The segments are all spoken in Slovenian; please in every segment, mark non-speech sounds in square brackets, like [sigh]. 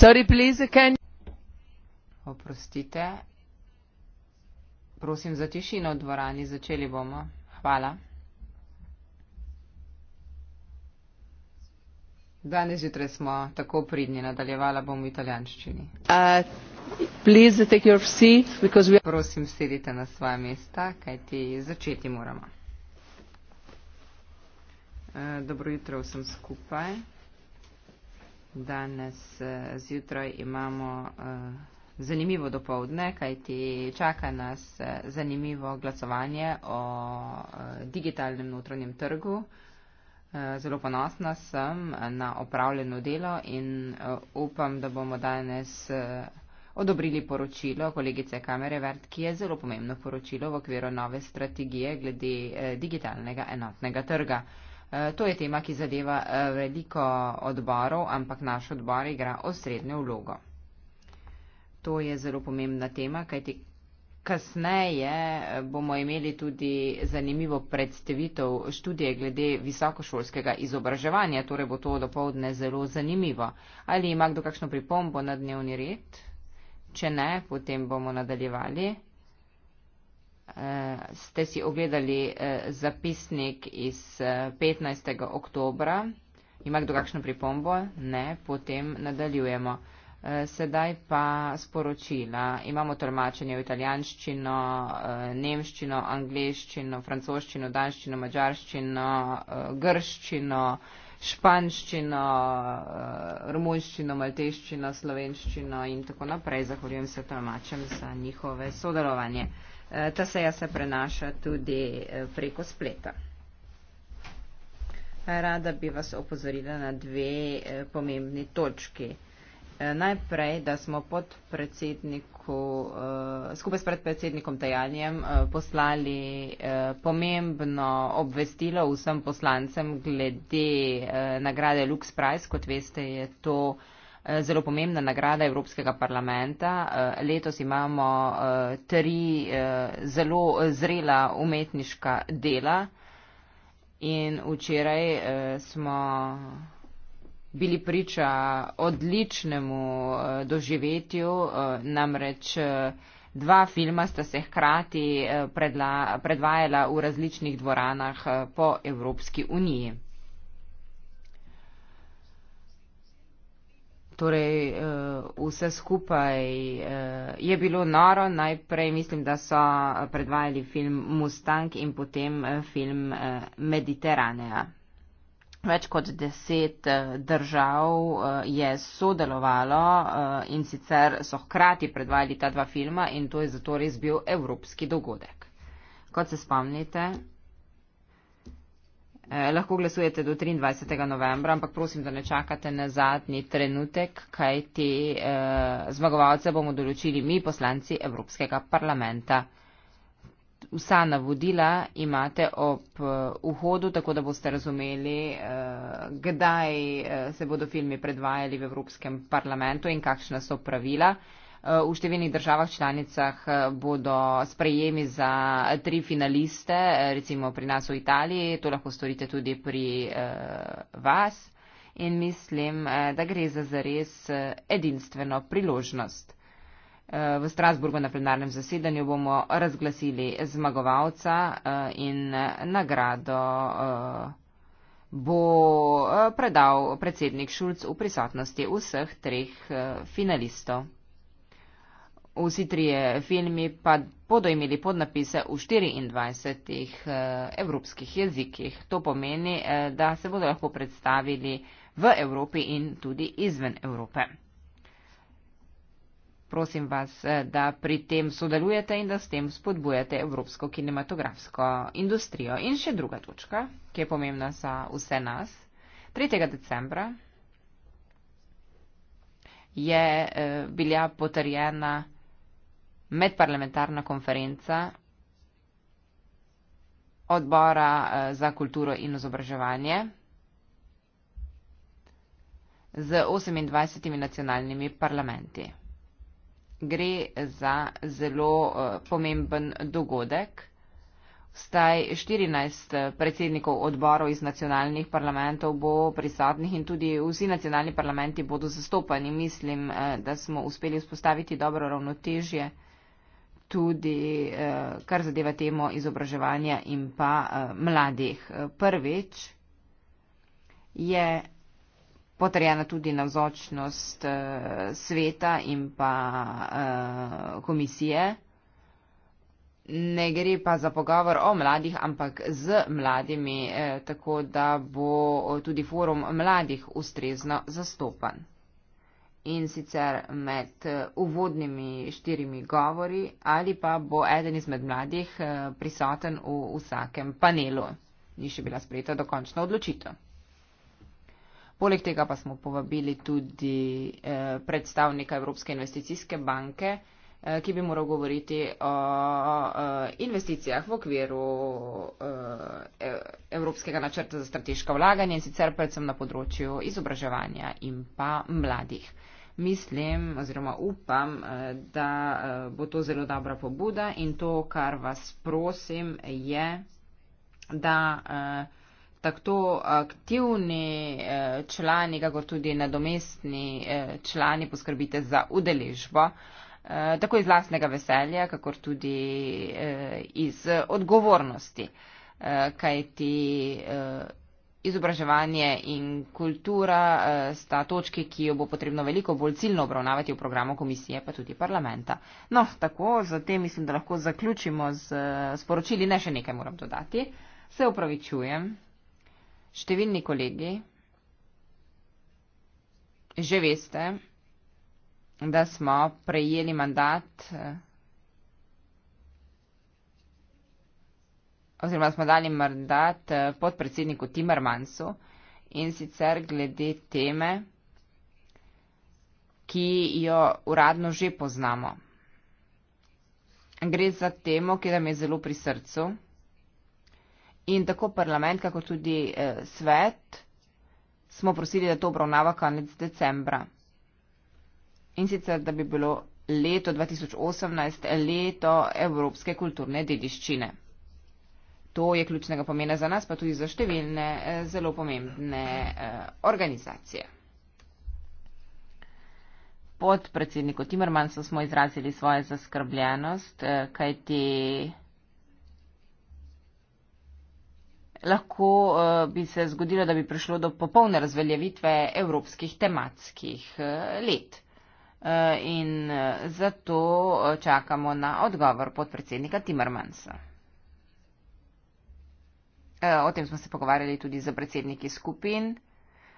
Sorry, please, can... Oprostite. Prosim za tišino v dvorani, začeli bomo. Hvala. Danes jutraj smo tako pridni, nadaljevala bom v italijanščini. Uh, seat, we... Prosim, sedite na svoje mesta, kajti začeti moramo. Uh, dobro jutro vsem skupaj. Danes eh, zjutraj imamo eh, zanimivo dopovdne, kajti čaka nas eh, zanimivo glasovanje o digitalnem notranjem trgu. Zelo ponosna sem na opravljeno delo in upam, da bomo danes odobrili poročilo kolegice Kamerevert, ki je zelo pomembno poročilo v okviru nove strategije glede digitalnega enotnega trga. Eh, to je tema, ki zadeva eh, veliko odborov, ampak naš odbor igra osrednjo vlogo. To je zelo pomembna tema, kajti kasneje eh, bomo imeli tudi zanimivo predstavitev študije glede visokošolskega izobraževanja, torej bo to dopovdne zelo zanimivo. Ali ima kdo kakšno pripombo na dnevni red? Če ne, potem bomo nadaljevali eh, ste si ogledali eh, zapisnik iz eh, 15. oktobra. Ima kdo kakšno pripombo? Ne, potem nadaljujemo. Eh, sedaj pa sporočila. Imamo tolmačenje v italijanščino, eh, nemščino, angliščino, francoščino, danščino, mačarščino, eh, grščino. Španščino, eh, romunščino, malteščino, slovenščino in tako naprej. Zahvaljujem se tolmačem za njihove sodelovanje. Eh, ta seja se prenaša tudi eh, preko spleta. Rada bi vas opozorila na dve eh, pomembni točki. Najprej, da smo pod predsedniku, skupaj s predsednikom Tajanjem poslali pomembno obvestilo vsem poslancem glede nagrade Lux Price, kot veste, je to Eh, zelo pomembna nagrada Evropskega parlamenta. Eh, letos imamo eh, tri zelo zrela umetniška dela in včeraj smo bili priča odličnemu doživetju, namreč dva filma sta se hkrati predvajala v različnih dvoranah po Evropski uniji. torej eh, vse skupaj eh, je bilo noro. Najprej mislim, da so predvajali film Mustang in potem eh, film Mediteranea. Več kot deset držav je sodelovalo in sicer so hkrati predvajali ta dva filma in to je zato res bil evropski dogodek. Kot se spomnite, Eh, lahko glasujete do 23. novembra, ampak prosim, da ne čakate na zadnji trenutek, kaj te eh, zmagovalce bomo določili mi, poslanci Evropskega parlamenta. Vsa navodila imate ob eh, vhodu, tako da boste razumeli, eh, kdaj se bodo filmi predvajali v Evropskem parlamentu in kakšna so pravila. Eh, v številnih državah članicah eh, bodo sprejemi za tri finaliste, eh, recimo pri nas v Italiji, to lahko storite tudi pri vas in mislim, da gre za zares edinstveno priložnost. V Strasburgu na plenarnem zasedanju bomo razglasili zmagovalca in nagrado bo predal predsednik Šulc v prisotnosti vseh treh finalistov. Vsi trije filmi pa bodo imeli podnapise v 24 eh, evropskih jezikih. To pomeni, eh, da se bodo lahko predstavili v Evropi in tudi izven Evrope. Prosim vas, eh, da pri tem sodelujete in da s tem spodbujate evropsko kinematografsko industrijo. In še druga točka, ki je pomembna za vse nas. 3. decembra je bila potrjena medparlamentarna konferenca odbora eh, za kulturo in izobraževanje z 28 nacionalnimi parlamenti. Gre za zelo eh, pomemben dogodek. Staj 14 eh, predsednikov odborov iz nacionalnih parlamentov bo prisotnih in tudi vsi nacionalni parlamenti bodo zastopani. Mislim, da smo uspeli vzpostaviti dobro ravnotežje tudi eh, kar zadeva temo izobraževanja in pa eh, mladih. Eh, prvič je potrjena tudi navzočnost sveta in pa komisije. Ne gre pa za pogovor o mladih, ampak z mladimi, tako da bo tudi forum mladih ustrezno zastopan in sicer med eh, uvodnimi štirimi govori ali pa bo eden izmed mladih eh, prisoten v vsakem panelu. Ni še bila sprejeta dokončna odločitev. Poleg tega pa smo povabili tudi eh, predstavnika Evropske investicijske banke, Eh, ki bi moral govoriti o investicijah v okviru eh, e, Evropskega načrta za strateška vlaganja in sicer predvsem na področju izobraževanja in pa mladih. Mislim oziroma upam, eh, da bo to zelo dobra pobuda in to, kar vas prosim, je, da tako aktivni člani, kako tudi nadomestni člani poskrbite za udeležbo Eh, tako iz lastnega veselja, kakor tudi eh, iz odgovornosti, eh, kaj ti izobraževanje in kultura sta točke, ki jo bo potrebno veliko bolj ciljno obravnavati v programu komisije, pa tudi parlamenta. No, tako, zatem mislim, da lahko zaključimo z sporočili, ne še nekaj moram dodati. Se upravičujem, številni kolegi, že veste, da smo prejeli mandat eh, oziroma smo dali mandat eh, podpredsedniku Timmermansu in sicer glede teme, ki jo uradno že poznamo. Gre za temo, ki nam je zelo pri srcu in tako parlament, kako tudi eh, svet smo prosili, da to obravnava konec decembra in sicer da bi bilo leto 2018 leto evropske kulturne dediščine. To je ključnega pomena za nas, pa tudi za številne eh, zelo pomembne eh, organizacije. Pod predsednikom Timmermansom smo izrazili svojo zaskrbljenost, eh, kajti lahko bi se zgodilo, da bi prišlo do popolne razveljavitve evropskih tematskih let. Eh, in eh, zato eh, čakamo na odgovor podpredsednika Timmermansa. O tem smo se pogovarjali tudi z predsedniki skupin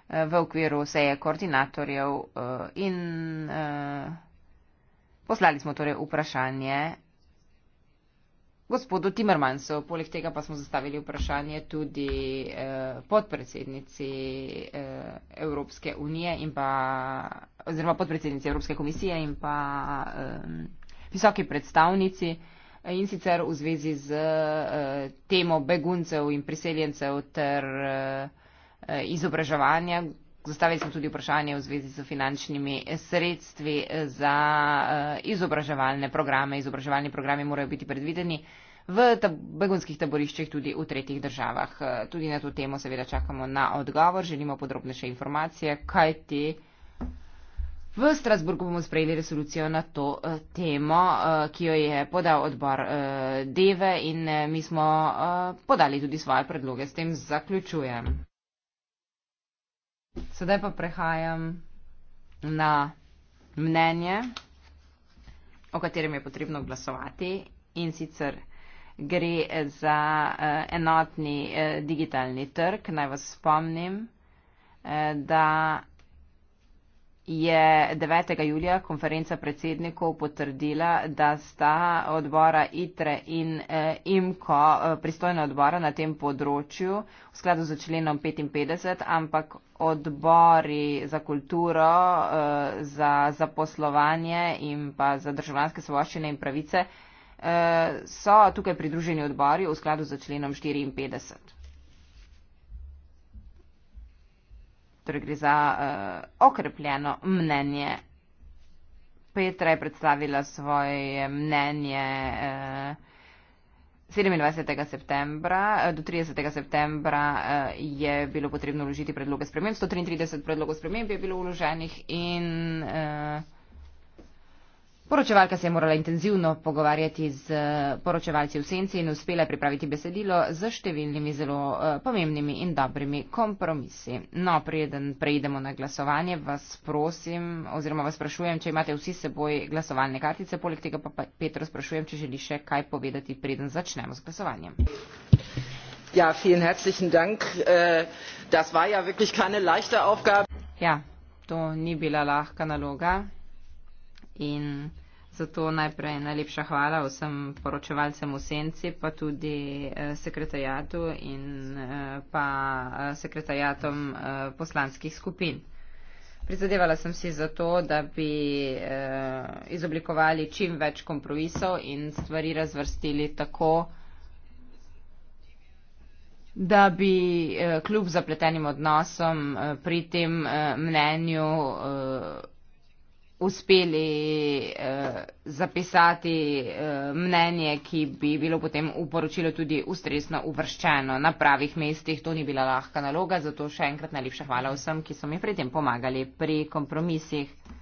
v okviru seje koordinatorjev in poslali smo torej vprašanje gospodu Timmermansu. Poleg tega pa smo zastavili vprašanje tudi eh, podpredsednici eh, Evropske unije in pa, oziroma podpredsednici Evropske komisije in pa eh, visoki predstavnici eh, in sicer v zvezi z eh, temo beguncev in priseljencev ter eh, eh izobraževanja, Zastavili smo tudi vprašanje v zvezi z finančnimi sredstvi za eh, izobraževalne programe. Izobraževalni programe morajo biti predvideni v tab begunskih taboriščih tudi v tretjih državah. Eh, tudi na to temo seveda čakamo na odgovor, želimo podrobnejše informacije, kaj ti. V Strasburgu bomo sprejeli resolucijo na to eh, temo, ki jo je podal odbor Deve in mi smo podali tudi svoje predloge. S tem zaključujem. Sedaj pa prehajam na mnenje, o katerem je potrebno glasovati in sicer gre za eh, enotni eh, digitalni trg. Naj vas spomnim, eh, da je 9. julija konferenca predsednikov potrdila, da sta odbora ITRE in eh, IMKO eh, pristojna odbora na tem področju v skladu z členom 55, ampak odbori za kulturo, eh, za zaposlovanje in pa za državljanske svoboščine in pravice eh, so tukaj pridruženi odbori v skladu z členom 54. torej gre za uh, okrepljeno mnenje. Petra je predstavila svoje mnenje uh, eh, 27. septembra. Eh, do 30. septembra uh, je bilo potrebno vložiti predloge sprememb. 133 predlogov sprememb je bilo vloženih in. Uh, Poročevalka se je morala intenzivno pogovarjati z eh, poročevalci v senci in uspela pripraviti besedilo z številnimi zelo eh, pomembnimi in dobrimi kompromisi. No, preden preidemo na glasovanje, vas prosim oziroma vas sprašujem, če imate vsi seboj glasovalne kartice, poleg tega pa Petro sprašujem, če želi še kaj povedati, preden začnemo z glasovanjem. Ja, vielen herzlichen Dank. Äh, das war ja wirklich keine leichte Aufgabe. Ja, to ni bila lahka naloga. In Zato najprej najlepša hvala vsem poročevalcem v Senci, pa tudi eh, sekretarjatu in eh, pa eh, sekretarjatom eh, poslanskih skupin. Prizadevala sem si za to, da bi eh, izoblikovali čim več kompromisov in stvari razvrstili tako, da bi eh, kljub zapletenim odnosom eh, pri tem eh, mnenju. Eh, uspeli eh, zapisati eh, mnenje, ki bi bilo potem v poročilo tudi ustresno uvrščeno na pravih mestih. To ni bila lahka naloga, zato še enkrat najlepša hvala vsem, ki so mi pri tem pomagali pri kompromisih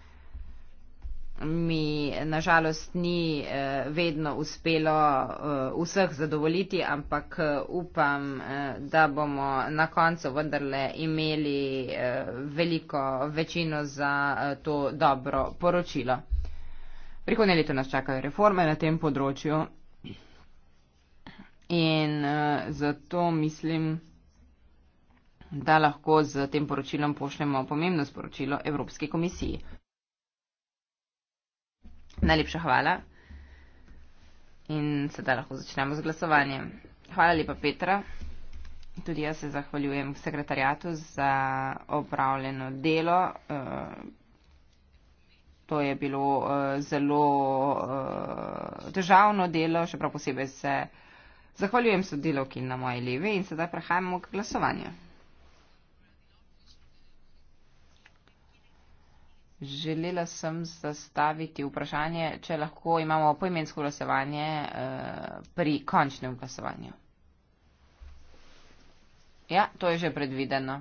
mi nažalost ni eh, vedno uspelo eh, vseh zadovoljiti, ampak eh, upam, da bomo na koncu vendarle imeli veliko večino za to dobro poročilo. Prihodne leto nas čakajo reforme na tem področju in zato mislim, da lahko z tem poročilom pošljemo pomembno sporočilo Evropske komisije. Najlepša hvala. In sedaj lahko začnemo z glasovanjem. Hvala lepa, Petra. Tudi jaz se zahvaljujem sekretarjatu za opravljeno delo. Eh, to je bilo eh, zelo eh, težavno delo, še prav posebej se zahvaljujem sodelovki na moji levi in sedaj prehajamo k glasovanju. Želela sem zastaviti vprašanje, če lahko imamo poimensko glasovanje eh, pri končnem glasovanju. Ja, to je že predvideno.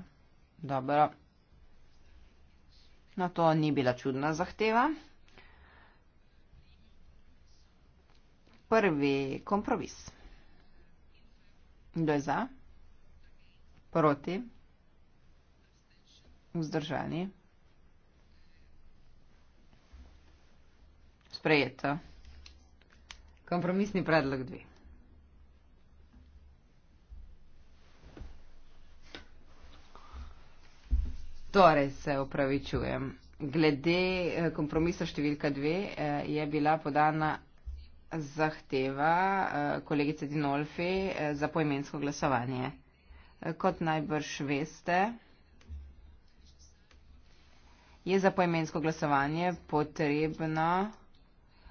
Dobro. No, to ni bila čudna zahteva. Prvi kompromis. Kdo je za? Proti? Vzdržani? Sprejeto. Kompromisni predlog dve. Torej se upravičujem. Glede eh, kompromisa številka dve eh, je bila podana zahteva eh, kolegice Dinolfi za poimensko glasovanje. Kot najbrž veste, je za poimensko glasovanje potrebno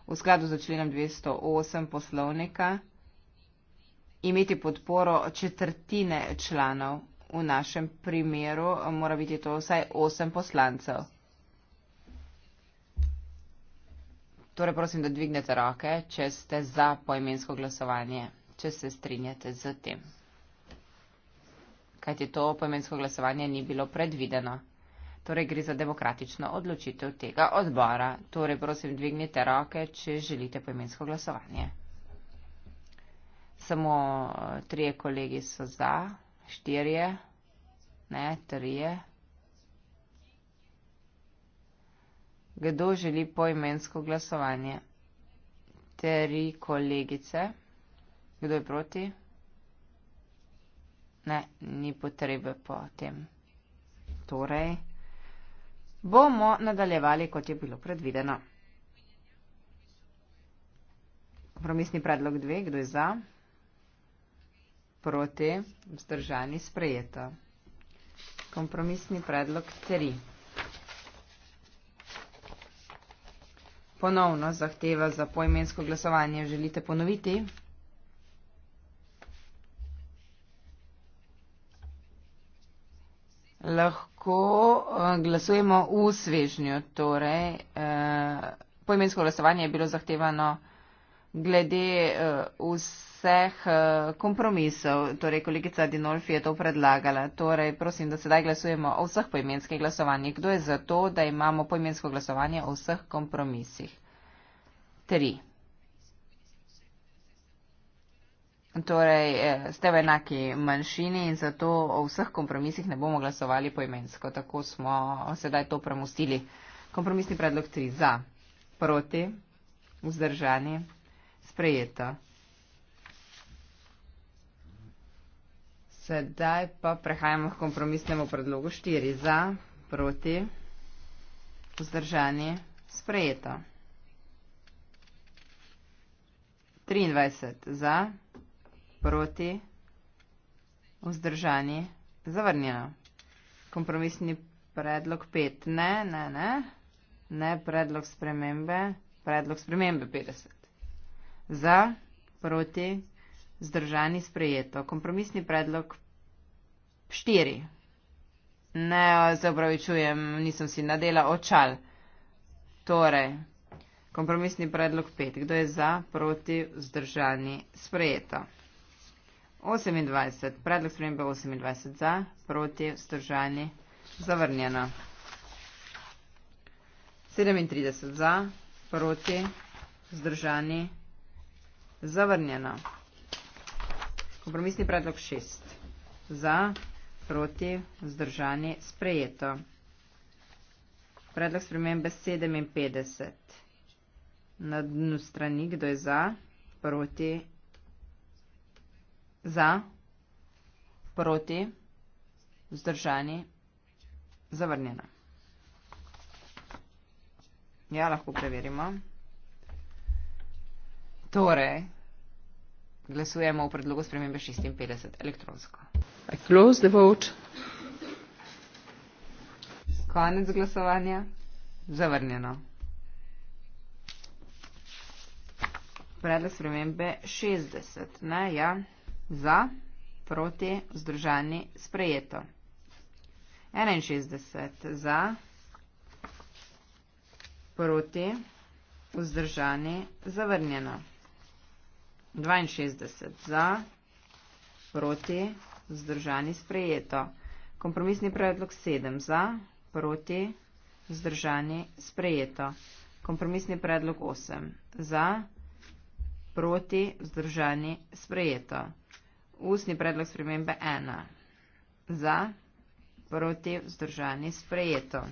v skladu z členom 208 poslovnika imeti podporo četrtine članov. V našem primeru mora biti to vsaj osem poslancev. Torej prosim, da dvignete roke, če ste za poimensko glasovanje, če se strinjate z tem. Kajti to poimensko glasovanje ni bilo predvideno. Torej gre za demokratično odločitev tega odbora. Torej prosim, dvignite roke, če želite poimensko glasovanje. Samo eh, trije kolegi so za, štirje, ne, trije. Kdo želi poimensko glasovanje? Tri kolegice. Kdo je proti? Ne, ni potrebe po tem. Torej bomo nadaljevali, kot je bilo predvideno. Promisni predlog dve, kdo je za? Proti, vzdržani, sprejeto. Kompromisni predlog 3. Ponovno zahteva za poimensko glasovanje. Želite ponoviti? Lahko lahko eh, glasujemo v svežnju. Torej, eh, poimensko glasovanje je bilo zahtevano glede eh, vseh kompromisov. Torej, kolegica Dinolfi je to predlagala. Torej, prosim, da sedaj glasujemo o vseh poimenskih glasovanjih. Kdo je za to, da imamo poimensko glasovanje o vseh kompromisih? 3. Torej, eh, ste v enaki manjšini in zato o vseh kompromisih ne bomo glasovali poimensko. Tako smo sedaj to premustili. Kompromisni predlog 3. Za. Proti. Vzdržani. Sprejeto. Sedaj pa prehajamo k kompromisnemu predlogu 4. Za. Proti. Vzdržani. Sprejeto. 23. Za proti, vzdržani, zavrnjeno. Kompromisni predlog pet, ne, ne, ne, ne, predlog spremembe, predlog spremembe 50. Za, proti, vzdržani, sprejeto. Kompromisni predlog štiri. Ne, se upravičujem, nisem si nadela očal. Torej, kompromisni predlog 5. Kdo je za, proti, vzdržani, sprejeto? 28. Predlog spremembe 28 za, proti, vzdržani, zavrnjeno. 37 za, proti, vzdržani, zavrnjeno. Kompromisni predlog 6. Za, proti, vzdržani, sprejeto. Predlog spremembe 57. Na dnu strani, kdo je za, proti, vzdržani za, proti, vzdržani, zavrnjena. Ja, lahko preverimo. Torej, glasujemo v predlogu spremembe 56 elektronsko. I close the vote. Konec glasovanja. Zavrnjeno. Predlog spremembe 60. Ne, ja za, proti, vzdržani, sprejeto. 61 za, proti, vzdržani, zavrnjeno. 62 za, proti, vzdržani, sprejeto. Kompromisni predlog 7 za, proti, vzdržani, sprejeto. Kompromisni predlog 8 za, proti, vzdržani, sprejeto. Ustni predlog spremembe ena. Za, proti, vzdržani, sprejeto.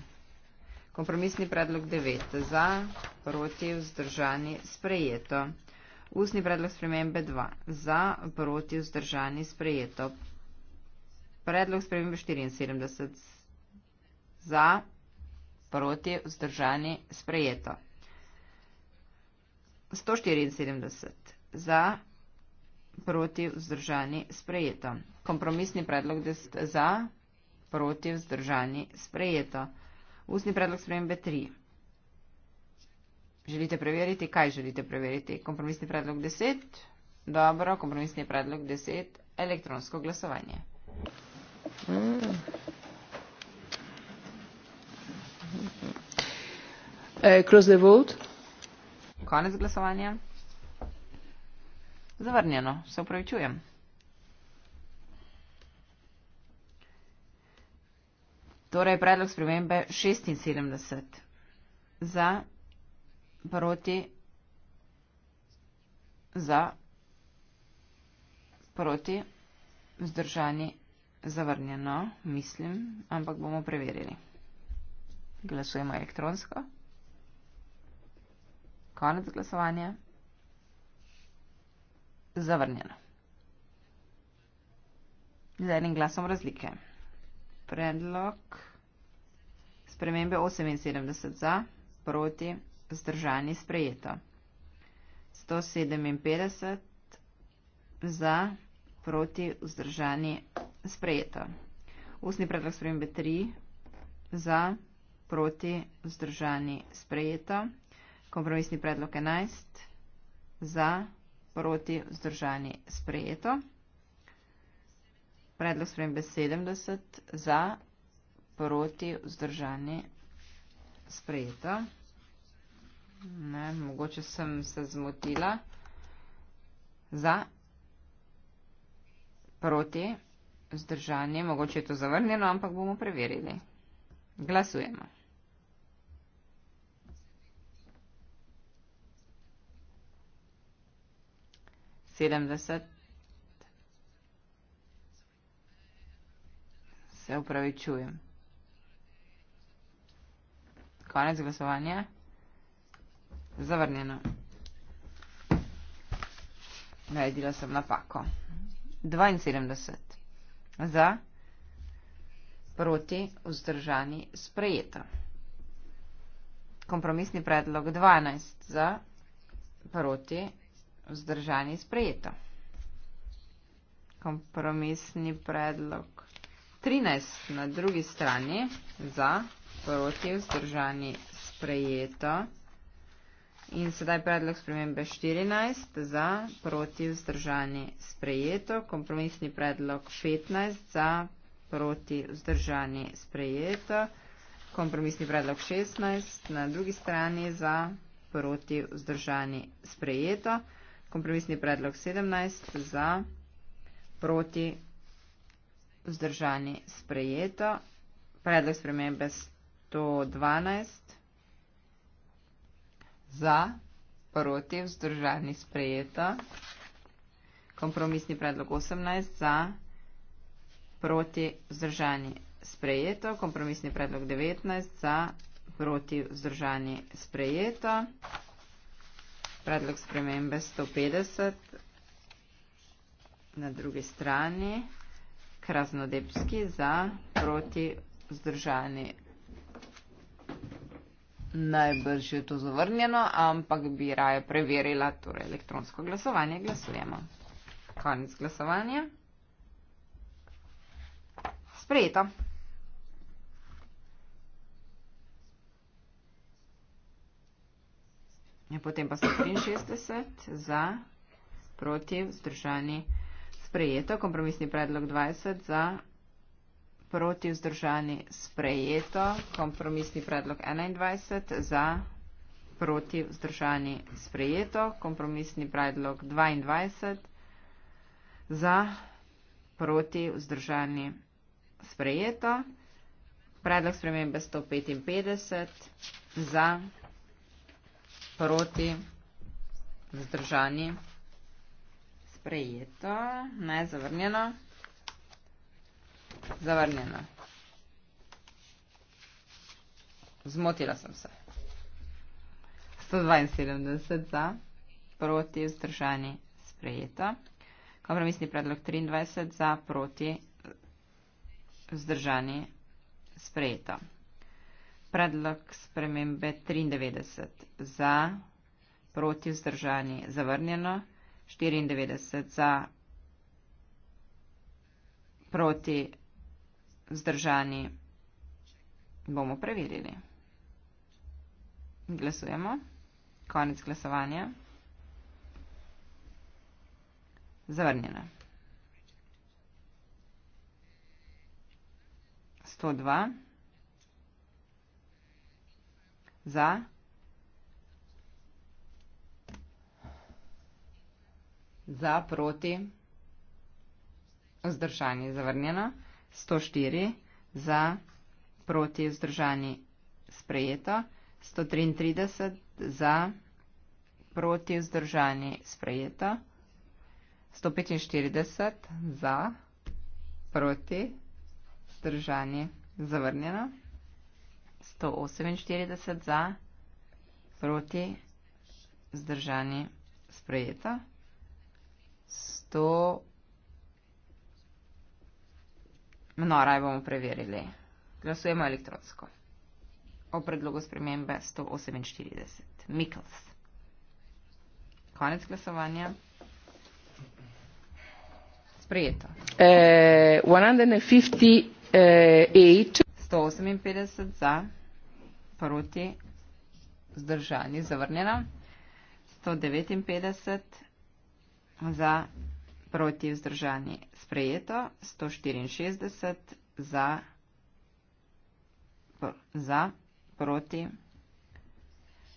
Kompromisni predlog devet. Za, proti, vzdržani, sprejeto. Ustni predlog spremembe dva. Za, proti, vzdržani, sprejeto. Predlog spremembe 74. Za, proti, vzdržani, sprejeto. 174. Za, proti vzdržani sprejeto. Kompromisni predlog 10 za, proti vzdržani sprejeto. Ustni predlog spremembe 3. Želite preveriti, kaj želite preveriti? Kompromisni predlog 10. Dobro, kompromisni predlog 10. Elektronsko glasovanje. Mm. Uh, eh, cross the vote. Konec glasovanja. Zavrnjeno. Se upravičujem. Torej, predlog spremembe 76. Za, proti, za, proti, vzdržani, zavrnjeno, mislim, ampak bomo preverili. Glasujemo elektronsko. Konec glasovanja zavrnjeno. Z enim glasom razlike. Predlog spremembe 78 za, proti, zdržani sprejeto. 157 za, proti, vzdržani sprejeto. Usni predlog spremembe 3 za, proti, vzdržani sprejeto. Kompromisni predlog 11 za, proti, vzdržani sprejeto proti vzdržani sprejeto. Predlog spremembe 70 za proti vzdržani sprejeto. Ne, mogoče sem se zmotila. Za proti vzdržani, mogoče je to zavrnjeno, ampak bomo preverili. Glasujemo. 70. Se upravičujem. Konec glasovanja. Zavrnjeno. Najdila sem napako. 72. Za. Proti. Vzdržani. Sprejeta. Kompromisni predlog 12. Za. Proti vzdržani sprejeto. Kompromisni predlog 13 na drugi strani za proti vzdržani sprejeto in sedaj predlog spremembe 14 za proti vzdržani sprejeto, kompromisni predlog 15 za proti vzdržani sprejeto, kompromisni predlog 16 na drugi strani za proti vzdržani sprejeto kompromisni predlog 17 za, proti, vzdržani, sprejeto, predlog spremembe 112 za, proti, vzdržani, sprejeto, kompromisni predlog 18 za, proti, vzdržani, sprejeto, kompromisni predlog 19 za, proti, vzdržani, sprejeto predlog spremembe 150 na drugi strani, kraznodepski za proti vzdržani. Najbrž je to zavrnjeno, ampak bi raje preverila, torej elektronsko glasovanje glasujemo. Konec glasovanja. Sprejeto. Potem pa so 63 za, proti, vzdržani, sprejeto. Kompromisni predlog 20 za, proti, vzdržani, sprejeto. Kompromisni predlog 21 za, proti, vzdržani, sprejeto. Kompromisni predlog 22 za, proti, vzdržani, sprejeto. Predlog spremembe 155 za proti, vzdržani, sprejeto, ne, zavrnjeno, zavrnjeno. Zmotila sem se. 172 za, proti, vzdržani, sprejeto. Kompromisni predlog 23 za, proti, vzdržani, sprejeto. Predlog spremembe 93 za, proti vzdržani, zavrnjeno, 94 za, proti vzdržani, bomo preverili. Glasujemo. Konec glasovanja. Zavrnjeno. 102. Za. Za, proti. Vzdržanje zavrnjeno. 104. Za, proti, vzdržanje sprejeto. 133. Za, proti, vzdržanje sprejeto. 145. Za, proti, vzdržanje zavrnjeno. 148 za, proti, zdržani, sprejeta. 100, mnora je bomo preverili. Glasujemo elektronsko. O predlogu spremembe 148. Mikkels. Konec glasovanja. Sprejeto. Uh, 158. 158 za proti, zdržani, zavrnjena. 159 za, proti, vzdržani, sprejeto. 164 za, pro, za proti,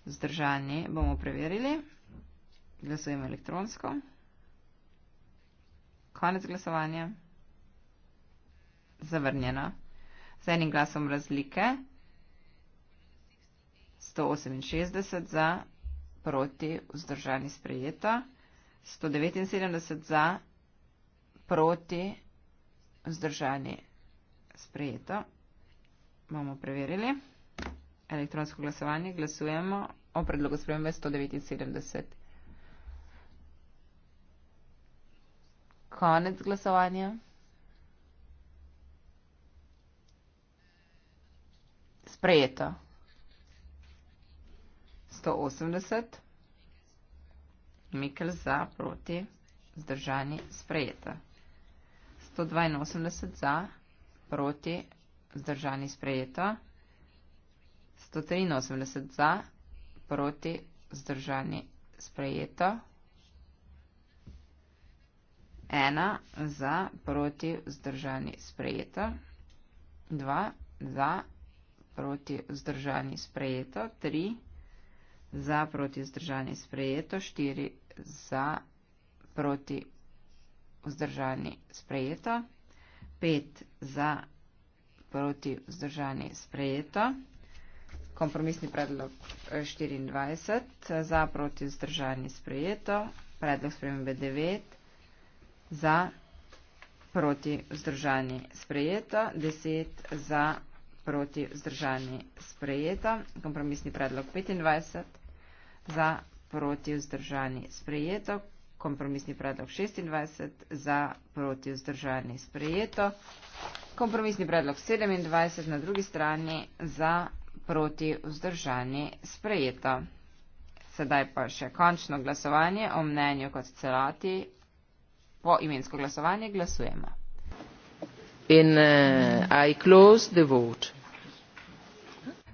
vzdržani, bomo preverili. Glasujemo elektronsko. Konec glasovanja. Zavrnjeno. Z enim glasom razlike. 168 za, proti, vzdržani sprejeta, 179 za, proti, vzdržani sprejeta. Bomo preverili. Elektronsko glasovanje glasujemo o predlogu spremembe 179. Konec glasovanja. Sprejeto. 180, Mikel za, proti, zdržani, sprejeta. 182 za, proti, zdržani, sprejeta. 183 za, proti, zdržani, sprejeta. 1 za, proti, zdržani, sprejeta. 2 za, proti, zdržani, sprejeta. 3 za, proti, zdržani, sprejeta za proti vzdržani sprejeto, štiri za proti vzdržani sprejeto, pet za proti vzdržani sprejeto, kompromisni predlog 24, eh, eh, za proti vzdržani sprejeto, predlog spremembe 9, za proti vzdržani sprejeto, 10 za proti vzdržani sprejeto, kompromisni predlog 25, za, proti vzdržani, sprejeto. Kompromisni predlog 26 za, proti vzdržani, sprejeto. Kompromisni predlog 27 na drugi strani za, proti vzdržani, sprejeto. Sedaj pa še končno glasovanje o mnenju kot celoti. Po imensko glasovanje glasujemo. In uh, I close the vote.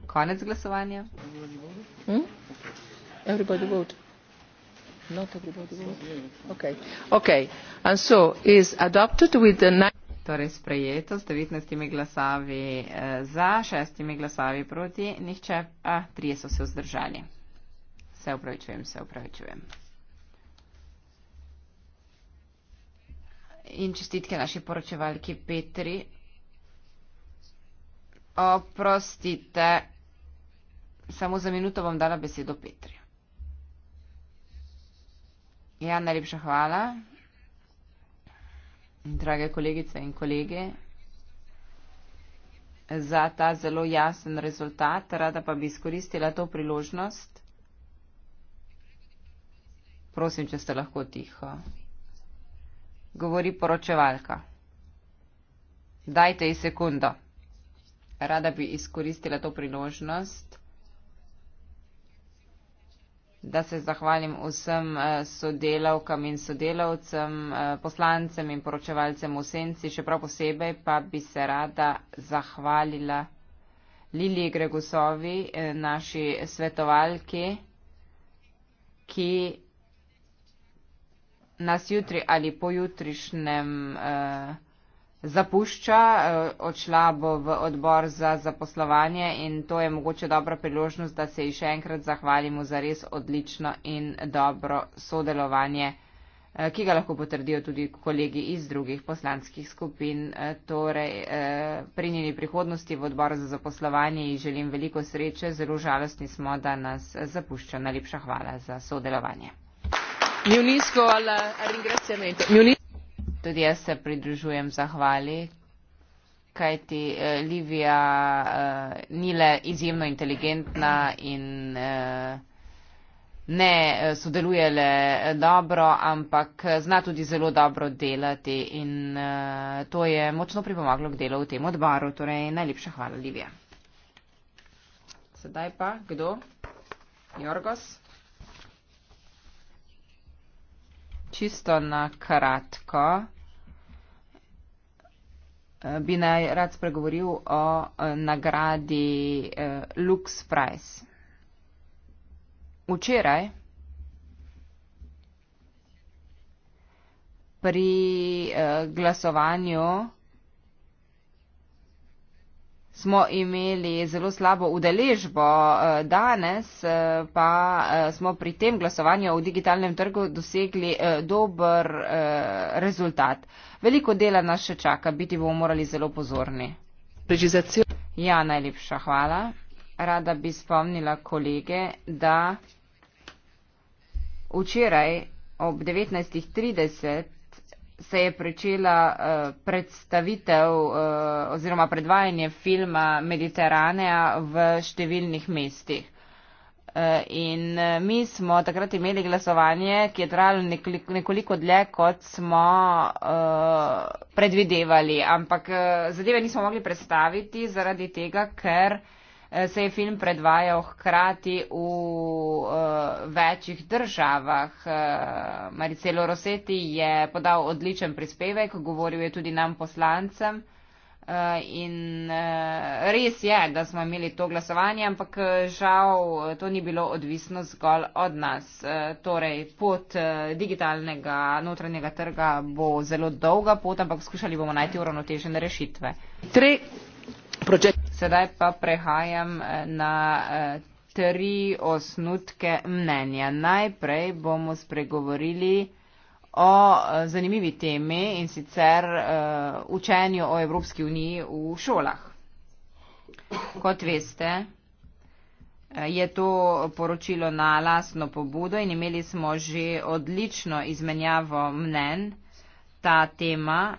Konec glasovanja. Hm? everybody vote not everybody vote okay okay and so is adopted with the Torej sprejeto s 19 glasavi eh, za, 6 glasavi proti, nihče, a 3 so se vzdržali. Se upravičujem, se upravičujem. In čestitke naši poročevalki Petri. Oprostite, samo za minuto bom dala besedo Petri. Ja, najlepša hvala. Drage kolegice in kolege, za ta zelo jasen rezultat, rada pa bi izkoristila to priložnost. Prosim, če ste lahko tiho. Govori poročevalka. Dajte ji sekundo. Rada bi izkoristila to priložnost da se zahvalim vsem eh, sodelavkam in sodelavcem, eh, poslancem in poročevalcem v senci, še prav posebej pa bi se rada zahvalila Liliji Gregusovi, eh, naši svetovalki, ki nas jutri ali pojutrišnjem. Uh, zapušča, eh, odšla bo v odbor za zaposlovanje in to je mogoče dobra priložnost, da se ji še enkrat zahvalimo za res odlično in dobro sodelovanje, eh, ki ga lahko potrdijo tudi kolegi iz drugih poslanskih skupin. Eh, torej, pri njeni prihodnosti v odbor za zaposlovanje ji želim veliko sreče, zelo žalostni smo, da nas zapušča. Najlepša hvala za sodelovanje. Mi unisco al ringraziamento. Mi unisco tudi jaz se pridružujem zahvali, kajti eh, Livija eh, ni le izjemno inteligentna in eh, ne eh, sodeluje le eh, dobro, ampak eh, zna tudi zelo dobro delati in eh, to je močno pripomoglo k delu v tem odboru. Torej, najlepša hvala, Livija. Sedaj pa kdo? Jorgos? Čisto na kratko. Eh, bi naj rad spregovoril o eh, nagradi eh, Lux Prize. Včeraj pri glasovanju smo imeli zelo slabo udeležbo, eh, danes eh, pa eh, smo pri tem glasovanju v digitalnem trgu dosegli dober rezultat. Veliko dela nas še čaka, biti bomo morali zelo pozorni. Ja, najlepša hvala. Rada bi spomnila kolege, da včeraj ob 19.30 se je začela uh, eh, predstavitev uh, oziroma predvajanje filma Mediteraneja v številnih mestih. Uh, in uh, mi smo takrat imeli glasovanje, ki je trajalo nekoliko, nekoliko dlje, kot smo uh, predvidevali, ampak uh, zadeve nismo mogli predstaviti zaradi tega, ker uh, se je film predvajal hkrati v uh, večjih državah. Uh, Maricelo Rosetti je podal odličen prispevek, govoril je tudi nam poslancem. Uh, in uh, res je, da smo imeli to glasovanje, ampak žal to ni bilo odvisno zgolj od nas. Uh, torej, pot uh, digitalnega notranjega trga bo zelo dolga pot, ampak skušali bomo najti uravnotežene rešitve. Tri. Sedaj pa prehajam eh, na eh, tri osnutke mnenja. Najprej bomo spregovorili o eh, zanimivi temi in sicer učenju o Evropski uniji v šolah. Kot veste, je to poročilo na lasno pobudo in imeli smo že odlično izmenjavo mnen ta tema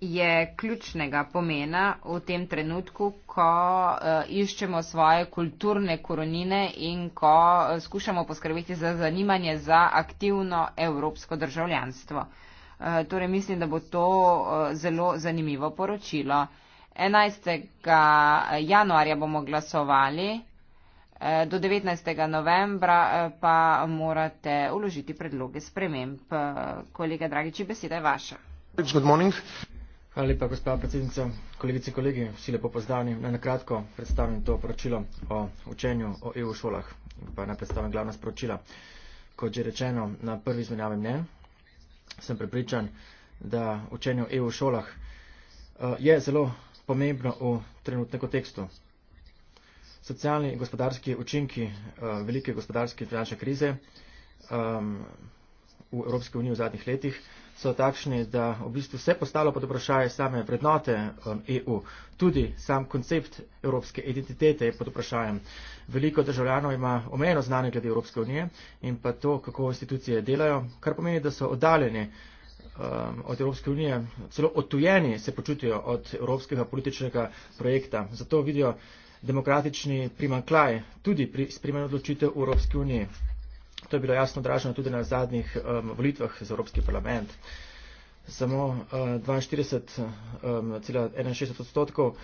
je ključnega pomena v tem trenutku, ko uh, iščemo svoje kulturne koronine in ko uh, skušamo poskrbeti za zanimanje za aktivno evropsko državljanstvo. Uh, torej mislim, da bo to uh, zelo zanimivo poročilo. 11. januarja bomo glasovali, uh, do 19. novembra uh, pa morate uložiti predloge sprememb. Uh, kolega Dragiči, beseda je vaša. Good morning. Hvala lepa, gospa predsednica, kolegice, kolegi, vsi lepo pozdravljeni. Naj nakratko predstavim to poročilo o učenju o EU šolah in pa naj predstavim glavna sporočila. Kot že rečeno, na prvi izmenjavi mnen sem prepričan, da učenje o EU šolah eh, je zelo pomembno v trenutnem kontekstu. Socialni in gospodarski učinki eh, velike gospodarske in finančne krize ehm, v Evropski uniji v zadnjih letih, so takšni, da v bistvu vse postalo pod vprašanje same vrednote um, EU. Tudi sam koncept evropske identitete je pod vprašanjem. Veliko državljanov ima omejeno znanje glede Evropske unije in pa to, kako institucije delajo, kar pomeni, da so oddaljeni um, od Evropske unije, celo odtujeni se počutijo od evropskega političnega projekta. Zato vidijo demokratični primanklaj tudi pri sprejemanju odločitev v Evropski uniji. To je bilo jasno odraženo tudi na zadnjih um, volitvah za Evropski parlament. Samo uh, 42,61 um, odstotkov um,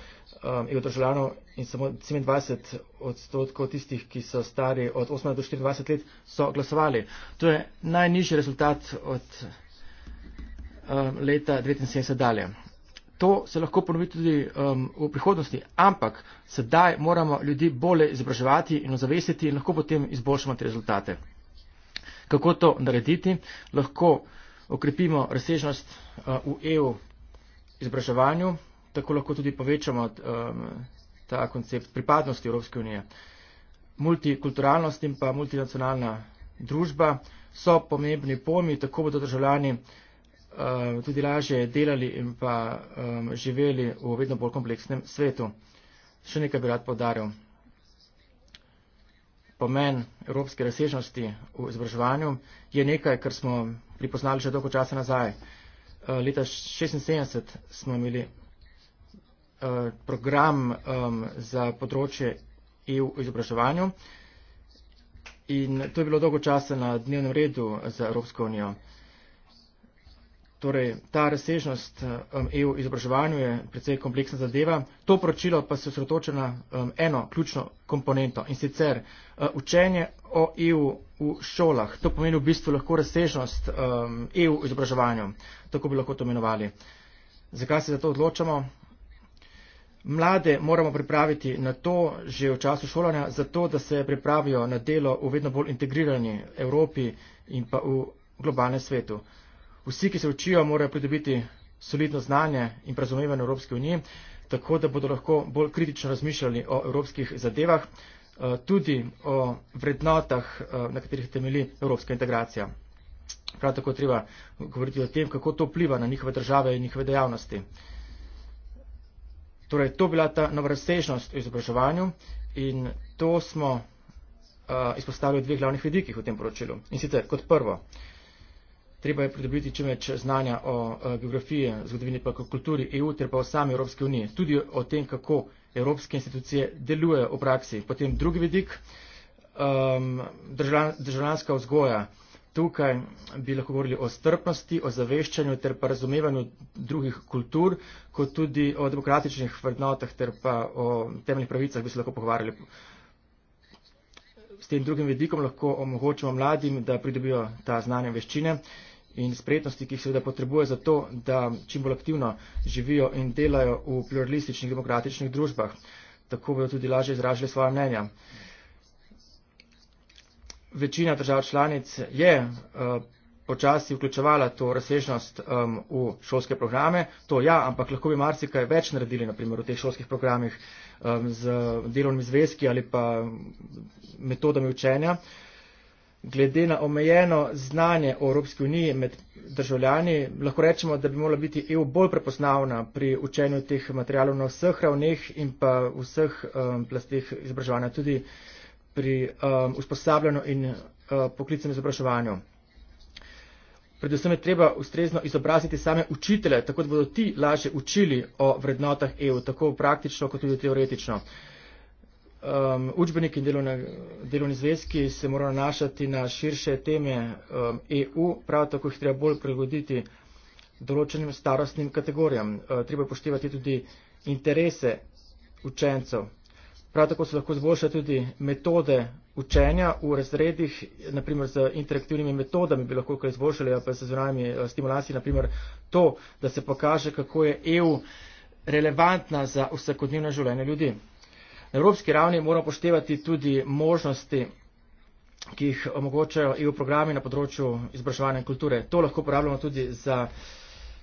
je od državljanov in samo 27 odstotkov tistih, ki so stari od 18 do 24 let, so glasovali. To je najnižji rezultat od um, leta 1979 dalje. To se lahko ponovi tudi um, v prihodnosti, ampak sedaj moramo ljudi bolje izobraževati in ozavestiti in lahko potem izboljšamo te rezultate kako to narediti. Lahko okrepimo razsežnost eh, v EU izobraževanju, tako lahko tudi povečamo ehm, ta koncept pripadnosti Evropske unije. Multikulturalnost in pa multinacionalna družba so pomembni pomi, tako bodo državljani ehm, tudi lažje delali in pa ehm, živeli v vedno bolj kompleksnem svetu. Še nekaj bi rad podaril pomen evropske razsežnosti v izobraževanju, je nekaj, kar smo pripoznali že dolgo časa nazaj. Eh, leta 1976 smo imeli eh, program za področje EU v izobraževanju in to je bilo dolgo časa na dnevnem redu za Evropsko unijo. Torej, ta razsežnost um, EU izobraževanju je precej kompleksna zadeva. To poročilo pa se osredotoča na um, eno ključno komponento in sicer uh, učenje o EU v šolah. To pomeni v bistvu lahko razsežnost um, EU izobraževanju, tako bi lahko to imenovali. Zakaj se za to odločamo? Mlade moramo pripraviti na to že v času šolanja, zato da se pripravijo na delo v vedno bolj integrirani Evropi in pa v globalnem svetu vsi, ki se učijo, morajo pridobiti solidno znanje in razumevanje Evropske unije, tako da bodo lahko bolj kritično razmišljali o evropskih zadevah, eh, tudi o vrednotah, eh, na katerih temeli evropska integracija. Prav tako treba govoriti o tem, kako to vpliva na njihove države in njihove dejavnosti. Torej, to bila ta nova razsežnost v izobraževanju in to smo uh, izpostavili v dveh glavnih vidikih v tem poročilu. In sicer kot prvo, uh, treba je pridobiti čim več znanja o geografiji, zgodovini pa o kulturi EU ter pa o sami Evropske unije. Tudi o tem, kako evropske institucije delujejo v praksi. Potem drugi vidik, um, državljan, državljanska vzgoja. Tukaj bi lahko govorili o strpnosti, o zaveščanju ter pa razumevanju drugih kultur, kot tudi o demokratičnih vrednotah ter pa o temeljnih pravicah bi se lahko pogovarjali. S tem drugim vidikom lahko omogočimo mladim, da pridobijo ta znanje veščine. Uh, in spretnosti, ki jih seveda potrebuje za to, da čim bolj aktivno živijo in delajo v pluralističnih demokratičnih družbah. Tako bodo tudi lažje izražali svoje mnenja. Večina držav članic je uh, počasi vključevala to razsežnost um, v šolske programe, to ja, ampak lahko bi marsikaj več naredili, naprimer v teh šolskih programih um, z delovnimi zvezki ali pa metodami učenja. Uh, glede na omejeno znanje o Evropski uniji med državljani, lahko rečemo, da bi morala biti EU bolj prepoznavna pri učenju teh materijalov na vseh ravneh in pa vseh um, plastih izobraževanja, tudi pri um, usposabljanju in uh, poklicnem izobraževanju. Predvsem je treba ustrezno izobraziti same učitele, tako da bodo ti lažje učili o vrednotah EU, tako praktično kot tudi teoretično. Uh, Um, učbenik in delovne, delovni zvezki se morajo nanašati na širše teme um, EU, prav tako jih treba bolj prilagoditi določenim starostnim kategorijam. Uh, treba poštevati tudi interese učencev. Prav tako se lahko zboljša tudi metode učenja v razredih, naprimer z interaktivnimi metodami bi lahko kaj izboljšali, pa se zunanjimi uh, stimulacijami, naprimer to, da se pokaže, kako je EU relevantna za vsakodnevno življenje ljudi. Na evropski ravni moramo poštevati tudi možnosti, ki jih omogočajo EU programi na področju izobraževanja in kulture. To lahko uporabljamo tudi za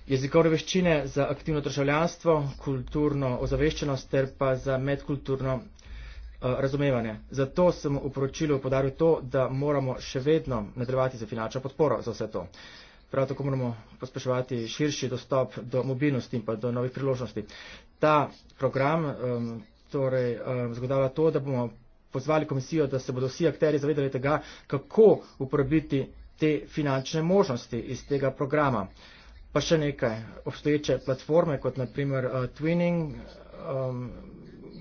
jezikovne veščine, za aktivno državljanstvo, kulturno ozaveščenost ter pa za medkulturno eh, razumevanje. Zato sem v poročilu podaril to, da moramo še vedno nadaljevati za finančno podporo za vse to. Prav tako moramo pospeševati širši dostop do mobilnosti in pa do novih priložnosti. Ta program, torej, um, zgodala to, da bomo pozvali komisijo, da se bodo vsi akteri zavedali tega, kako uporabiti te finančne možnosti iz tega programa. Pa še nekaj, obstoječe platforme, kot naprimer uh, Twinning, um,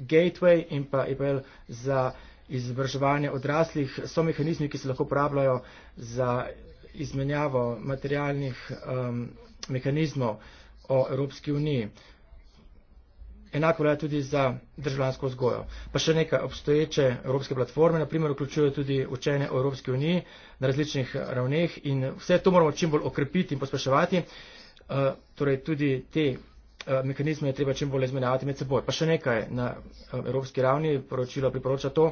Gateway in pa IPL e za izobraževanje odraslih, so mehanizmi, ki se lahko uporabljajo za izmenjavo materialnih um, mehanizmov o Evropski uniji. Enako velja tudi za državljansko vzgojo. Pa še nekaj obstoječe evropske platforme, naprimer, vključujejo tudi učenje o Evropski uniji na različnih ravneh in vse to moramo čim bolj okrepiti in pospeševati. Eh, torej tudi te eh, mehanizme je treba čim bolj izmenjavati med seboj. Pa še nekaj na eh, evropski ravni, poročilo priporoča to,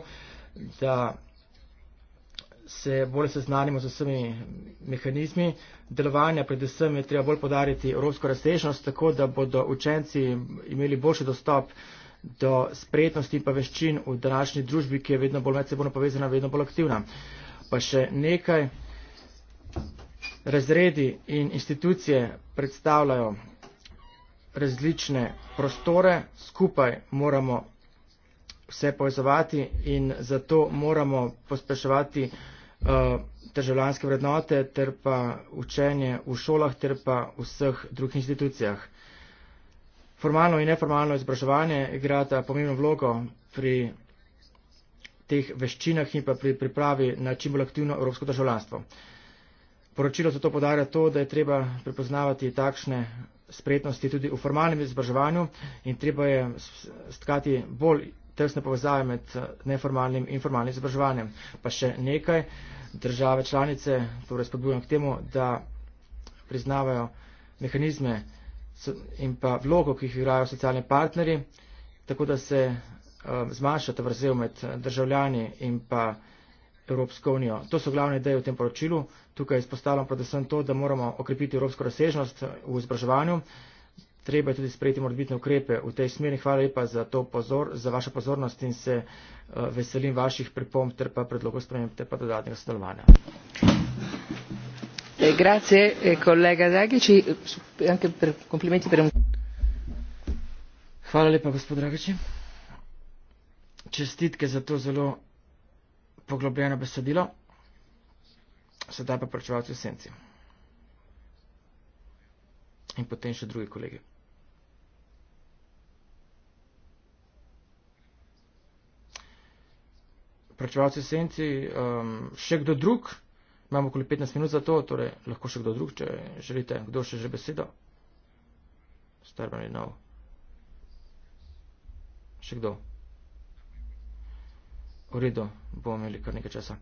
da se bolj seznanimo z vsemi mehanizmi delovanja, predvsem je treba bolj podariti evropsko razsežnost, tako da bodo učenci imeli boljši dostop do spretnosti in pa veščin v današnji družbi, ki je vedno bolj medsebojno povezana, vedno bolj aktivna. Pa še nekaj. Razredi in institucije predstavljajo različne prostore, skupaj moramo vse povezovati in zato moramo pospeševati uh, Eh, državljanske vrednote ter pa učenje v šolah ter pa vseh drugih institucijah. Formalno in neformalno izobraževanje igrata pomembno vlogo pri teh veščinah in pa pri pripravi na čim bolj aktivno evropsko državljanstvo. Poročilo zato podarja to, da je treba prepoznavati takšne spretnosti tudi v formalnem izobraževanju in treba je stkati bolj tesne povezave med neformalnim in formalnim izobraževanjem. Pa še nekaj. Uh, države članice, torej spodbujam k temu, da priznavajo mehanizme in pa vlogo, ki jih igrajo socialni partnerji, tako da se eh, zmanjša ta vrzel med državljani in pa Evropsko unijo. To so glavne ideje v tem poročilu. Tukaj izpostavljam predvsem to, da moramo okrepiti evropsko razsežnost v izobraževanju treba je tudi sprejeti morbitne ukrepe v tej smeri. Hvala lepa za, pozor, za vašo pozornost in se uh, veselim vaših pripomb ter pa predlogov sprememb ter pa dodatnega sodelovanja. Eh, grazie, kolega eh, Dragiči, anche per complimenti per un... Hvala lepa, gospod Dragiči. Čestitke za to zelo poglobljeno besedilo. Sedaj pa pričevalci v senci. In potem še drugi kolegi. Pročevalci senci, um, še kdo drug? Imamo okoli 15 minut za to, torej lahko še kdo drug, če želite. Kdo še že besedo? Starban je nov. Še kdo? V redu, bomo imeli kar nekaj časa.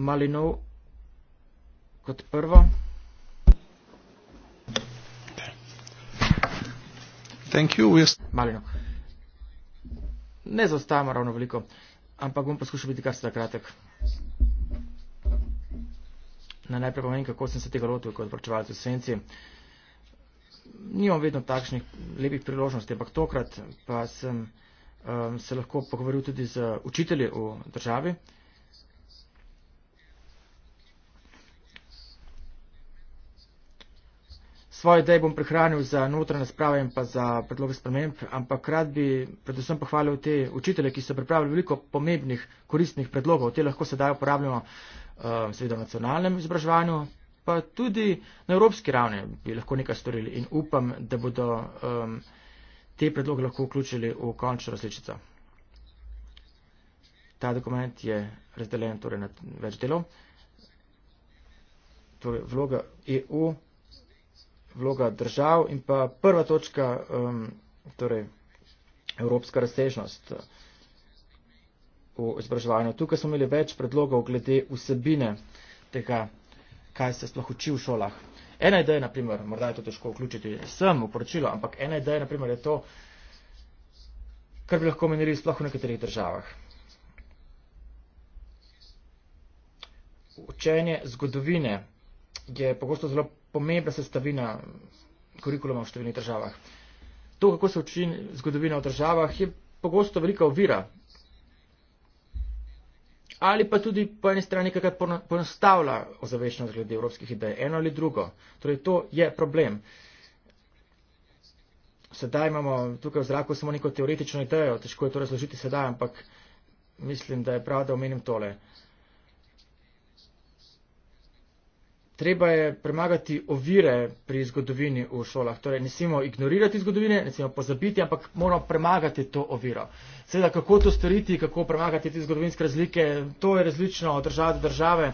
Mali nov kot prvo. Thank you, yes. Malino. Ne zaostajamo ravno veliko. Uh, ampak bom poskušal biti kar sedaj kratek. Na najprej pomeni, kako sem se tega lotil kot vrčevalec v senci. Nimam vedno takšnih lepih priložnosti, ampak tokrat pa sem um, se lahko pogovoril tudi z učitelji v državi, svoje ideje bom prihranil za notranje sprave in pa za predloge sprememb, ampak rad bi predvsem pohvalil te učitele, ki so pripravili veliko pomembnih, koristnih predlogov. Te lahko sedaj uporabljamo eh, seveda v nacionalnem izobraževanju, pa tudi na evropski ravni bi lahko nekaj storili in upam, da bodo um, te predloge lahko vključili v končno različico. Ta dokument je razdeljen torej na več delov. To torej, je vloga EU, vloga držav in pa prva točka, um, torej evropska razsežnost uh, v izobraževanju. Tukaj smo imeli več predlogov glede vsebine tega, kaj se sploh uči v šolah. Ena ideja, naprimer, morda je to težko vključiti sem v poročilo, ampak ena ideja, naprimer, je to, kar bi lahko menili sploh v nekaterih državah. Učenje zgodovine je pogosto zelo pomembna sestavina kurikuluma v številnih državah. To, kako se uči zgodovina v državah, je pogosto velika ovira. Ali pa tudi po eni strani kakrat ponostavlja ozaveščenost glede evropskih idej, eno ali drugo. Torej, to je problem. Sedaj imamo tukaj v zraku samo neko teoretično idejo, težko je to razložiti sedaj, ampak mislim, da je prav, da omenim tole. Uh, treba je premagati ovire pri zgodovini v šolah. Torej, ne smemo ignorirati zgodovine, ne smemo pozabiti, ampak moramo premagati to oviro. Seveda, kako to storiti, kako premagati te zgodovinske razlike, to je različno od države do države,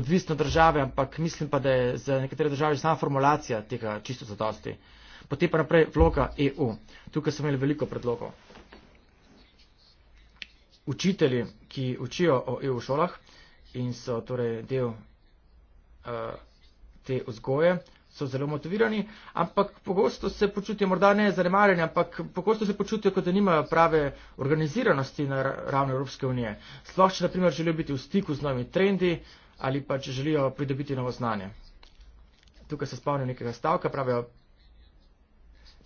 odvisno od države, ampak mislim pa, da je za nekatere države sama formulacija tega čisto zadosti. Potem pa naprej vloga EU. Tukaj smo imeli veliko predlogov. Učitelji, ki učijo o EU šolah in so torej del Eh, te vzgoje, so zelo motivirani, ampak pogosto se počutijo, morda ne zanemarjeni, ampak pogosto se počutijo, kot da nimajo prave organiziranosti na ravni Evropske unije. Sploh, če naprimer želijo biti v stiku z novimi trendi ali pa če želijo pridobiti novo znanje. Tukaj se spomnim nekega stavka, pravijo,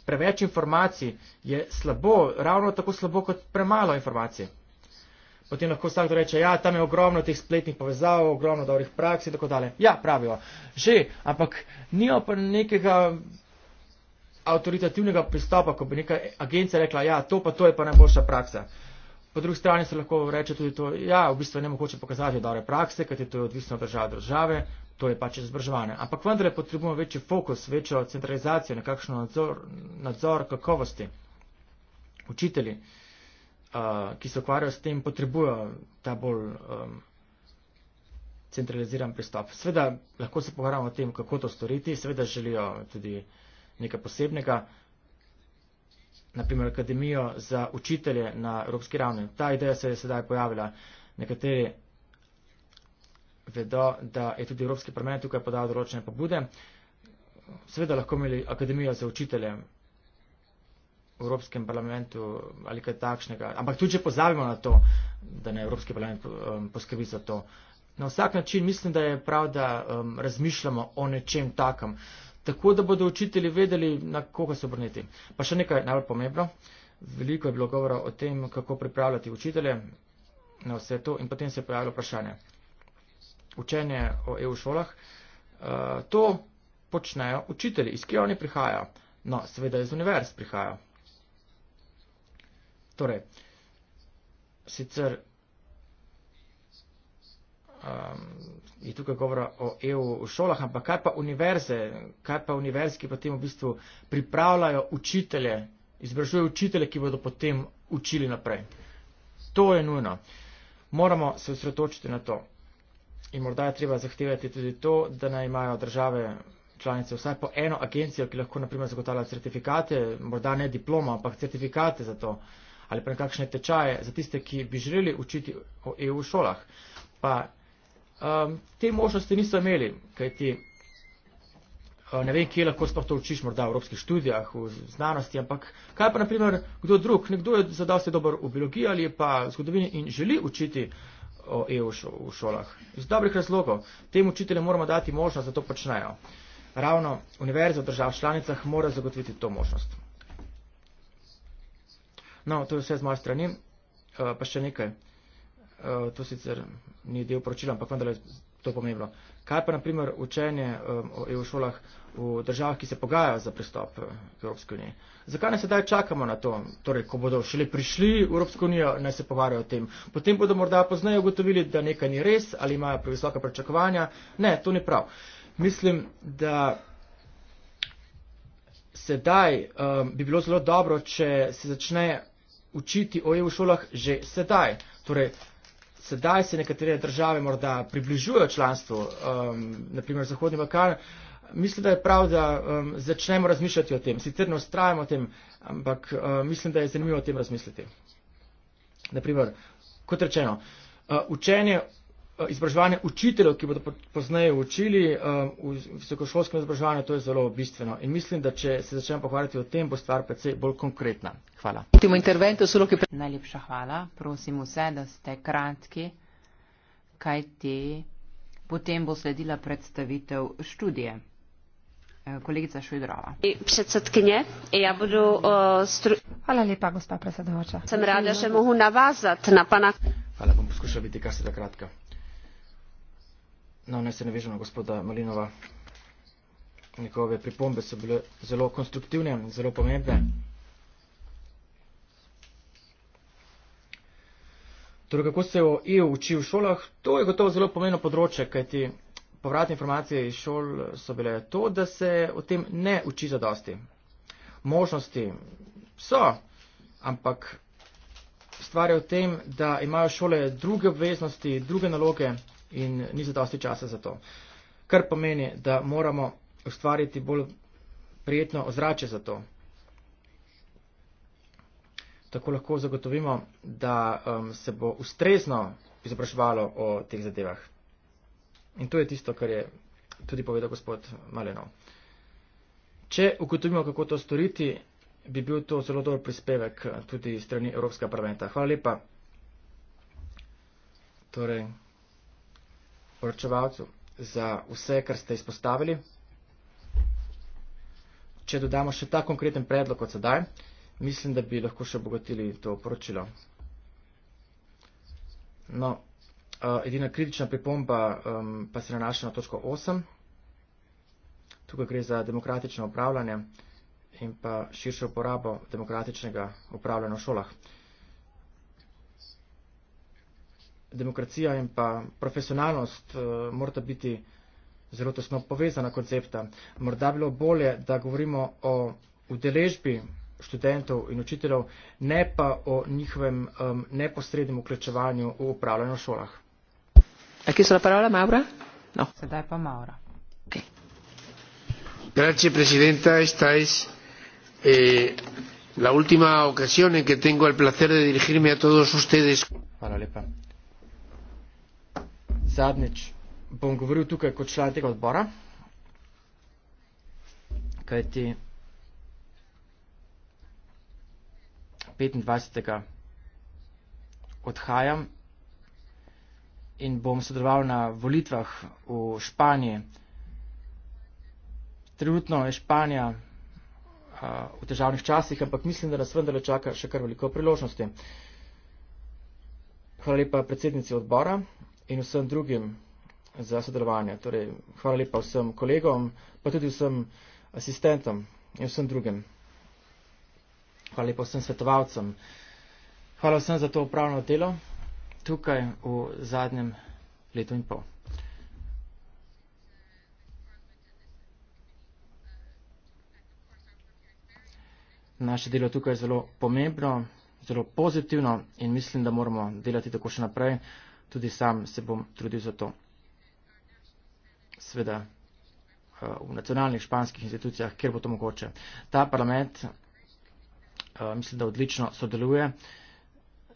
preveč informacij je slabo, ravno tako slabo kot premalo informacij potem lahko vsak reče, ja, tam je ogromno teh spletnih povezav, ogromno dobrih praks in tako dalje. Ja, pravijo, že, ampak nijo pa nekega avtoritativnega pristopa, ko bi neka agencija rekla, ja, to pa to je pa najboljša praksa. Po drugi strani se lahko reče tudi to, ja, v bistvu ne mogoče pokazati dobre prakse, kajti to je odvisno od države države, to je pač izobraževanje. Ampak vendar je potrebujemo večji fokus, večjo centralizacijo, nekakšno nadzor, nadzor kakovosti. Učitelji. Uh, uh, ki se ukvarjajo s tem, potrebujo ta bolj um, centraliziran pristop. Sveda lahko se pogovarjamo o tem, kako to storiti, seveda želijo tudi nekaj posebnega, naprimer akademijo za učitelje na evropski ravni. Ta ideja se je sedaj pojavila. Nekateri vedo, da je tudi Evropski parlament tukaj podal določene pobude. Seveda lahko imeli akademijo za učitelje Evropskem parlamentu ali kaj takšnega. Ampak tudi, če pozabimo na to, da ne Evropski parlament um, poskrbi za to. Na vsak način mislim, da je prav, da um, razmišljamo o nečem takem. Tako, da bodo učitelji vedeli, na koga se obrniti. Pa še nekaj najbolj pomembno. Veliko je bilo govora o tem, kako pripravljati učitelje na vse to in potem se je pojavilo vprašanje. Učenje o EU šolah. Uh, to počnejo učitelji, iz kje oni prihajajo. No, seveda iz univerz prihajajo. Torej, sicer um, je tukaj govora o EU v šolah, ampak kaj pa univerze, kaj pa univerze, ki potem v bistvu pripravljajo učitelje, izbražujejo učitelje, ki bodo potem učili naprej. To je nujno. Moramo se osredotočiti na to. In morda je treba zahtevati tudi to, da naj imajo države članice vsaj po eno agencijo, ki lahko naprimer zagotavlja certifikate, morda ne diploma, ampak certifikate za to. Uh, ali pa nekakšne tečaje za tiste, ki bi želeli učiti o EU šolah. Pa um, te možnosti niso imeli, kaj ti um, uh, ne vem, kje lahko sploh to učiš, morda v evropskih študijah, v znanosti, ampak kaj pa naprimer kdo drug, nekdo je zadal se dober v biologiji ali pa zgodovini in želi učiti o EU v šolah. Iz dobrih razlogov. Tem učiteljem moramo dati možnost, da to počnejo. Ravno univerza v državah članicah mora zagotoviti to možnost. No, to je vse z moje strani. Uh, pa še nekaj. Uh, to sicer ni del poročila, ampak vendar je to pomembno. Kaj pa naprimer učenje eh, e um, v šolah v državah, ki se pogajajo za pristop k Evropski uniji? Zakaj ne sedaj čakamo na to? Torej, ko bodo šele prišli v Evropsko unijo, ne se pogovarjajo o tem. Potem bodo morda poznajo ugotovili, da nekaj ni res ali imajo previsoka pričakovanja. Ne, to ni prav. Mislim, da. Sedaj um, bi bilo zelo dobro, če se začne učiti o EU šolah že sedaj. Torej, sedaj se nekatere države morda približujejo članstvu, um, naprimer Zahodni Balkan. Mislim, da je prav, da um, začnemo razmišljati o tem. Sicer ne ustrajamo o tem, ampak um, mislim, da je zanimivo o tem razmisliti. Naprimer, kot rečeno, uh, učenje Eh, izobraževanje učiteljev, ki bodo pozneje učili eh, v visokošolskem izobraževanju, to je zelo bistveno. In mislim, da če se začnemo pohvaliti o tem, bo stvar precej bolj konkretna. Hvala. Najlepša hvala. Prosim vse, da ste kratki, kaj ti. Potem bo sledila predstavitev študije. Eh, kolegica Švedrova. E, predsedkinje, e, ja bodo uh, stru... Hvala lepa, gospa predsedovača. Sem rada, da še mogu navazati na pana. Hvala, bom poskušal biti kar se da kratka. No, ne se ne vežem na gospoda Malinova. Nekove pripombe so bile zelo konstruktivne in zelo pomembne. Torej, kako se je o EU učil v šolah, to je gotovo zelo pomeno področje, kajti povratne informacije iz šol so bile to, da se o tem ne uči zadosti. Možnosti so, ampak stvar je v tem, da imajo šole druge obveznosti, druge naloge in ni zadosti časa za to. Kar pomeni, da moramo ustvariti bolj prijetno ozračje za to. Tako lahko zagotovimo, da um, se bo ustrezno izobraževalo o teh zadevah. In to je tisto, kar je tudi povedal gospod Malenov. Če ugotovimo, kako to storiti, bi bil to zelo dober prispevek uh, tudi strani Evropskega parlamenta. Hvala lepa. Torej poročevalcu za vse, kar ste izpostavili. Če dodamo še ta konkreten predlog kot sedaj, mislim, da bi lahko še obogatili to poročilo. No, edina kritična pripomba um, pa se nanaša na točko 8. Tukaj gre za demokratično upravljanje in pa širšo uporabo demokratičnega upravljanja v šolah. demokracija in pa profesionalnost eh, morata biti zelo tesno povezana koncepta. Morda bilo bolje, da govorimo o udeležbi študentov in učiteljev, ne pa o njihovem um, neposrednem vključevanju v upravljanju v šolah. A kje se napravlja Maura? No. Sedaj pa Maura. Grazie, presidenta, esta es eh, la última ocasión en que tengo el placer de dirigirme a todos ustedes. Hvala lepa zadnjič bom govoril tukaj kot član tega odbora, kaj ti 25. odhajam in bom sodeloval na volitvah v Španiji. Trenutno je Španija v težavnih časih, ampak mislim, da nas vendarle čaka še kar veliko priložnosti. Hvala lepa predsednici odbora in vsem drugim za sodelovanje. Torej, hvala lepa vsem kolegom, pa tudi vsem asistentom in vsem drugim. Hvala lepa vsem svetovalcem. Hvala vsem za to upravno delo tukaj v zadnjem letu in pol. Naše delo tukaj je zelo pomembno, zelo pozitivno in mislim, da moramo delati tako še naprej tudi sam se bom trudil za to. Sveda eh, v nacionalnih španskih institucijah, kjer bo to mogoče. Ta parlament eh, mislim, da odlično sodeluje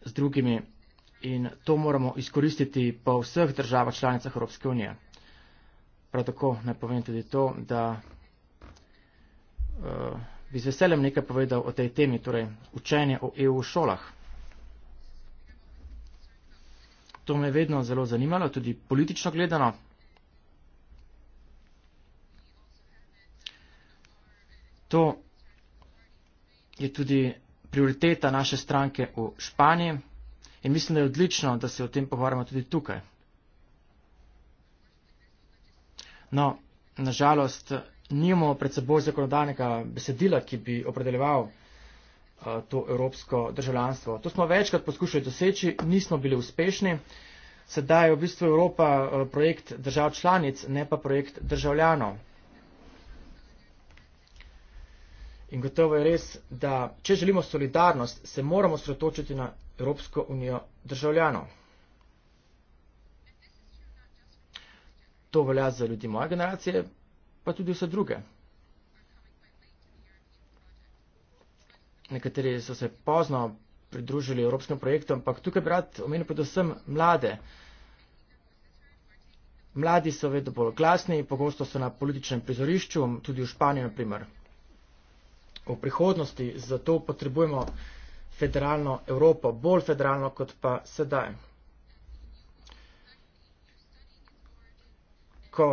z drugimi in to moramo izkoristiti po vseh državah članicah Evropske unije. Prav tako ne povem tudi to, da eh, bi z veseljem nekaj povedal o tej temi, torej učenje o EU šolah. To me je vedno zelo zanimalo, tudi politično gledano. To je tudi prioriteta naše stranke v Španiji in mislim, da je odlično, da se o tem pogovarjamo tudi tukaj. No, nažalost, nimamo pred seboj zakonodajnega besedila, ki bi opredeljeval to evropsko državljanstvo. To smo večkrat poskušali doseči, nismo bili uspešni. Sedaj je v bistvu Evropa projekt držav članic, ne pa projekt državljanov. In gotovo je res, da če želimo solidarnost, se moramo sretočiti na Evropsko unijo državljanov. To velja za ljudi moje generacije, pa tudi vse druge. nekateri so se pozno pridružili evropskem projektu, ampak tukaj bi rad omenil predvsem mlade. Mladi so vedno bolj glasni, pogosto so na političnem prizorišču, tudi v Španiji na primer. V prihodnosti zato potrebujemo federalno Evropo, bolj federalno kot pa sedaj. Ko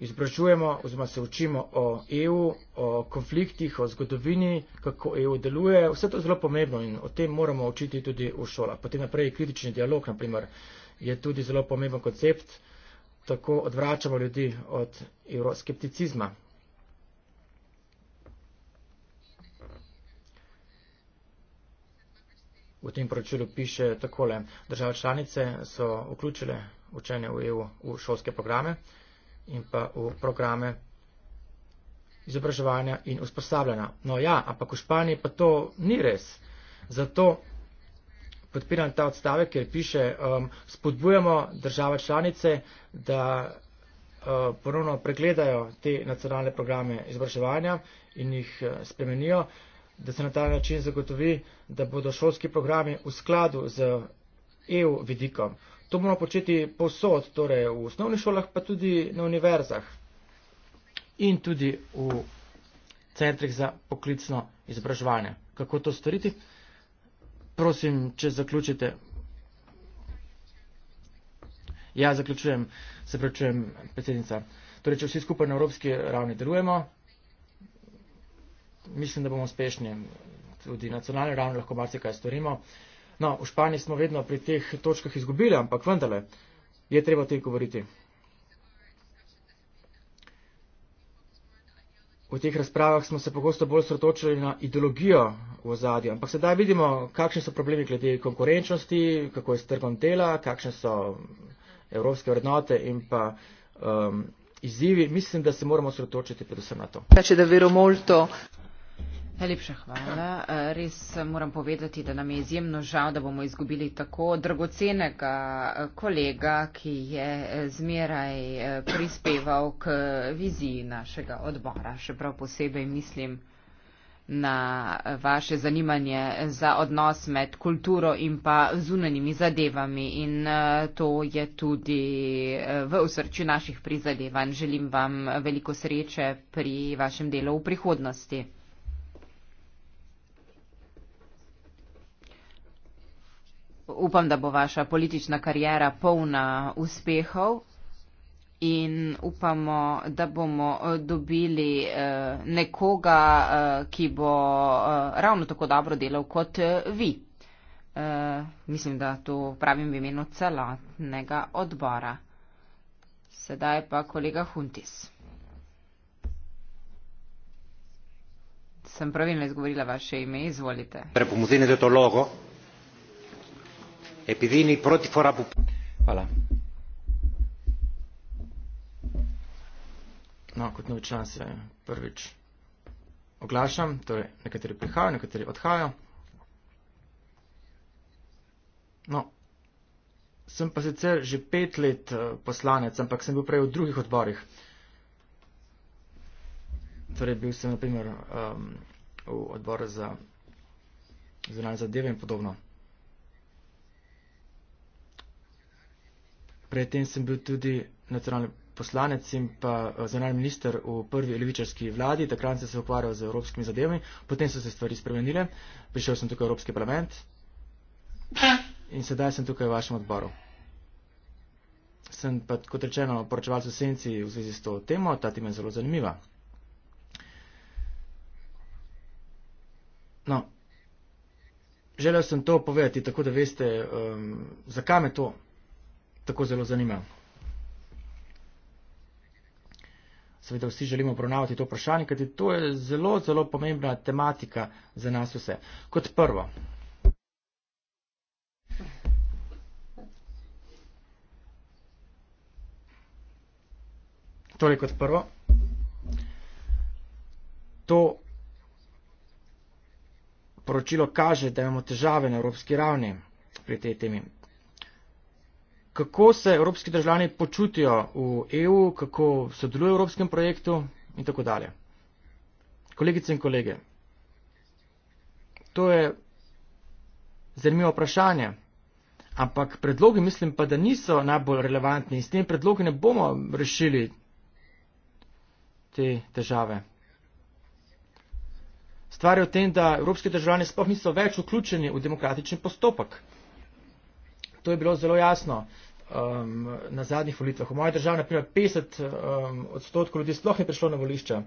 izprašujemo oziroma se učimo o EU, o konfliktih, o zgodovini, kako EU deluje. Vse to je zelo pomembno in o tem moramo učiti tudi v šolah. Potem naprej kritični dialog, naprimer, je tudi zelo pomemben koncept, tako odvračamo ljudi od euroskepticizma. V tem poročilu piše takole, države članice so vključile učenje v EU v šolske programe in pa v programe izobraževanja in usposabljanja. No ja, ampak v Španiji pa to ni res. Zato podpiram ta odstavek, kjer piše, um, spodbujamo države članice, da uh, ponovno pregledajo te nacionalne programe izobraževanja in jih uh, spremenijo, da se na ta način zagotovi, da bodo šolski programi v skladu z EU vidikom. Uh, To moramo početi posod, torej v osnovnih šolah, pa tudi na univerzah in tudi v centrih za poklicno izobraževanje. Kako to storiti? Prosim, če zaključite. Ja, zaključujem, se pravčujem, predsednica. Torej, če vsi skupaj na evropski ravni delujemo, mislim, da bomo uspešni. Tudi nacionalni ravni lahko marsikaj storimo. No, v Španiji smo vedno pri teh točkah izgubili, ampak vendarle je treba o tem govoriti. V teh razpravah smo se pogosto bolj sredočili na ideologijo v zadju, ampak sedaj vidimo, kakšni so problemi glede konkurenčnosti, kako je s trgom dela, kakšne so evropske vrednote in pa um, izzivi. Mislim, da se moramo sredočiti predvsem na to. Reče, da vero molto Najlepša hvala. Eh, res moram povedati, da nam je izjemno žal, da bomo izgubili tako dragocenega eh, kolega, ki je eh, zmeraj prispeval k viziji našega odbora. Še prav posebej mislim na vaše zanimanje za odnos med kulturo in pa zunanimi zadevami in to je tudi v osrčju naših prizadevanj. Želim vam veliko sreče pri vašem delu v prihodnosti. upam, da bo vaša politična karijera polna uspehov in upamo, da bomo eh, dobili eh, nekoga, eh, ki bo ravno tako dobro delal kot vi. Mislim, da to pravim v imenu celotnega odbora. Sedaj pa kolega Huntis. Sem pravilno izgovorila vaše ime, izvolite. Prepomozite to logo επειδή είναι η πρώτη φορά που... Voilà. No, kot novičan se prvič oglašam, torej nekateri prihajajo, nekateri odhajajo. No, sem pa sicer že pet let eh, poslanec, ampak sem bil prej v drugih odborih. Torej bil sem, na primer, um, v odboru za zunanje zadeve in podobno. Predtem sem bil tudi nacionalni poslanec in pa eh, zunanji minister v prvi levičarski vladi, takrat sem se ukvarjal z evropskimi zadevami, potem so se stvari spremenile, prišel sem tukaj v Evropski parlament in sedaj sem tukaj v vašem odboru. Sem pa, kot rečeno, poročeval so senci v zvezi s to temo, ta tema je zelo zanimiva. No, želel sem to povedati, tako da veste, um, zakaj me to tako zelo zanimiv. Seveda vsi želimo obravnavati to vprašanje, kajti to je zelo, zelo pomembna tematika za nas vse. Kot prvo. Torej kot prvo. To poročilo kaže, da imamo težave na evropski ravni pri tej temi kako se evropski državljani počutijo v EU, kako sodelujo v evropskem projektu in tako dalje. Kolegice in kolege, to je zanimivo vprašanje, ampak predlogi mislim pa, da niso najbolj relevantni in s tem predlogi ne bomo rešili te težave. Stvar je v tem, da evropski državljani sploh niso več vključeni v demokratični postopek. To je bilo zelo jasno um, na zadnjih volitvah. V moji državi, naprimer, 50 um, odstotkov ljudi sploh ni prišlo na volišča.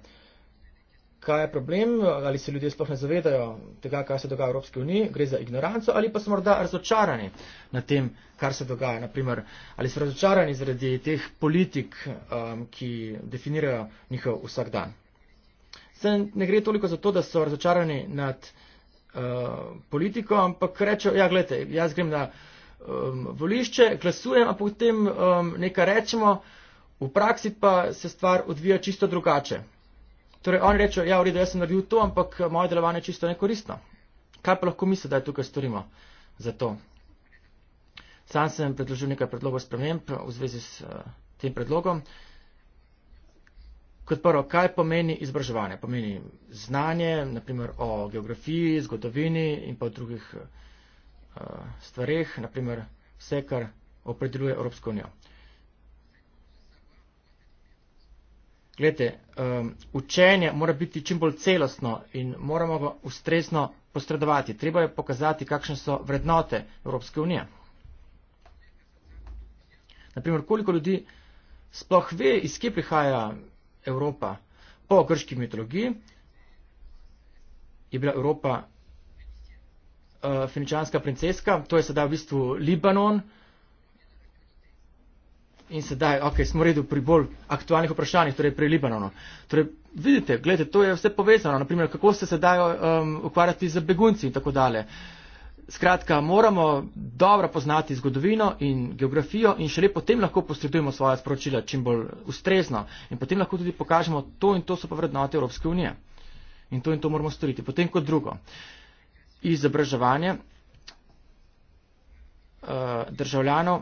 Kaj je problem, ali se ljudje sploh ne zavedajo tega, kaj se dogaja v Evropski uniji, gre za ignoranco ali pa so morda razočarani na tem, kar se dogaja. Naprimer, ali so razočarani zaradi teh politik, um, ki definirajo njihov vsak dan. Se ne gre toliko za to, da so razočarani nad uh, politiko, ampak rečejo, ja, gledajte, jaz grem na um, volišče, glasujem, a potem um, nekaj rečemo, v praksi pa se stvar odvija čisto drugače. Torej, oni rečejo, ja, vredo, jaz sem naredil to, ampak eh, moje delovanje je čisto nekoristno. Kaj pa lahko misli, da je tukaj storimo za to? Sam sem predložil nekaj predlogov sprememb eh, v zvezi s uh, tem predlogom. Kot prvo, kaj pomeni izobraževanje? Pomeni znanje, naprimer o geografiji, zgodovini in pa drugih. Uh, Eh, stvarih, naprimer vse, kar opredeljuje Evropsko unijo. Glede, um, učenje mora biti čim bolj celostno in moramo ga ustrezno posredovati. Treba je pokazati, kakšne so vrednote Evropske unije. Naprimer, koliko ljudi sploh ve, iz kje prihaja Evropa. Po grški mitologiji je bila Evropa uh, eh, finčanska princeska, to je sedaj v bistvu Libanon. In sedaj, ok, smo redu pri bolj aktualnih vprašanjih, torej pri Libanonu. Torej, vidite, gledajte, to je vse povezano, naprimer, kako se sedaj um, ukvarjati z begunci in tako dalje. Skratka, moramo dobro poznati zgodovino in geografijo in šele potem lahko posredujemo svoje sporočila čim bolj ustrezno in potem lahko tudi pokažemo, to in to so pa vrednote Evropske unije. In to in to moramo storiti, potem kot drugo. Uh, izobraževanje eh, državljanov.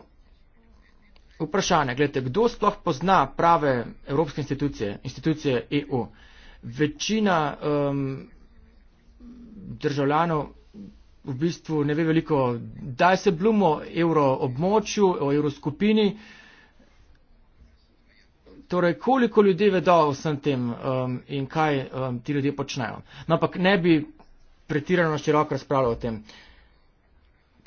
Vprašanje, gledajte, kdo sploh pozna prave evropske institucije, institucije EU? Večina um, državljanov v bistvu ne ve veliko, da se blumo evro območju, o evroskupini. Torej, koliko ljudi vedo o vsem tem um, in kaj um, ti ljudje počnejo. No, ampak ne bi pretirano široko razpravljal o tem.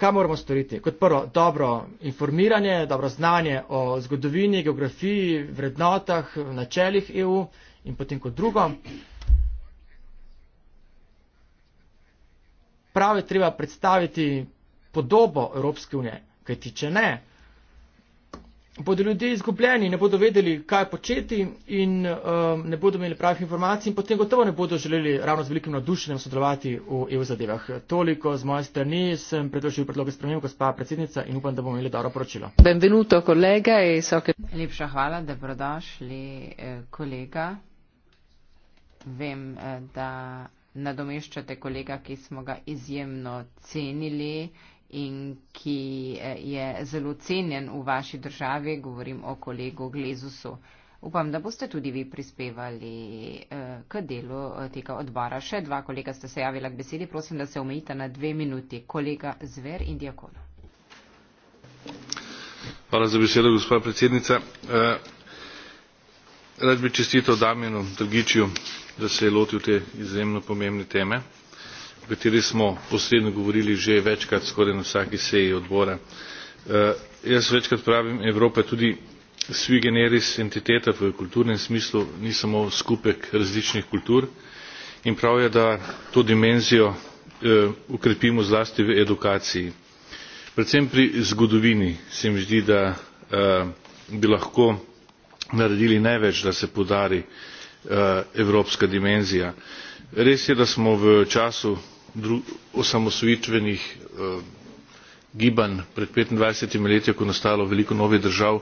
Kaj moramo storiti? Kot prvo, dobro informiranje, dobro znanje o zgodovini, geografiji, vrednotah, načelih EU in potem kot drugo. Prav je treba predstaviti podobo Evropske unije, kajti če ne, bodo ljudje izgubljeni, ne bodo vedeli, kaj početi in um, ne bodo imeli pravih informacij in potem gotovo ne bodo želeli ravno z velikim nadušenjem sodelovati v EU zadevah. Toliko z moje strani sem predložil predloge sprememb, gospa predsednica, in upam, da bomo imeli dobro poročilo. Benvenuto, kolega. E, okay. Lepša hvala, da prodošli, e, kolega. Vem, e, da nadomeščate kolega, ki smo ga izjemno cenili in ki eh, je zelo cenjen v vaši državi, govorim o kolegu Glezusu. Upam, da boste tudi vi prispevali eh, k delu eh, tega odbora. Še dva kolega ste se javila k besedi. Prosim, da se omejite na dve minuti. Kolega Zver in Diakon. Hvala za besedo, gospod predsednica. Rad bi čestito Damjenu Trgičju, da se je lotil te izjemno pomembne teme o kateri smo posredno govorili že večkrat skoraj na vsaki seji odbora. Eh, jaz večkrat pravim evropa je tudi sui generis entiteta v kulturnem smislu ni samo skupek različnih kultur in prav je da to dimenzijo okrepimo eh, zlasti v edukaciji. predvsem pri zgodovini se mi zdi da eh, bi lahko naredili največ da se poudari evropska dimenzija res je da smo v času osamosvojitvenih eh, gibanj pred petindvajset leti ko je nastalo veliko novih držav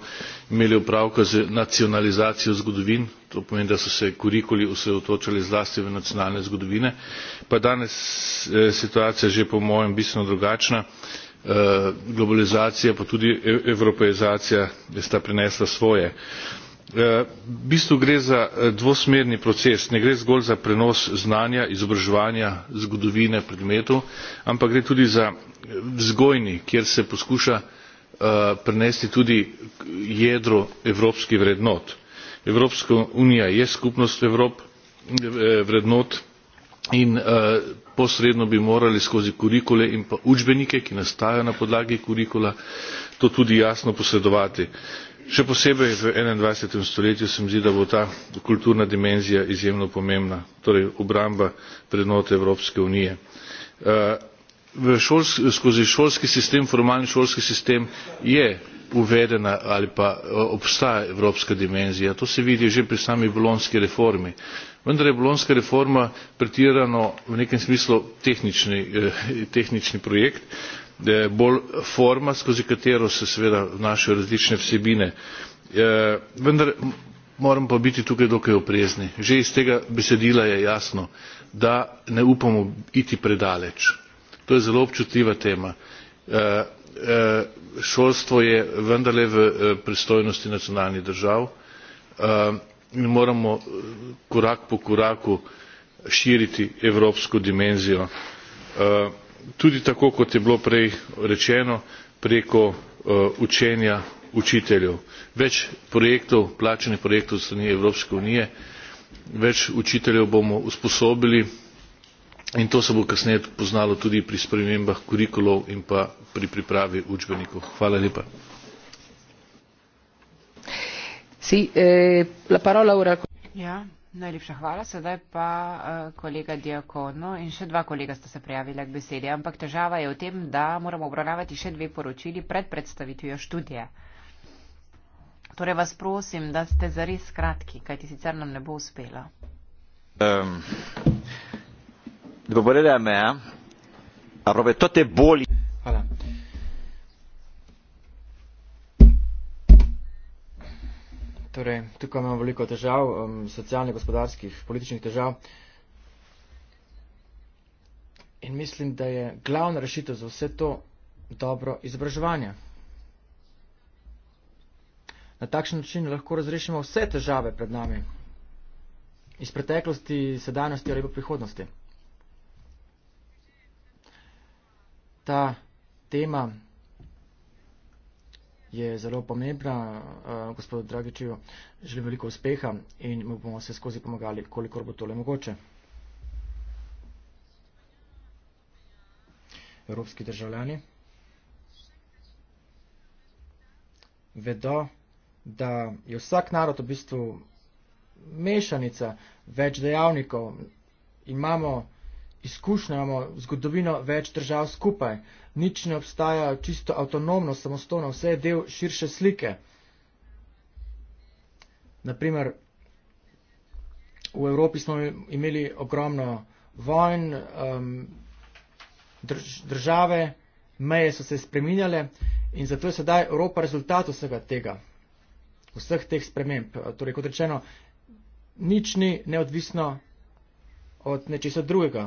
imeli opravka z nacionalizacijo zgodovin to pomeni da so se kurikuli osredotočali zlasti v nacionalne zgodovine pa je danes eh, situacija že po mojem bistveno drugačna eh, globalizacija pa tudi e-, evropeizacija sta prinesla svoje. Eh, bistvu gre za eh, dvosmerni proces ne gre zgolj za prenos znanja izobraževanja zgodovine predmetov ampak gre tudi za eh, vzgojni kjer se poskuša prenesti tudi jedro evropskih vrednot. evropska unija je skupnost vrednot in posredno bi morali skozi kurikule in pa učbenike ki nastajajo na podlagi kurikula to tudi jasno posredovati še posebej v enaindvajset stoletju se mi zdi da bo ta kulturna dimenzija izjemno pomembna torej obramba vrednot evropske unije. Eh, skozi šolski sistem formalni šolski sistem je uvedena ali pa eh, obstaja evropska dimenzija to se vidi že pri sami bolonjski reformi vendar je bolonjska reforma pretirano v nekem smislu tehnični eh, projekt bolj forma skozi katero se seveda vnašajo različne vsebine ja, vendar moramo pa biti tukaj dokaj oprezni že iz tega besedila je jasno da ne upamo iti predaleč to je zelo občutljiva tema ja, ja, šolstvo je vendarle v eh, pristojnosti nacionalnih držav eh, in moramo eh, korak po koraku širiti evropsko dimenzijo tudi tako kot je bilo prej rečeno preko eh, učenja učiteljev več projektov plačanih projektov s strani evropske unije več učiteljev bomo usposobili in to se bo kasneje poznalo tudi pri spremembah kurikulov in pa pri pripravi učbenikov. Najlepša hvala. Sedaj pa uh, kolega Diakono in še dva kolega sta se prijavila k besedi. Ampak težava je v tem, da moramo obravnavati še dve poročili pred predstavitvijo študije. Torej vas prosim, da ste zares kratki, kaj ti sicer nam ne bo uspelo. Um, ehm, Dobro, da me je. Ja. Robe, to te boli. Hvala. Torej, tukaj imamo veliko težav, um, socialnih, gospodarskih, političnih težav. In mislim, da je glavna rešitev za vse to dobro izobraževanje. Na takšen način lahko razrešimo vse težave pred nami. Iz preteklosti, sedanjosti ali pa prihodnosti. Ta tema je zelo pomembna. Uh, eh, gospod Dragičev, želim veliko uspeha in mu bomo se skozi pomagali, kolikor bo tole mogoče. Evropski državljani vedo, da je vsak narod v bistvu mešanica več dejavnikov. Imamo izkušnjamo zgodovino več držav skupaj. Nič ne obstaja čisto avtonomno, samostojno, vse je del širše slike. Naprimer, v Evropi smo imeli ogromno vojn, um, drž, države, meje so se spreminjale in zato je sedaj Evropa rezultat vsega tega, vseh teh sprememb. Torej, kot rečeno, nič ni neodvisno od nečesa drugega.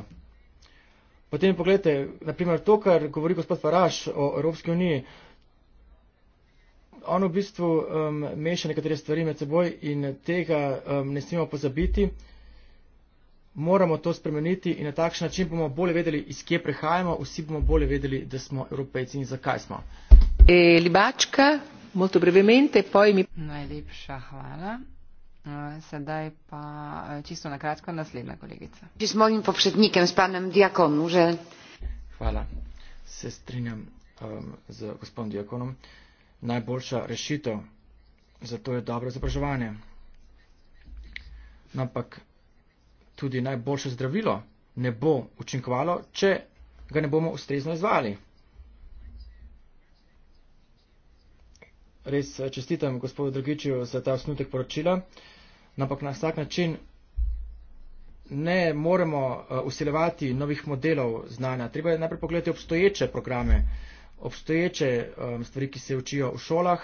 Potem pogledajte, naprimer to, kar govori gospod Faraš o Evropski uniji. On v bistvu um, meša nekatere stvari med seboj in tega um, ne smemo pozabiti. Moramo to spremeniti in na takšen način bomo bolje vedeli, iz kje prehajamo, vsi bomo bolje vedeli, da smo evropejci in zakaj smo. E, libačka, molto brevemente, poj mi. Najlepša hvala. Eh, sedaj pa eh, čisto na kratko naslednja kolegica. S mojim popšetnikem, s panem Diakonom, že. Hvala. Se strinjam um, z gospodom Diakonom. Najboljša rešitev za to je dobro izobraževanje. No, ampak tudi najboljše zdravilo ne bo učinkovalo, če ga ne bomo ustrezno izvali. Res eh, čestitam gospodu Drgičiju za ta osnutek poročila ampak na vsak način ne moremo usilevati eh, novih modelov znanja. Treba je najprej pogledati obstoječe programe, obstoječe eh, stvari, ki se učijo v šolah.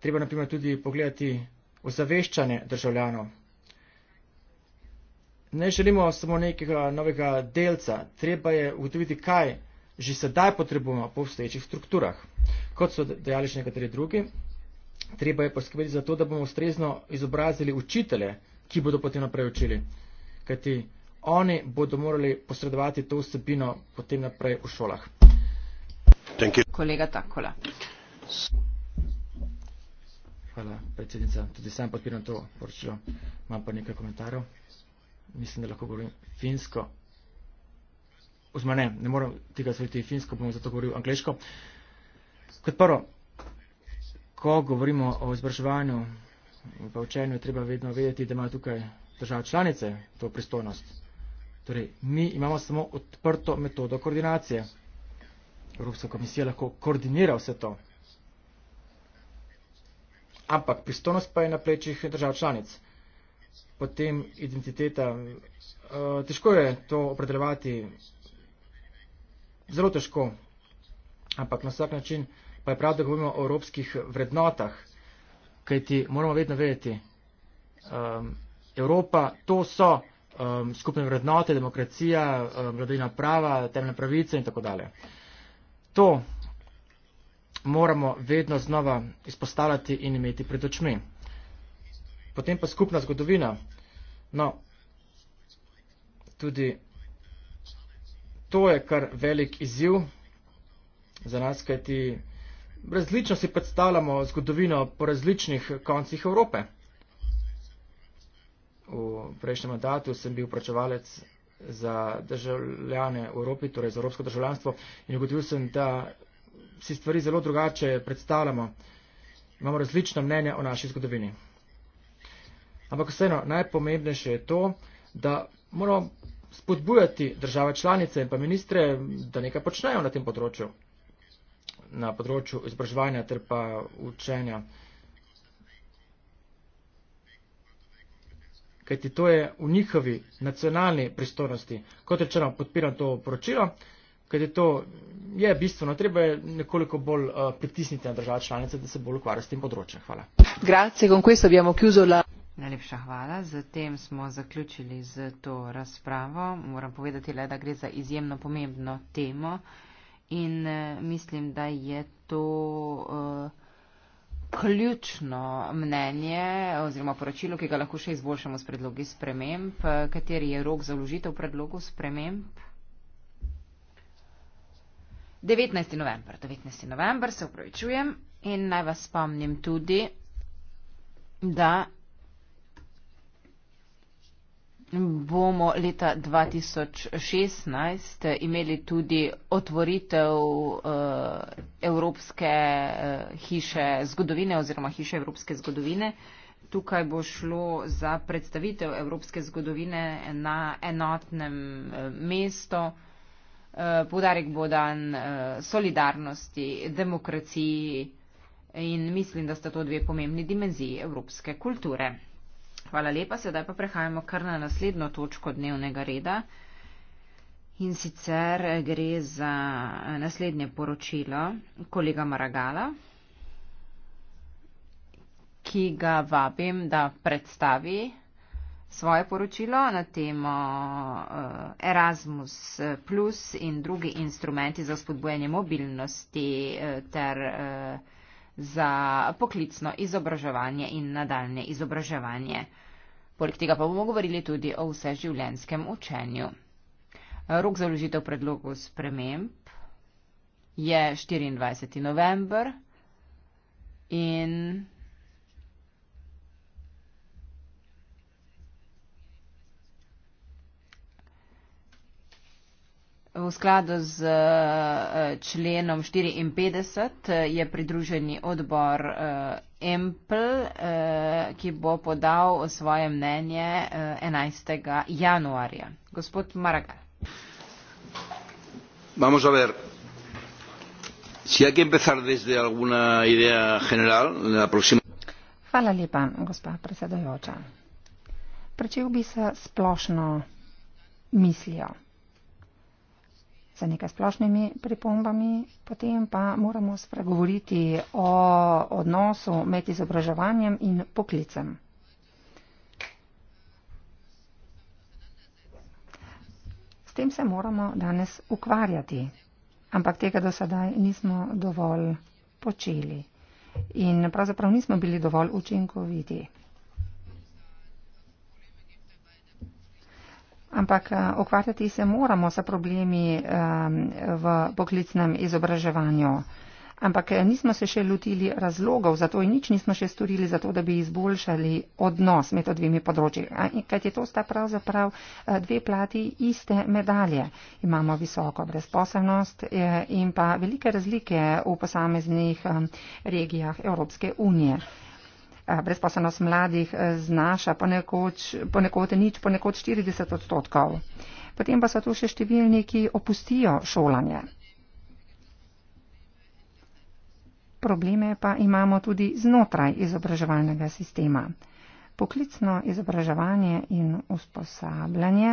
Treba naprimer tudi pogledati ozaveščanje državljanov. Ne želimo samo nekega novega delca, treba je ugotoviti, kaj že sedaj potrebujemo po obstoječih strukturah, kot so dejali še nekateri drugi treba je poskrbeti za to, da bomo ustrezno izobrazili učitele, ki bodo potem naprej učili. Kajti oni bodo morali posredovati to vsebino potem naprej v šolah. Kolega Takola. Hvala, predsednica. Tudi sam podpiram to poročilo. Imam pa nekaj komentarjev. Mislim, da lahko govorim finsko. Ozma ne, ne moram tega svojiti finsko, bom zato govoril angliško. Kot prvo, ko govorimo o izobraževanju in pa učenju, treba vedno vedeti, da imajo tukaj države članice to pristojnost. Torej, mi imamo samo odprto metodo koordinacije. Evropska komisija lahko koordinira vse to. Ampak pristojnost pa je na plečih držav članic. Potem identiteta. Eh, težko je to opredeljevati. Zelo težko. Ampak na vsak način pa je prav, da govorimo o evropskih vrednotah, kajti moramo vedno vedeti, um, Evropa to so um, skupne vrednote, demokracija, um, vladavina prava, temeljne pravice in tako dalje. To moramo vedno znova izpostavljati in imeti pred očmi. Potem pa skupna zgodovina. No, tudi to je kar velik izziv za nas, kajti Različno si predstavljamo zgodovino po različnih koncih Evrope. V prejšnjem mandatu sem bil pračevalec za državljane v Evropi, torej za evropsko državljanstvo in ugotovil sem, da si stvari zelo drugače predstavljamo. Imamo različna mnenja o naši zgodovini. Ampak vseeno, najpomembnejše je to, da moramo spodbujati države članice in pa ministre, da nekaj počnejo na tem področju na področju izobraževanja ter pa učenja. Kajti to je v njihovi nacionalni pristojnosti. Kot rečeno, podpiram to poročilo, kajti to je bistveno. Treba je nekoliko bolj uh, pritisniti na države članice, da se bolj ukvarja s tem področjem. Hvala. Grazie, con questo abbiamo chiuso la. Najlepša hvala. Zatem smo zaključili z to razpravo. Moram povedati le, da gre za izjemno pomembno temo. In eh, mislim, da je to uh, ključno mnenje oziroma poročilo, ki ga lahko še izboljšamo s predlogi sprememb. Eh, kateri je rok za vložitev predlogov sprememb? 19. november. 19. november, se upravičujem. In naj vas spomnim tudi, da bomo leta 2016 imeli tudi otvoritev eh, Evropske eh, hiše zgodovine oziroma hiše Evropske zgodovine. Tukaj bo šlo za predstavitev Evropske zgodovine na enotnem eh, mestu. Podarek bo dan solidarnosti, demokraciji in mislim, da sta to dve pomembni dimenziji evropske kulture. Hvala lepa, sedaj pa prehajamo kar na naslednjo točko dnevnega reda. In sicer gre za naslednje poročilo kolega Maragala, ki ga vabim, da predstavi svoje poročilo na temo eh, Erasmus Plus in drugi instrumenti za spodbujanje mobilnosti eh, ter eh, za poklicno izobraževanje in nadaljne izobraževanje. Poleg tega pa bomo govorili tudi o vseživljenskem učenju. Rok za vložitev predlogov sprememb je 24. november in V skladu z eh, členom 54 eh, je pridruženi odbor eh, EMPL, ki bo podal svoje mnenje 11. januarja. Gospod Maragal. Vamos a ver. Si hay que empezar desde alguna idea general, la próxima. Hvala lepa, gospa predsedojoča. Pričel bi se splošno mislijo za nekaj splošnimi pripombami, potem pa moramo spregovoriti o odnosu med izobraževanjem in poklicem. S tem se moramo danes ukvarjati, ampak tega do sedaj nismo dovolj počeli in pravzaprav nismo bili dovolj učinkoviti. Ampak okvarjati eh, se moramo sa problemi v poklicnem izobraževanju. Ampak eh, nismo se še lotili razlogov, zato in nič nismo še storili, zato da bi izboljšali odnos med dvimi področji. Kaj je to sta pravzaprav eh, dve plati iste medalje? Imamo visoko brezposobnost in pa velike razlike v posameznih regijah Evropske unije brezposobnost mladih eh, znaša ponekod, ponekod nič, ponekod 40 odstotkov. Potem pa so tu še številni, ki opustijo šolanje. Probleme pa imamo tudi znotraj izobraževalnega sistema. Poklicno izobraževanje in usposabljanje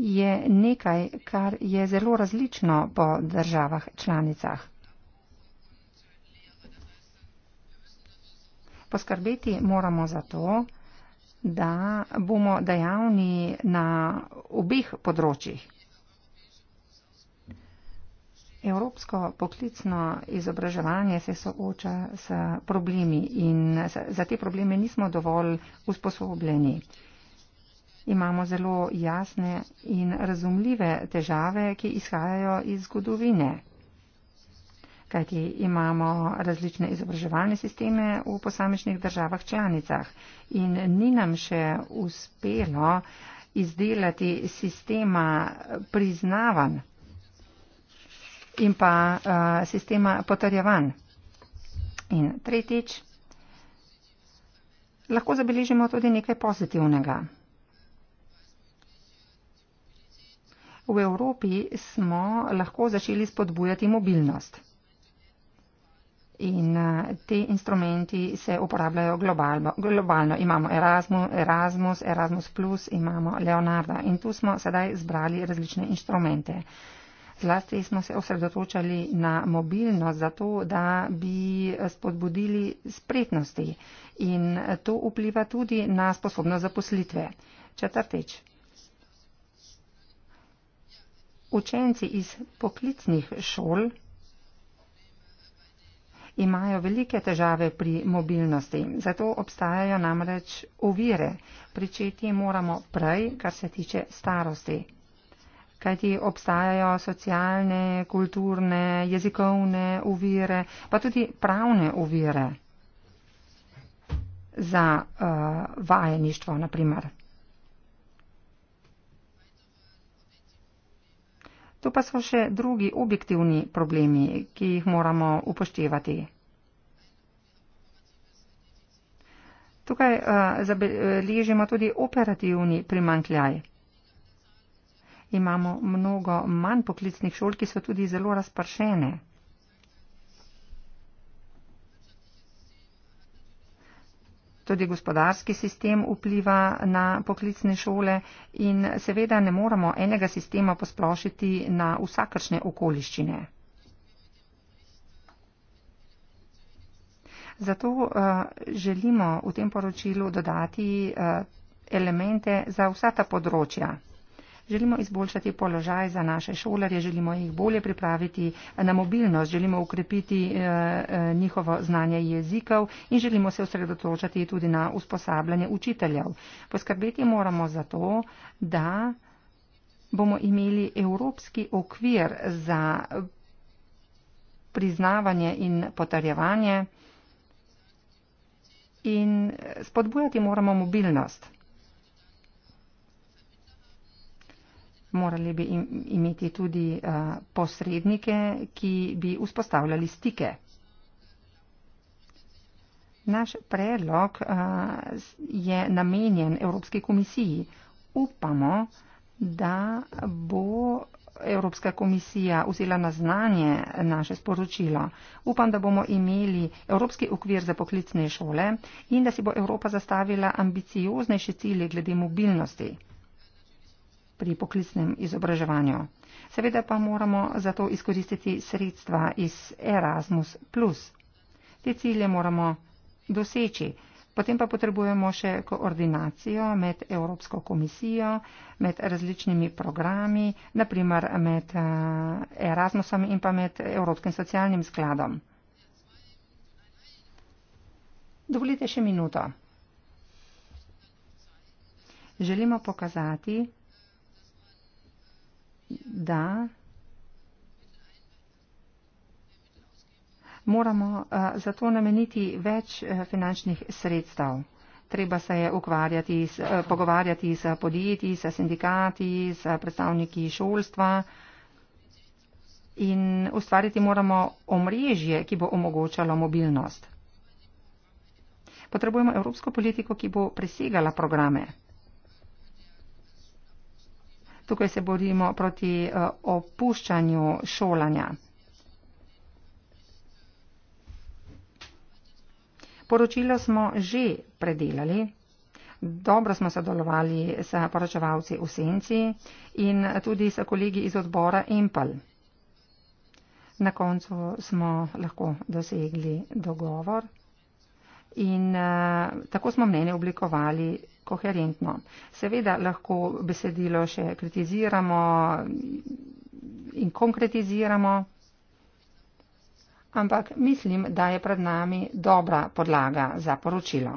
je nekaj, kar je zelo različno po državah članicah. Poskrbeti moramo za to, da bomo dejavni na obeh področjih. Evropsko poklicno izobraževanje se sooča s problemi in za te probleme nismo dovolj usposobljeni. Imamo zelo jasne in razumljive težave, ki izhajajo iz zgodovine kajti imamo različne izobraževalne sisteme v posamečnih državah članicah in ni nam še uspelo izdelati sistema priznavanj in pa uh, sistema potrjevanj. In tretjič, lahko zabeležimo tudi nekaj pozitivnega. V Evropi smo lahko začeli spodbujati mobilnost in uh, ti instrumenti se uporabljajo globalno. globalno. Imamo Erasmus, Erasmus, Erasmus, imamo Leonardo in tu smo sedaj zbrali različne instrumente. Zlasti smo se osredotočali na mobilnost, zato da bi spodbudili spretnosti in eh, to vpliva tudi na sposobnost zaposlitve. Četrtič. Učenci iz poklicnih šol imajo velike težave pri mobilnosti. Zato obstajajo namreč ovire. Pričeti moramo prej, kar se tiče starosti. Kajti obstajajo socialne, kulturne, jezikovne ovire, pa tudi pravne ovire za uh, vajeništvo, naprimer. Tu pa so še drugi objektivni problemi, ki jih moramo upoštevati. Tukaj uh, zabeležimo tudi operativni primankljaj. Imamo mnogo manj poklicnih šol, ki so tudi zelo razpršene. Tudi gospodarski sistem vpliva na poklicne šole in seveda ne moremo enega sistema posplošiti na vsakršne okoliščine. Zato uh, želimo v tem poročilu dodati uh, elemente za vsa ta področja želimo izboljšati položaj za naše šolarje, želimo jih bolje pripraviti na mobilnost, želimo ukrepiti eh, eh, njihovo znanje jezikov in želimo se osredotočati tudi na usposabljanje učiteljev. Poskrbeti moramo za to, da bomo imeli evropski okvir za priznavanje in potrjevanje in spodbujati moramo mobilnost. morali bi imeti tudi eh, posrednike, ki bi vzpostavljali stike. Naš predlog eh, je namenjen Evropski komisiji. Upamo, da bo Evropska komisija vzela na znanje naše sporočilo. Upam, da bomo imeli Evropski okvir za poklicne šole in da si bo Evropa zastavila ambicioznejše cilje glede mobilnosti pri poklicnem izobraževanju. Seveda pa moramo zato izkoristiti sredstva iz Erasmus. Te cilje moramo doseči. Potem pa potrebujemo še koordinacijo med Evropsko komisijo, med različnimi programi, naprimer med eh, Erasmusom in pa med Evropskim socialnim skladom. Dovolite še minuto. Želimo pokazati, da moramo eh, zato nameniti več eh, finančnih sredstev. Treba se je ukvarjati, eh, pogovarjati s podjetji, s sindikati, s predstavniki šolstva in ustvariti moramo omrežje, ki bo omogočalo mobilnost. Potrebujemo evropsko politiko, ki bo presegala programe. Tukaj se borimo proti eh, opuščanju šolanja. Poročilo smo že predelali, dobro smo sodelovali s poročevalci v Senci in tudi s kolegi iz odbora Impel. Na koncu smo lahko dosegli dogovor in uh, tako smo mnenje oblikovali koherentno. Seveda lahko besedilo še kritiziramo in konkretiziramo, ampak mislim, da je pred nami dobra podlaga za poročilo.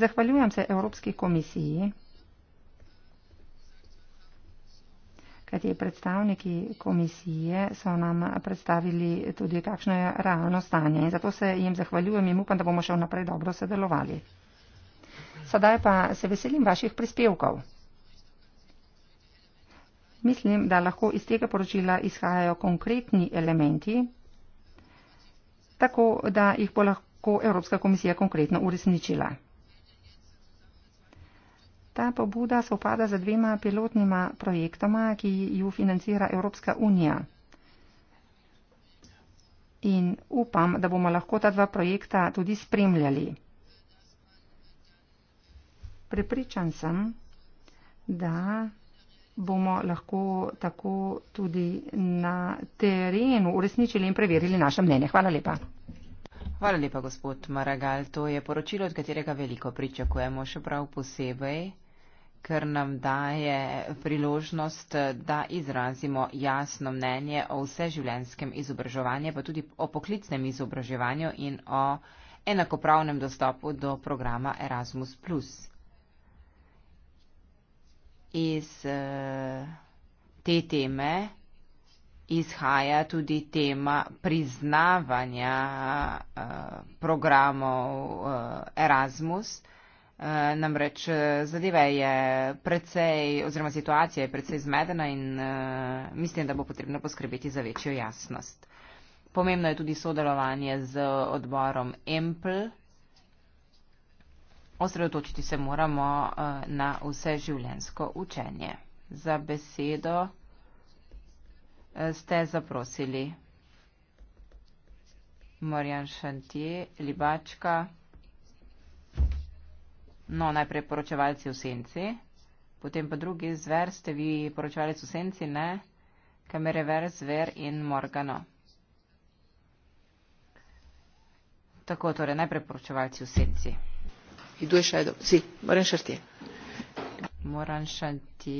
Zahvaljujem se Evropski komisiji. kajti predstavniki komisije so nam predstavili tudi, kakšno je realno stanje. In zato se jim zahvaljujem in upam, da bomo še naprej dobro sodelovali. Sedaj pa se veselim vaših prispevkov. Mislim, da lahko iz tega poročila izhajajo konkretni elementi, tako da jih bo lahko Evropska komisija konkretno uresničila ta pobuda sopada z dvema pilotnima projektoma, ki ju financira Evropska unija. In upam, da bomo lahko ta dva projekta tudi spremljali. Prepričan sem, da bomo lahko tako tudi na terenu uresničili in preverili naše mnenje. Hvala lepa. Hvala lepa, gospod Maragal. To je poročilo, od katerega veliko pričakujemo, še prav posebej ker nam daje priložnost, da izrazimo jasno mnenje o vseživljenskem izobraževanju, pa tudi o poklicnem izobraževanju in o enakopravnem dostopu do programa Erasmus. Iz eh, te teme izhaja tudi tema priznavanja eh, programov eh, Erasmus. Eh, namreč eh, zadeve je precej, oziroma situacija je precej zmedena in eh, mislim, da bo potrebno poskrbeti za večjo jasnost. Pomembno je tudi sodelovanje z odborom EMPL. Osredotočiti se moramo na vse življensko učenje. Za besedo ste zaprosili Marjan Šantje, Libačka. No, najprej poročevalci v senci, potem pa drugi zver, ste vi poročevalci v senci, ne? Kamerever, zver in morgano. Tako, torej, najprej poročevalci v senci. In tu je še eno. Si, moram še ti. Moram še ti.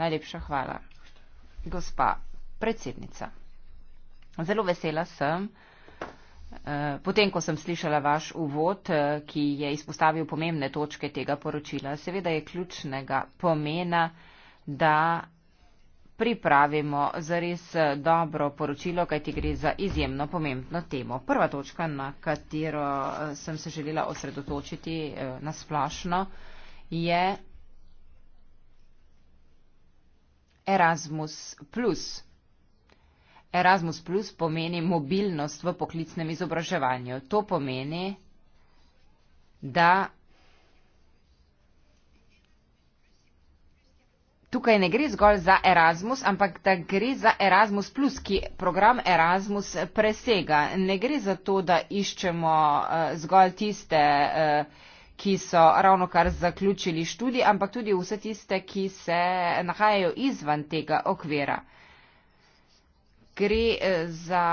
Najlepša hvala. Gospa predsednica. Zelo vesela sem, Eh, potem, ko sem slišala vaš uvod, eh, ki je izpostavil pomembne točke tega poročila, seveda je ključnega pomena, da pripravimo zares eh, dobro poročilo, kajti gre za izjemno pomembno temo. Prva točka, na katero sem se želela osredotočiti nasplošno, je Erasmus. Erasmus Plus pomeni mobilnost v poklicnem izobraževanju. To pomeni, da tukaj ne gre zgolj za Erasmus, ampak da gre za Erasmus Plus, ki program Erasmus presega. Ne gre za to, da iščemo eh, zgolj tiste, eh, ki so ravno kar zaključili študij, ampak tudi vse tiste, ki se nahajajo izvan tega okvira gre eh, za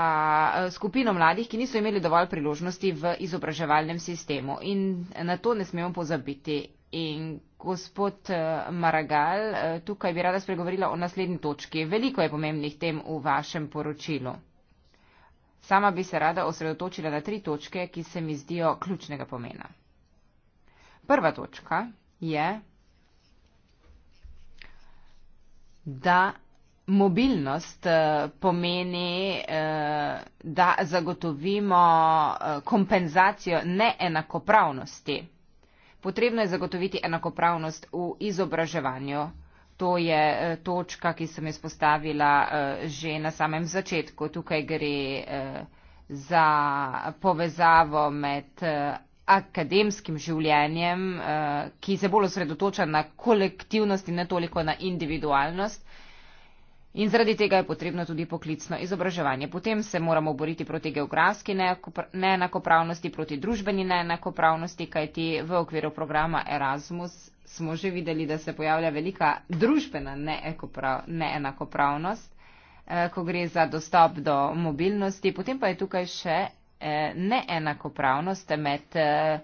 eh, skupino mladih, ki niso imeli dovolj priložnosti v izobraževalnem sistemu in na to ne smemo pozabiti. In gospod eh, Maragal, tukaj bi rada spregovorila o naslednji točki. Veliko je pomembnih tem v vašem poročilu. Sama bi se rada osredotočila na tri točke, ki se mi zdijo ključnega pomena. Prva točka je, da Mobilnost eh, pomeni, eh, da zagotovimo eh, kompenzacijo neenakopravnosti. Potrebno je zagotoviti enakopravnost v izobraževanju. To je točka, ki sem jo spostavila že na samem začetku. Tukaj gre za povezavo med akademskim življenjem, ki se bolj osredotoča na kolektivnost in ne toliko na individualnost, In zaradi tega je potrebno tudi poklicno izobraževanje. Potem se moramo boriti proti geografski neenakopravnosti, proti družbeni neenakopravnosti, kajti v okviru programa Erasmus smo že videli, da se pojavlja velika družbena neenakopravnost, eh, ko gre za dostop do mobilnosti. Potem pa je tukaj še eh, neenakopravnost med eh,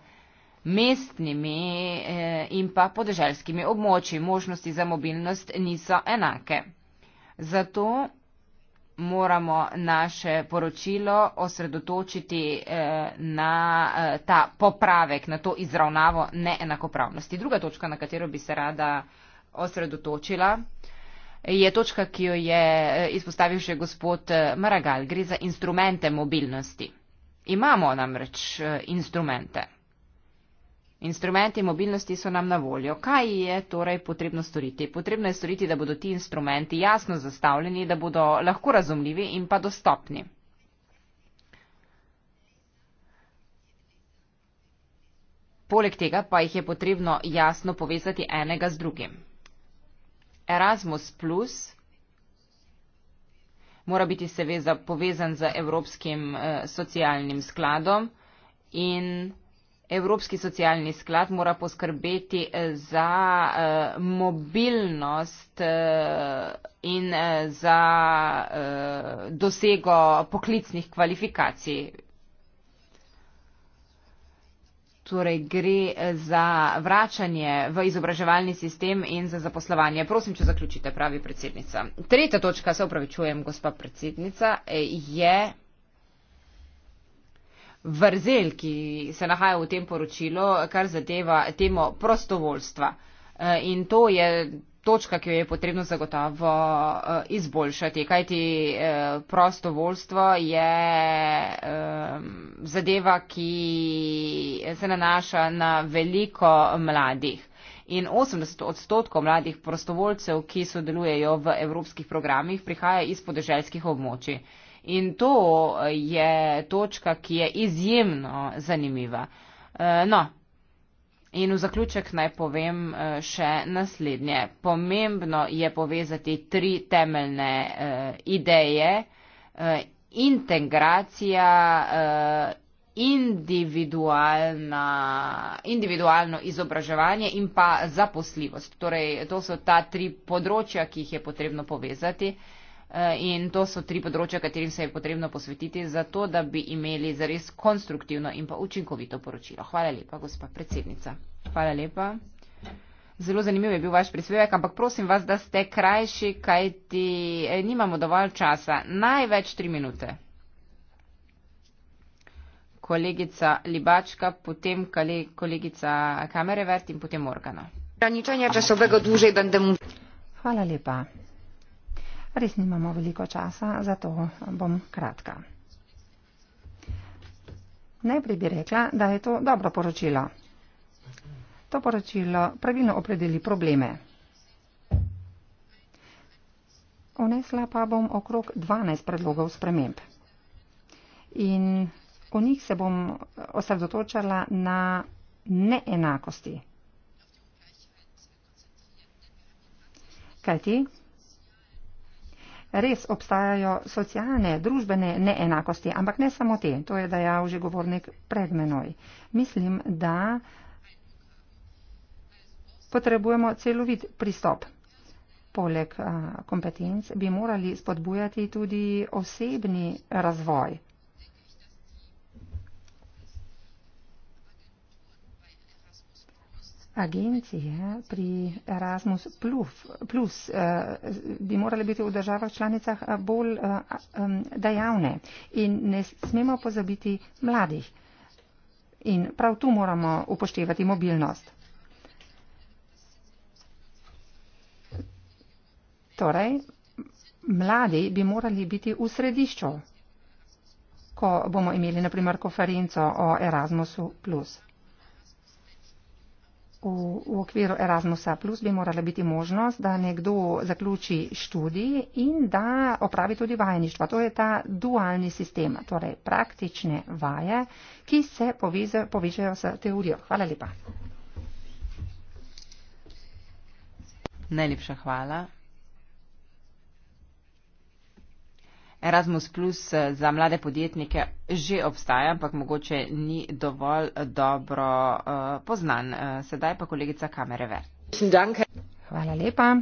mestnimi in pa podeželskimi območji. Možnosti za mobilnost niso enake. Zato moramo naše poročilo osredotočiti eh, na eh, ta popravek, na to izravnavo neenakopravnosti. Druga točka, na katero bi se rada osredotočila, je točka, ki jo je eh, izpostavil še gospod eh, Maragal. Gre za instrumente mobilnosti. Imamo namreč eh, instrumente. Instrumenti mobilnosti so nam na voljo. Kaj je torej potrebno storiti? Potrebno je storiti, da bodo ti instrumenti jasno zastavljeni, da bodo lahko razumljivi in pa dostopni. Poleg tega pa jih je potrebno jasno povezati enega z drugim. Erasmus Plus mora biti seveda povezan z Evropskim eh, socialnim skladom in Evropski socialni sklad mora poskrbeti eh, za uh, mobilnost uh, in uh, za uh, dosego poklicnih kvalifikacij. Torej gre za vračanje v izobraževalni sistem in za zaposlovanje. Prosim, če zaključite, pravi predsednica. Tretja točka, se upravičujem, gospa predsednica, je vrzel, ki se nahaja v tem poročilu, kar zadeva temo prostovoljstva. E, in to je točka, ki jo je potrebno zagotovo e, izboljšati, kajti e, prostovoljstvo je zadeva, ki se nanaša na veliko mladih. In 80 odstotkov mladih prostovoljcev, ki sodelujejo v evropskih programih, prihaja iz podeželskih območij. In to je točka, ki je izjemno zanimiva. E, no, in v zaključek naj povem e, še naslednje. Pomembno je povezati tri temeljne e, ideje. Integracija, individualno izobraževanje in pa zaposljivost. Torej, to so ta tri področja, ki jih je potrebno povezati. Eh, in to so tri področja, katerim se je potrebno posvetiti, zato da bi imeli zares konstruktivno in pa učinkovito poročilo. Hvala lepa, gospa predsednica. Hvala lepa. Zelo zanimiv je bil vaš prispevek, ampak prosim vas, da ste krajši, kajti eh, nimamo dovolj časa. Največ tri minute. Kolegica Libačka, potem kolegica Kamerevert in potem Organa. Hvala lepa. Res nimamo veliko časa, zato bom kratka. Najprej bi rekla, da je to dobro poročilo. To poročilo pravilno opredeli probleme. Onesla pa bom okrog 12 predlogov sprememb. In o njih se bom osredotočala na neenakosti. Kajti, res obstajajo socialne, družbene neenakosti, ampak ne samo te, to je dejal že govornik pred menoj. Mislim, da potrebujemo celovit pristop. Poleg kompetenc bi morali spodbujati tudi osebni razvoj. Agencije pri Erasmus plus, plus eh, bi morale biti v državah članicah eh, bolj eh, dejavne in ne smemo pozabiti mladih. In prav tu moramo upoštevati mobilnost. Torej, mladi bi morali biti v središču, ko bomo imeli naprimer konferenco o Erasmusu v, v okviru Erasmusa Plus bi morala biti možnost, da nekdo zaključi študij in da opravi tudi vajeništva. To je ta dualni sistem, torej praktične vaje, ki se povežejo s teorijo. Hvala lepa. Najlepša hvala. Erasmus Plus eh, za mlade podjetnike že obstaja, ampak mogoče ni dovolj dobro eh, poznan. Eh, sedaj pa kolegica Kamerever. Hvala lepa.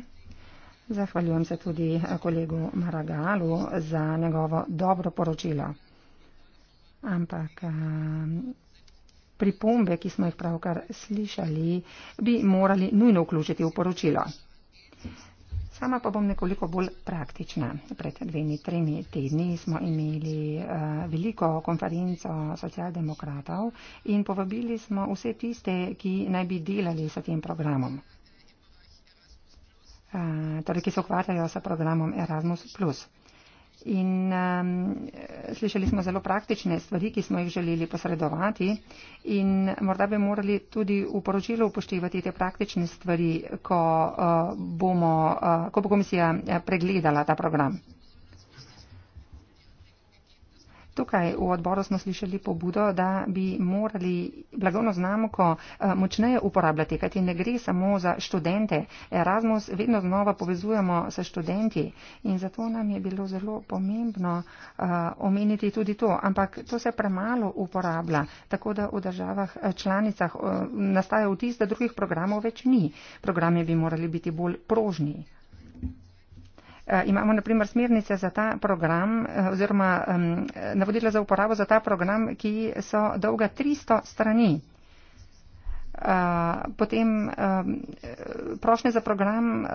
Zahvaljujem se tudi kolegu Maragalu za njegovo dobro poročilo. Ampak pripombe, ki smo jih pravkar slišali, bi morali nujno vključiti v poročilo. Sama pa bom nekoliko bolj praktična. Pred dvemi, tremi tedni smo imeli uh, veliko konferenco socialdemokratov in povabili smo vse tiste, ki naj bi delali s tem programom. Uh, torej, ki se ukvarjajo s programom Erasmus. In um, slišali smo zelo praktične stvari, ki smo jih želeli posredovati in morda bi morali tudi v poročilu upoštevati te praktične stvari, ko, uh, bomo, uh, ko bo komisija uh, pregledala ta program. Tukaj v odboru smo slišali pobudo, da bi morali blagovno znamko eh, močneje uporabljati, kajti ne gre samo za študente. Erasmus vedno znova povezujemo s študenti in zato nam je bilo zelo pomembno eh, omeniti tudi to. Ampak to se premalo uporablja, tako da v državah eh, članicah nastaja vtis, da drugih programov več ni. Programe bi morali biti bolj prožni. Eh, imamo naprimer smernice za ta program eh, oziroma navodila za uporabo za ta program, ki so dolga 300 strani. Eh, potem prošnje za program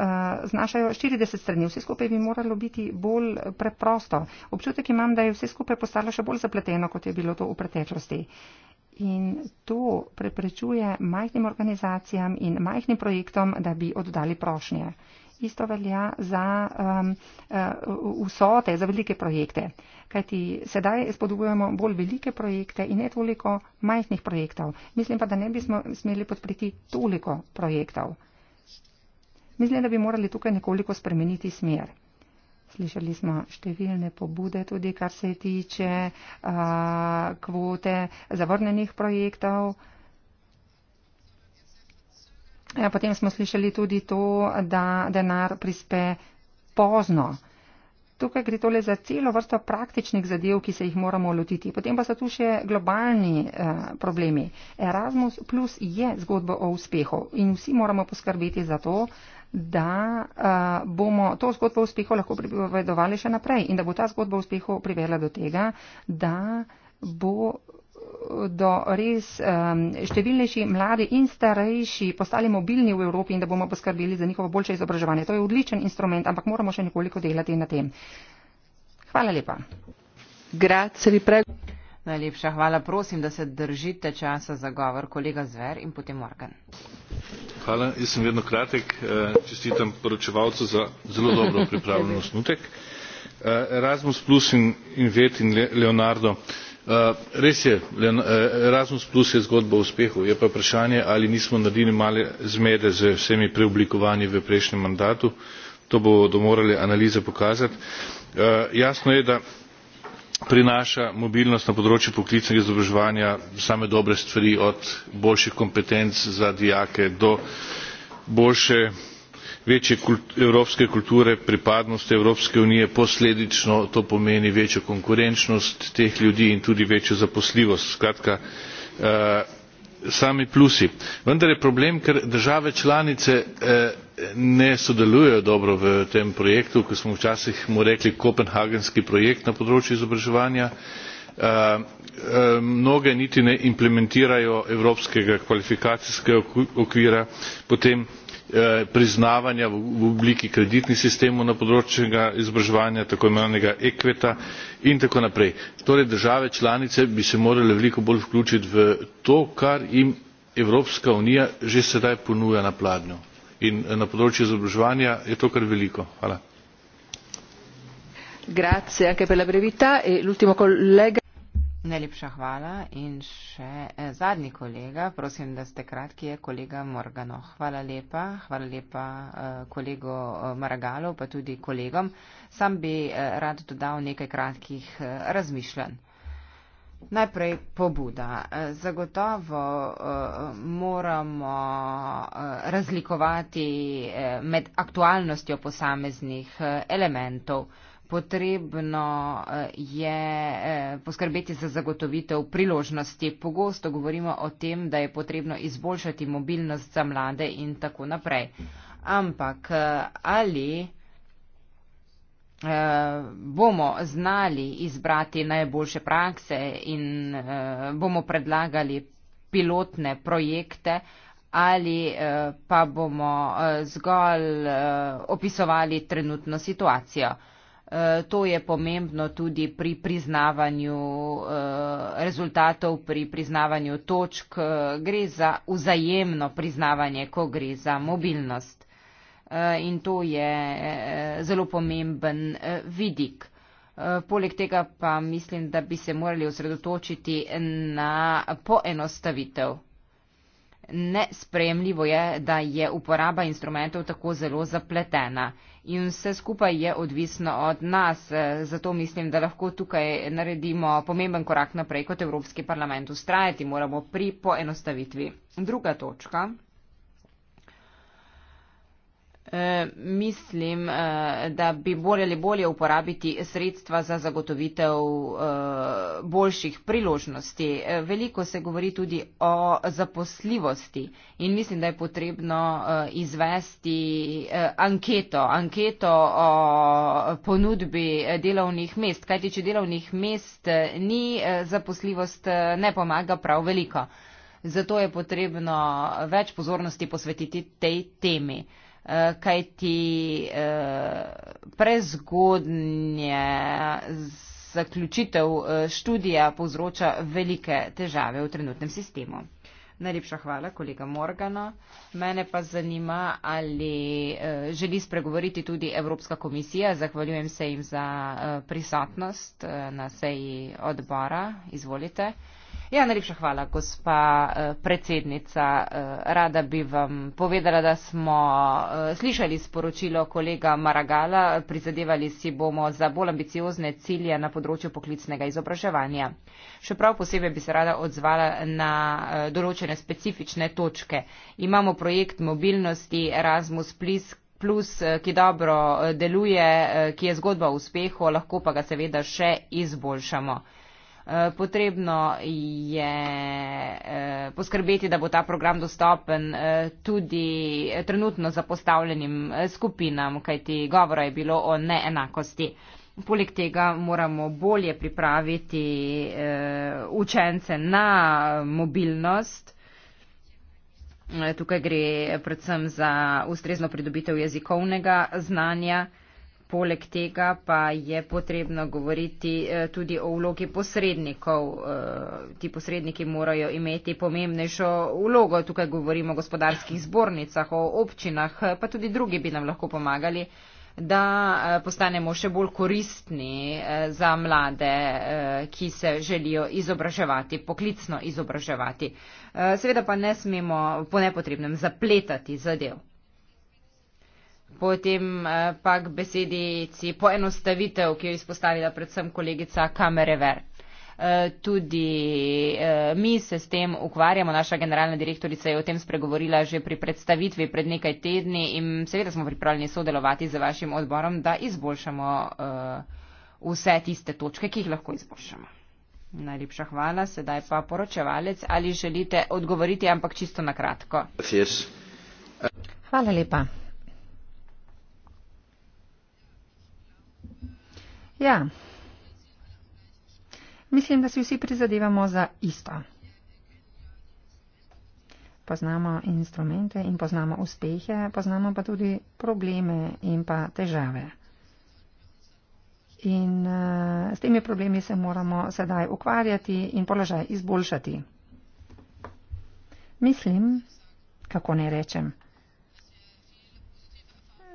znašajo 40 strani. Vse skupaj bi moralo biti bolj preprosto. Občutek imam, da je vse skupaj postalo še bolj zapleteno, kot je bilo to v preteklosti. In to preprečuje majhnim organizacijam in majhnim projektom, da bi oddali prošnje. Isto velja za um, uh, vsote, za velike projekte. Kajti sedaj spodbujamo bolj velike projekte in ne toliko majhnih projektov. Mislim pa, da ne bi smo smeli podpriti toliko projektov. Mislim, da bi morali tukaj nekoliko spremeniti smer. Slišali smo številne pobude, tudi kar se tiče uh, kvote zavrnenih projektov. Uh, Eh, potem smo slišali tudi to, da denar prispe pozno. Tukaj gre tole za celo vrsto praktičnih zadev, ki se jih moramo lotiti. Potem pa so tu še globalni eh, problemi. Erasmus plus je zgodba o uspehu in vsi moramo poskrbeti za to, da eh, bomo to zgodbo o uspehu lahko pripovedovali še naprej in da bo ta zgodba o uspehu privela do tega, da bo do res um, številnejši mladi in starejši postali mobilni v Evropi in da bomo poskrbeli za njihovo boljše izobraževanje. To je odličen instrument, ampak moramo še nekoliko delati na tem. Hvala lepa. Najlepša hvala. Prosim, da se držite časa za govor. Kolega Zver in potem Morgan. Hvala. Jaz sem vedno kratek. Eh, čestitam poročevalcu za zelo dobro [laughs] pripravljen osnutek. Eh, Erasmus Plus in, in Vet in Leonardo. Uh, Eh, res je eh, erasmus je zgodba o uspehu je pa vprašanje ali nismo naredili male zmede z vsemi preoblikovanji v prejšnjem mandatu to bodo morale analize pokazati. Eh, jasno je da prinaša mobilnost na področju poklicnega izobraževanja same dobre stvari od boljših kompetenc za dijake do boljše večje evropske kulture pripadnosti evropske unije posledično to pomeni večjo konkurenčnost teh ljudi in tudi večjo zaposljivost skratka eh, sami plusi. vendar je problem ker države članice eh, ne sodelujejo dobro v tem projektu ko smo včasih mu rekli kopenhagenski projekt na področju izobraževanja eh, mnoge niti ne implementirajo evropskega kvalifikacijskega okvira potem Eh, priznavanja v obliki kreditnih sistemov na področju izobraževanja tako imenovanega ecveta in tako naprej. torej države članice bi se morale veliko bolj vključiti v to kar jim evropska unija že sedaj ponuja na pladnju in eh, na področju izobraževanja je to kar veliko. Najlepša hvala in še eh, zadnji kolega, prosim, da ste kratki, je kolega Morgano. Hvala lepa, hvala lepa eh, kolego eh, Maragalo, pa tudi kolegom. Sam bi rad dodal nekaj kratkih razmišljanj. Najprej pobuda. Zagotovo moramo razlikovati med aktualnostjo posameznih elementov potrebno eh, je eh, poskrbeti za zagotovitev priložnosti. Pogosto govorimo o tem, da je potrebno izboljšati mobilnost za mlade in tako naprej. Ampak eh, ali bomo znali izbrati najboljše prakse in bomo predlagali pilotne projekte, ali pa bomo zgolj opisovali trenutno situacijo. Eh, to je pomembno tudi pri priznavanju eh, rezultatov, pri priznavanju točk. Eh, gre za vzajemno priznavanje, ko gre za mobilnost. In to je zelo pomemben vidik. Poleg tega pa mislim, da bi se morali osredotočiti na poenostavitev nespremljivo je, da je uporaba instrumentov tako zelo zapletena in vse skupaj je odvisno od nas. Eh, zato mislim, da lahko tukaj naredimo pomemben korak naprej kot Evropski parlament. Ustrajati moramo pri poenostavitvi. Druga točka. Eh, mislim, eh, da bi morali bolje uporabiti sredstva za zagotovitev eh, boljših priložnosti. Veliko se govori tudi o zaposljivosti in mislim, da je potrebno izvesti anketo, anketo o ponudbi delovnih mest, kajti če delovnih mest ni, zaposljivost ne pomaga prav veliko. Zato je potrebno več pozornosti posvetiti tej temi. Eh, kajti eh, prezgodnje zaključitev eh, študija povzroča velike težave v trenutnem sistemu. Najlepša hvala, kolega Morgano. Mene pa zanima, ali želi spregovoriti tudi Evropska komisija. Zahvaljujem se jim za prisotnost na seji odbora. Izvolite. Ja, najlepša hvala, gospa eh, predsednica. Eh, rada bi vam povedala, da smo eh, slišali sporočilo kolega Maragala, prizadevali si bomo za bolj ambiciozne cilje na področju poklicnega izobraževanja. Še prav posebej bi se rada odzvala na določene specifične točke. Imamo projekt mobilnosti Erasmus Plus. Plus, ki dobro deluje, ki je zgodba o uspehu, lahko pa ga seveda še izboljšamo. Eh, potrebno je eh, poskrbeti, da bo ta program dostopen eh, tudi trenutno zapostavljenim skupinam, kajti govora je bilo o neenakosti. Poleg tega moramo bolje pripraviti učence na mobilnost. Tukaj gre predvsem za ustrezno pridobitev jezikovnega znanja poleg tega pa je potrebno govoriti eh, tudi o vlogi posrednikov. Eh, ti posredniki morajo imeti pomembnejšo vlogo. Tukaj govorimo o gospodarskih zbornicah, o občinah, eh, pa tudi drugi bi nam lahko pomagali, da postanemo še bolj koristni za mlade, ki se želijo izobraževati, poklicno izobraževati. Seveda pa ne smemo po nepotrebnem zapletati zadev potem eh, pa k besedici poenostavitev, ki jo je izpostavila predvsem kolegica Kamerever. Eh, tudi eh, mi se s tem ukvarjamo, naša generalna direktorica je o tem spregovorila že pri predstavitvi pred nekaj tedni in seveda smo pripravljeni sodelovati z vašim odborom, da izboljšamo vse tiste točke, ki jih lahko izboljšamo. Najlepša hvala, sedaj pa poročevalec, ali želite odgovoriti, ampak čisto na kratko. Hvala lepa. Ja, mislim, da si vsi prizadevamo za isto. Poznamo instrumente in poznamo uspehe, poznamo pa tudi probleme in pa težave. In uh, s temi problemi se moramo sedaj ukvarjati in položaj izboljšati. Mislim, kako ne rečem,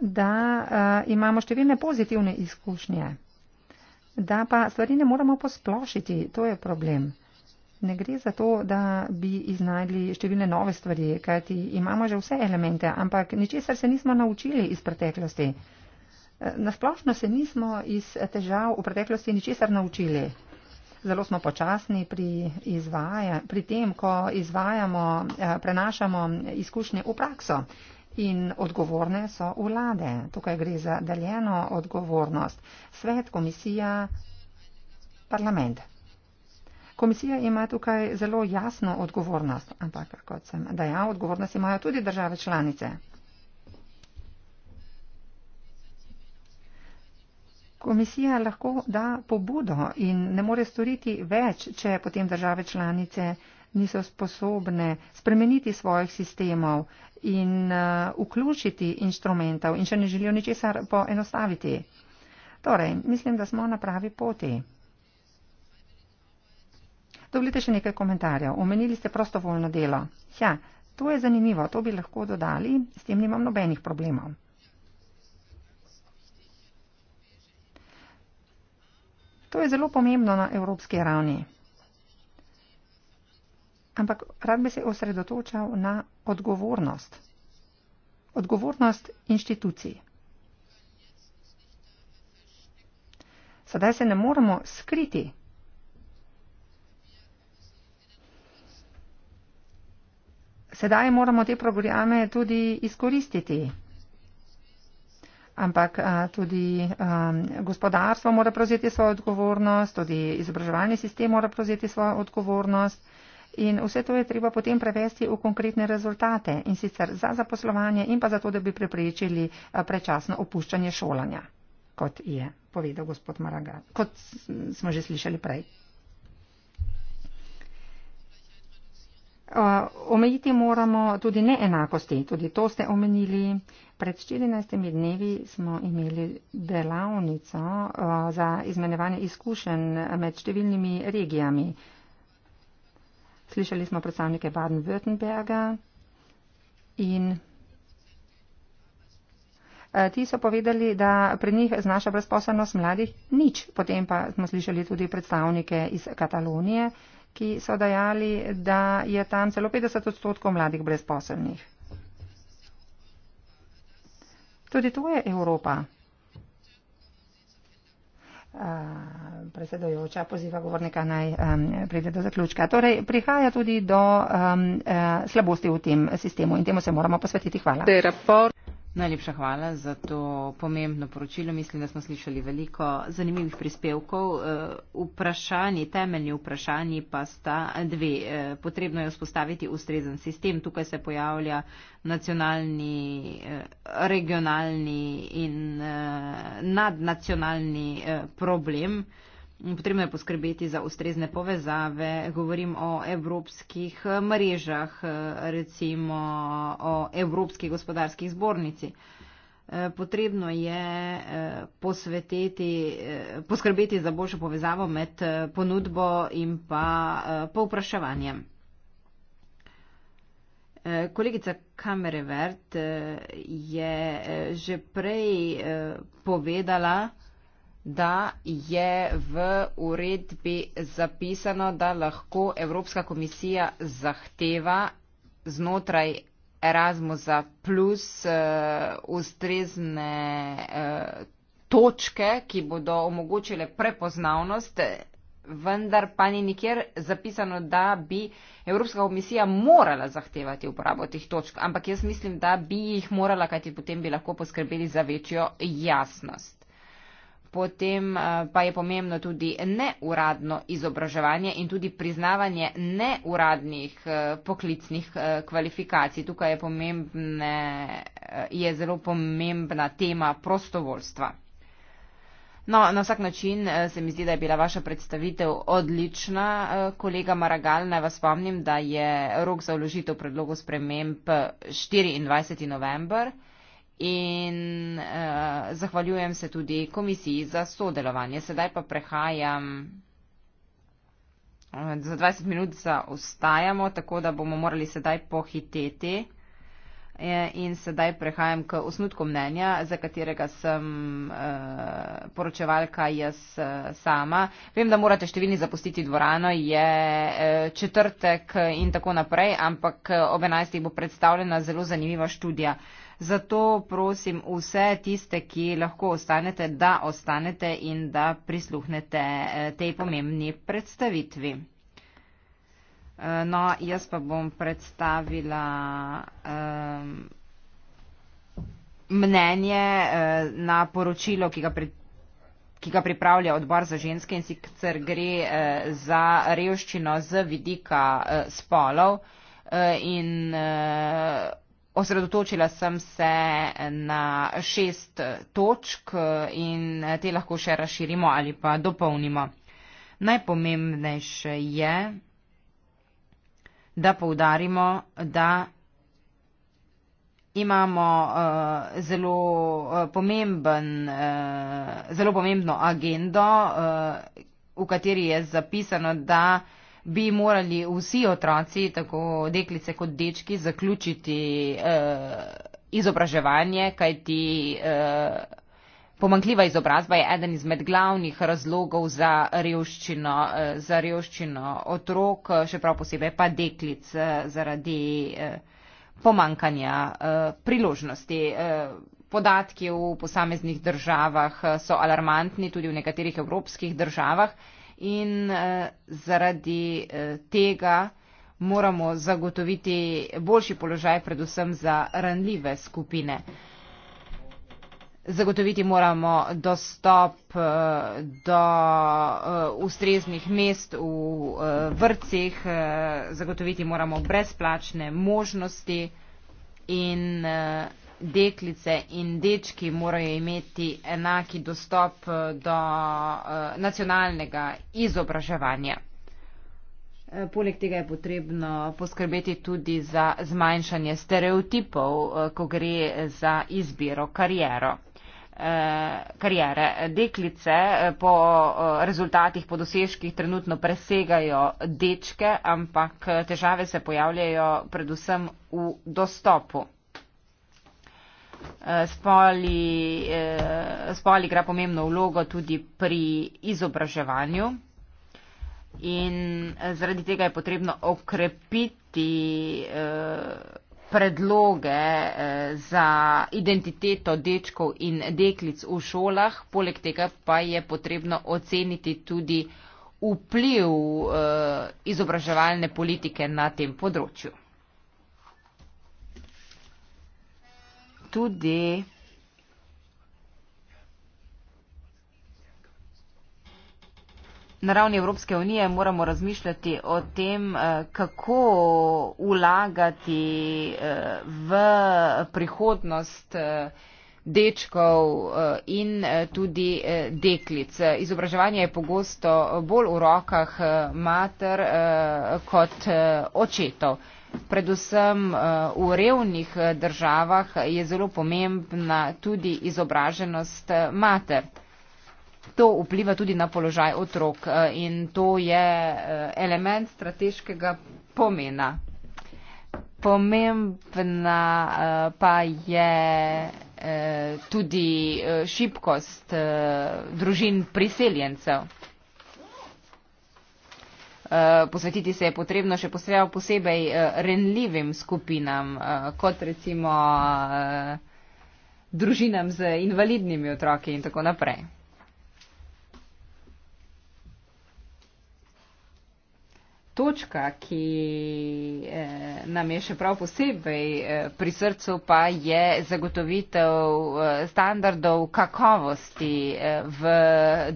da uh, imamo številne pozitivne izkušnje da pa stvari ne moramo posplošiti, to je problem. Ne gre za to, da bi iznajdli številne nove stvari, kajti imamo že vse elemente, ampak ničesar se nismo naučili iz preteklosti. Eh, Nasplošno se nismo iz težav v preteklosti ničesar naučili. Zelo smo počasni pri, izvaja, pri tem, ko izvajamo, eh, prenašamo izkušnje v prakso. In odgovorne so vlade. Tukaj gre za deljeno odgovornost. Svet, komisija, parlament. Komisija ima tukaj zelo jasno odgovornost, ampak kot sem dejal, odgovornost imajo tudi države članice. Komisija lahko da pobudo in ne more storiti več, če potem države članice niso sposobne spremeniti svojih sistemov in uh, vključiti inštrumentov in še ne želijo ničesar poenostaviti. Torej, mislim, da smo na pravi poti. Dovolite še nekaj komentarjev. Omenili ste prostovoljno delo. Ja, to je zanimivo, to bi lahko dodali, s tem nimam nobenih problemov. To je zelo pomembno na evropski ravni ampak rad bi se osredotočal na odgovornost. Odgovornost inštitucij. Sedaj se ne moremo skriti. Sedaj moramo te programe tudi izkoristiti. Ampak a, tudi a, gospodarstvo mora prevzeti svojo odgovornost, tudi izobraževalni sistem mora prevzeti svojo odgovornost. A, In vse to je treba potem prevesti v konkretne rezultate in sicer za zaposlovanje in pa zato, da bi preprečili eh, prečasno opuščanje šolanja, kot je povedal gospod Maraga, kot smo že slišali prej. Eh, omejiti moramo tudi neenakosti, tudi to ste omenili. Pred 14 dnevi smo imeli delavnico eh, za izmenjevanje izkušenj med številnimi regijami. Slišali smo predstavnike Baden-Württemberga in eh, ti so povedali, da pri njih znaša brezposobnost mladih nič. Potem pa smo slišali tudi predstavnike iz Katalonije, ki so dejali, da je tam celo 50 odstotkov mladih brezposobnih. Tudi to je Evropa predsedojoča poziva govornika naj um, pride do zaključka. Torej, prihaja tudi do um, uh, slabosti v tem sistemu in temu se moramo posvetiti. Hvala. Najlepša hvala za to pomembno poročilo. Mislim, da smo slišali veliko zanimivih prispevkov. Eh, vprašanji, temeljni vprašanji pa sta dve. Eh, potrebno je vzpostaviti ustrezen sistem. Tukaj se pojavlja nacionalni, eh, regionalni in nadnacionalni problem. Potrebno je poskrbeti za ustrezne povezave, govorim o evropskih eh, mrežah, eh, recimo o evropskih gospodarskih zbornici. Eh, potrebno je poskrbeti za boljšo povezavo med ponudbo in pa povpraševanjem. Kolegica Kamerevert je že prej povedala, da je v uredbi zapisano, da lahko Evropska komisija zahteva znotraj Erasmusa plus uh, ustrezne uh, točke, ki bodo omogočile prepoznavnost, vendar pa ni nikjer zapisano, da bi Evropska komisija morala zahtevati uporabo teh točk, ampak jaz mislim, da bi jih morala, kajti potem bi lahko poskrbeli za večjo jasnost. Potem eh, pa je pomembno tudi neuradno izobraževanje in tudi priznavanje neuradnih eh, poklicnih eh, kvalifikacij. Tukaj je, pomembne, je zelo pomembna tema prostovoljstva. No, na vsak način se mi zdi, da je bila vaša predstavitev odlična. Kolega Maragal, naj vas spomnim, da je rok za vložitev predlogov sprememb 24. november in uh, zahvaljujem se tudi komisiji za sodelovanje. Sedaj pa prehajam. Eh, za 20 minut zaostajamo, tako da bomo morali sedaj pohiteti. Eh, in sedaj prehajam k osnutku mnenja, za katerega sem uh, poročevalka jaz uh, sama. Vem, da morate številni zapustiti dvorano, je uh, četrtek in tako naprej, ampak ob 11. bo predstavljena zelo zanimiva študija. Uh, Zato prosim vse tiste, ki lahko ostanete, da ostanete in da prisluhnete eh, tej pomembni predstavitvi. Eh, no, jaz pa bom predstavila um, mnenje uh, na poročilo, ki ga, pri, ki ga pripravlja odbor za ženske in sicer gre uh, za revščino z vidika uh, spolov uh, in uh, Osredotočila sem se na šest točk eh, in eh, te lahko še razširimo ali pa dopolnimo. Najpomembnejše je, da poudarimo, da imamo uh, zelo, uh, pomemben, uh, zelo pomembno agendo, uh, v kateri je zapisano, da bi morali vsi otroci, tako deklice kot dečki, zaključiti eh, izobraževanje, kajti eh, pomankljiva izobrazba je eden izmed glavnih razlogov za revščino, eh, za revščino otrok, še prav posebej pa deklic eh, zaradi eh, pomankanja eh, priložnosti. Eh, Podatki v posameznih državah eh, so alarmantni, tudi v nekaterih evropskih državah in eh, zaradi eh, tega moramo zagotoviti boljši položaj predvsem za ranljive skupine. Zagotoviti moramo dostop eh, do eh, ustreznih mest v eh, vrcih, zagotoviti moramo brezplačne možnosti in deklice in dečki morajo imeti enaki dostop eh, do eh, nacionalnega izobraževanja. Eh, poleg tega je potrebno poskrbeti tudi za zmanjšanje stereotipov, ko gre za izbiro kariero. Karijere. Deklice po rezultatih, po dosežkih trenutno presegajo dečke, ampak težave se pojavljajo predvsem v dostopu. Eh, spoli, eh, spol igra pomembno vlogo tudi pri izobraževanju in eh, zaradi tega je potrebno okrepiti predloge za identiteto dečkov in deklic v šolah, poleg tega pa je potrebno oceniti tudi vpliv izobraževalne politike na tem področju. tudi na ravni Evropske unije moramo razmišljati o tem, eh, kako ulagati eh, v prihodnost eh, dečkov in tudi deklic. Izobraževanje je pogosto bolj v rokah mater kot očetov predvsem eh, v revnih eh, državah je zelo pomembna tudi izobraženost eh, mater. To vpliva tudi na položaj otrok in to je element strateškega pomena. Pomembna pa je tudi šibkost družin priseljencev. Eh, posvetiti se je potrebno še posebej eh, renljivim skupinam, eh, kot recimo družinam z invalidnimi otroki in tako naprej. točka, ki eh, nam je še prav posebej eh, pri srcu, pa je zagotovitev eh, standardov kakovosti eh, v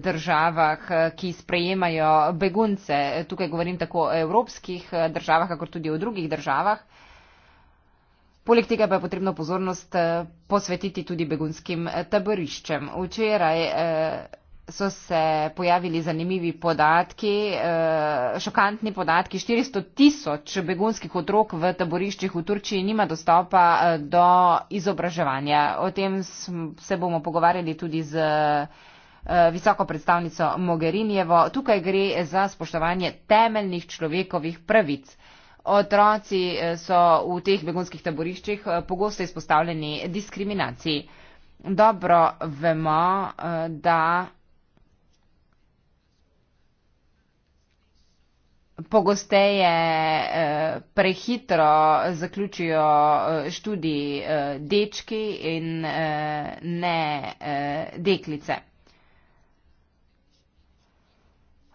državah, eh, ki sprejemajo begunce. Tukaj govorim tako o evropskih eh, državah, kakor tudi o drugih državah. Poleg tega pa je potrebno pozornost eh, posvetiti tudi begunskim eh, taboriščem. Včeraj, eh, so se pojavili zanimivi podatki, eh, šokantni podatki. 400 tisoč begunskih otrok v taboriščih v Turčiji nima dostopa eh, do izobraževanja. O tem se bomo pogovarjali tudi z eh, visoko predstavnico Mogherinjevo. Tukaj gre za spoštovanje temeljnih človekovih pravic. Otroci so v teh begunskih taboriščih pogosto izpostavljeni diskriminaciji. Dobro vemo, da pogosteje eh, prehitro zaključijo eh, študij eh, dečki in ne deklice.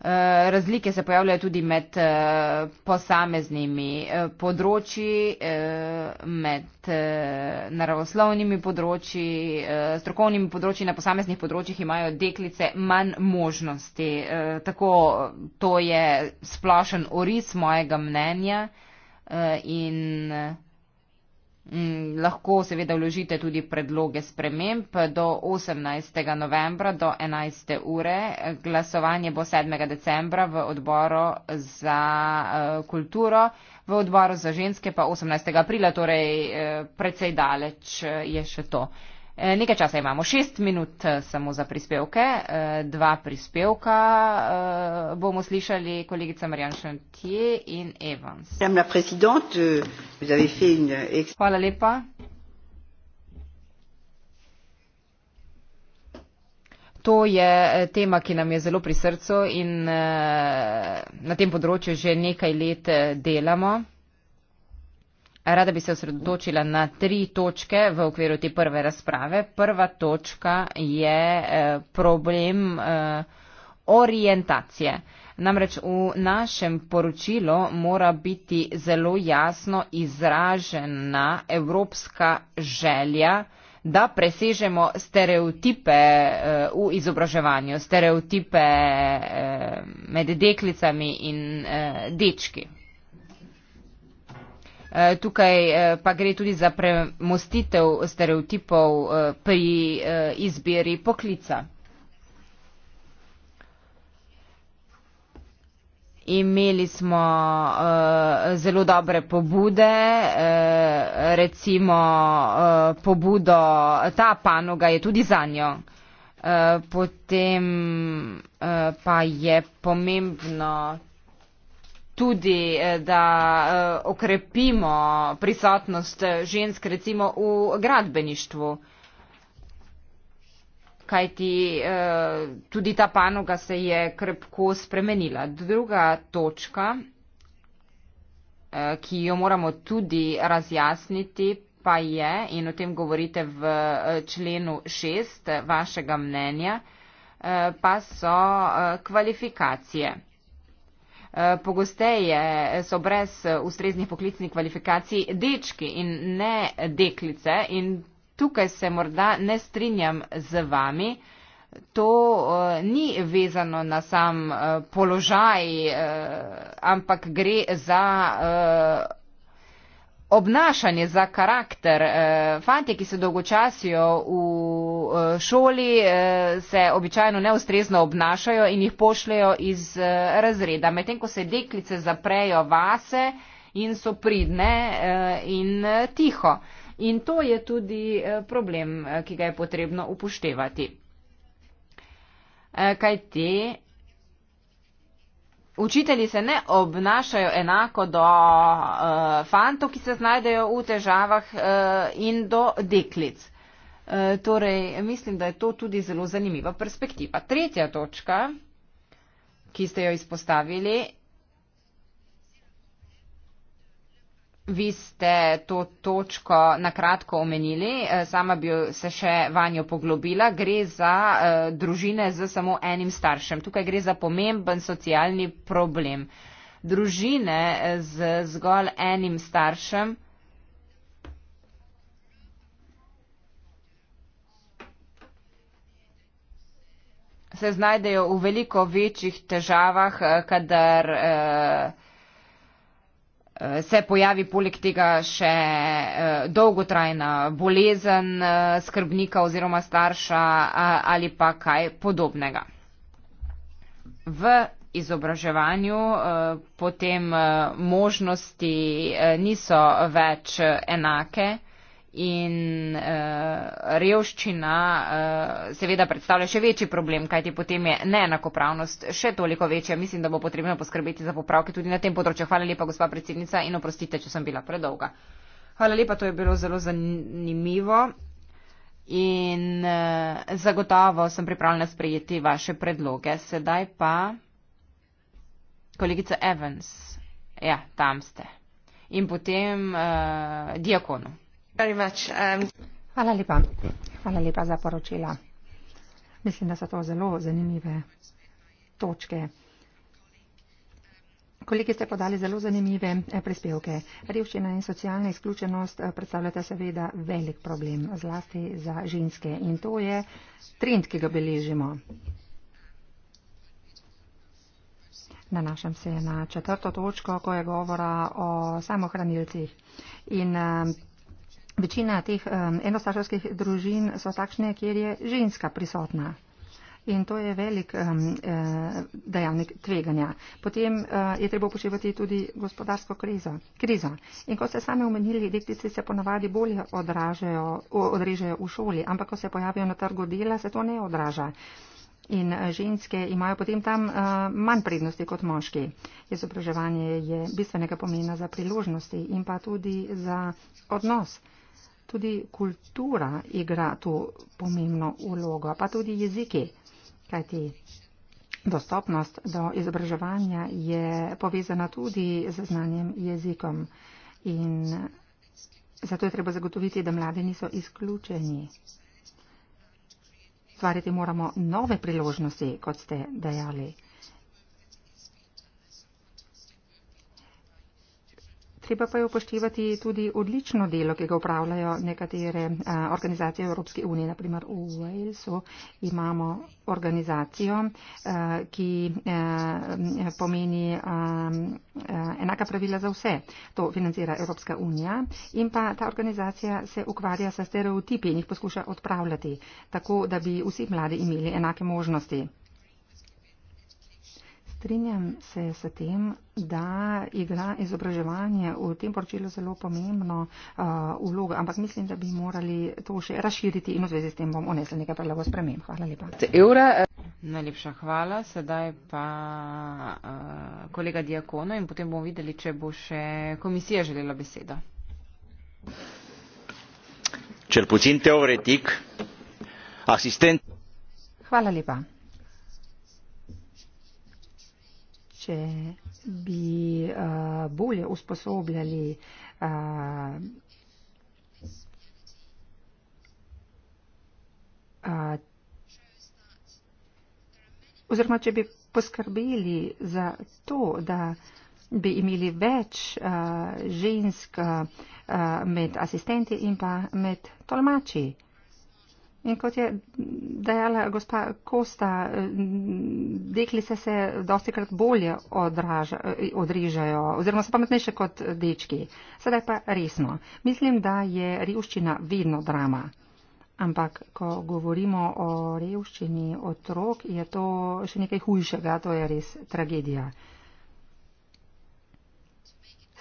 Eh, razlike se pojavljajo tudi med uh, posameznimi uh, področji, uh, med uh, naravoslovnimi področji, uh, strokovnimi področji. Na posameznih področjih imajo deklice manj možnosti. Uh, tako to je splošen oris mojega mnenja uh, in uh, Mm, lahko seveda vložite tudi predloge sprememb do 18. novembra do 11. ure. Glasovanje bo 7. decembra v odboru za eh, kulturo, v odboru za ženske pa 18. aprila, torej eh, precej daleč eh, je še to. Eh, nekaj časa imamo, šest minut eh, samo za prispevke. Eh, dva prispevka bomo slišali, kolegica Marjan Šantier in Evans. Euh, Hvala lepa. To je tema, ki nam je zelo pri srcu in na tem področju že nekaj let delamo. Rada bi se osredotočila na tri točke v okviru te prve razprave. Prva točka je eh, problem eh, orientacije. Namreč v našem poročilu mora biti zelo jasno izražena evropska želja, da presežemo stereotipe eh, v izobraževanju, stereotipe med deklicami in dečki. Eh, tukaj eh, pa gre tudi za premostitev stereotipov eh, pri izbiri poklica. Imeli smo uh, zelo dobre pobude, uh, recimo uh, pobudo, ta panoga je tudi za njo. Uh, potem uh, pa je pomembno tudi, eh, da eh, okrepimo prisotnost eh, žensk recimo v gradbeništvu. Kaj ti tudi ta panoga se je krepko spremenila. Druga točka, ki jo moramo tudi razjasniti, pa je, in o tem govorite v členu šest vašega mnenja, pa so kvalifikacije pogosteje so brez ustreznih poklicnih kvalifikacij dečki in ne deklice. In tukaj se morda ne strinjam z vami. To eh, ni vezano na sam eh, položaj, eh, ampak gre za obnašanje, za karakter. Eh, fantje, ki se dolgočasijo v eh, šoli, eh, se običajno neustrezno obnašajo in jih pošljajo iz razreda. Medtem, ko se deklice zaprejo vase in so pridne in tiho. In to je tudi problem, ki ga je potrebno upoštevati. Kaj ti? Učitelji se ne obnašajo enako do uh, fantov, ki se znajdejo v težavah uh, in do deklic. Uh, torej, mislim, da je to tudi zelo zanimiva perspektiva. Tretja točka, ki ste jo izpostavili, Vi ste to točko na kratko omenili, eh, sama bi se še vanjo poglobila. Gre za eh, družine z samo enim staršem. Tukaj gre za pomemben socialni problem. Družine eh, z zgolj enim staršem. se znajdejo v veliko večjih težavah, kadar eh, se pojavi poleg tega še eh, dolgotrajna bolezen eh, skrbnika oziroma starša ali pa kaj podobnega. V izobraževanju eh, potem možnosti niso več enake in uh, revščina uh, seveda predstavlja še večji problem, kajti potem je neenakopravnost še toliko večja. Mislim, da bo potrebno poskrbeti za popravke tudi na tem področju. Hvala lepa, gospa predsednica, in oprostite, če sem bila predolga. Hvala lepa, to je bilo zelo zanimivo in uh, zagotovo sem pripravljena sprejeti vaše predloge. Sedaj pa. Kolegica Evans, ja, tam ste. In potem uh, diakonu. Um, hvala lepa za poročila. Mislim, da so to zelo zanimive točke. Kolegi ste podali zelo zanimive eh, prispevke. Revščina in socialna izključenost eh, predstavljata seveda velik problem, zlasti za ženske. In to je trend, ki ga beležimo. Nanašam se na četrto točko, ko je govora o samohranilcih. In eh, večina teh um, enostaševskih družin so takšne, kjer je ženska prisotna. In to je velik um, dejavnik tveganja. Potem uh, je treba upoštevati tudi gospodarsko krizo. krizo. In kot ste sami omenili, deklice se ponavadi bolje odrežejo v šoli, ampak ko se pojavijo na trgu dela, se to ne odraža. In e, ženske imajo potem tam uh, manj prednosti kot moški. Izobraževanje je bistvenega pomena za priložnosti in pa tudi za odnos. Uh, tudi kultura igra tu pomembno vlogo, pa tudi jeziki, kajti dostopnost do izobraževanja je povezana tudi z znanjem jezikom in zato je treba zagotoviti, da mladi niso izključeni. Stvariti moramo nove priložnosti, kot ste dejali. Treba pa je upoštevati tudi odlično delo, ki ga upravljajo nekatere organizacije Evropske unije. Naprimer v Walesu imamo organizacijo, ki pomeni enaka pravila za vse. To financira Evropska unija in pa ta organizacija se ukvarja sa stereotipi in jih poskuša odpravljati, tako da bi vsi mladi imeli enake možnosti strinjam se s tem, da igra izobraževanje v tem poročilu zelo pomembno uh, vlogo, ampak mislim, da bi morali to še razširiti in v zvezi s tem bom onesel nekaj predlogov sprememb. Hvala lepa. Evra. Eh. Najlepša hvala. Sedaj pa uh, kolega Diakono in potem bomo videli, če bo še komisija želela besedo. Črpucin teoretik, asistent. Hvala lepa. če bi uh, bolje usposobljali uh, uh, oziroma če bi poskrbeli za to, da bi imeli več uh, žensk uh, med asistenti in pa med tolmači. Uh, In kot je dejala gospa Kosta, deklice se dosti krat bolje odraža, odrižajo, oziroma so pametnejše kot dečki. Sedaj pa resno. Mislim, da je revščina vedno drama. Ampak, ko govorimo o revščini otrok, je to še nekaj hujšega, to je res tragedija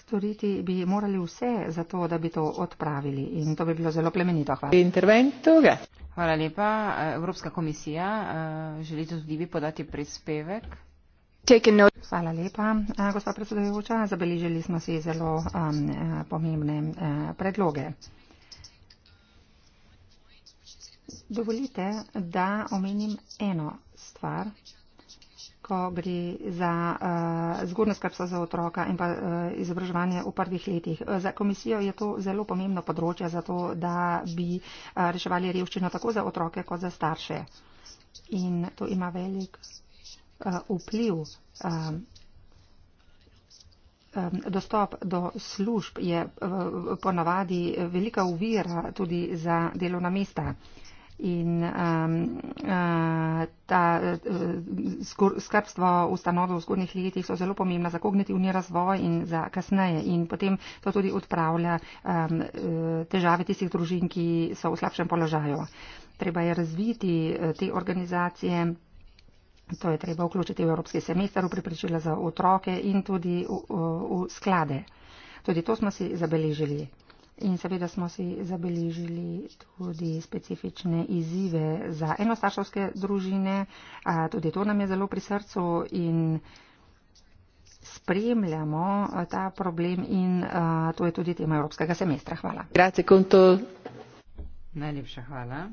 storiti bi morali vse za to, da bi to odpravili in to bi bilo zelo plemenito. Hvala. Hvala lepa. Evropska komisija, eh, želite tudi vi podati prispevek? Hvala lepa, eh, gospa predsedujoča. Zabeležili smo si zelo um, eh, pomembne um, predloge. Dovolite, da omenim eno stvar, ko gre za uh, eh, zgodno skrbstvo za otroka in pa uh, izobraževanje v prvih letih. Eh, za komisijo je to zelo pomembno področje, zato da bi uh, reševali revščino tako za otroke kot za starše. In to ima velik uh, vpliv. Um, Dostop do služb je ponavadi velika uvira tudi za delovna mesta. Uh, in um, uh, ta uh, skor, skrbstvo ustanove v zgodnih letih so zelo pomembna za kognitivni razvoj in za kasneje. In potem to tudi odpravlja um, uh, težave tistih družin, ki so v slabšem položaju. Treba je razviti uh, te organizacije. To je treba vključiti v evropski semester, v priprečila za otroke in tudi v, v, v sklade. Tudi to smo si zabeležili. In seveda smo si zabeležili tudi specifične izzive za enostarševske družine. Tudi to nam je zelo pri srcu in spremljamo ta problem in to je tudi tema evropskega semestra. Hvala. Grazie, conto. Najlepša hvala.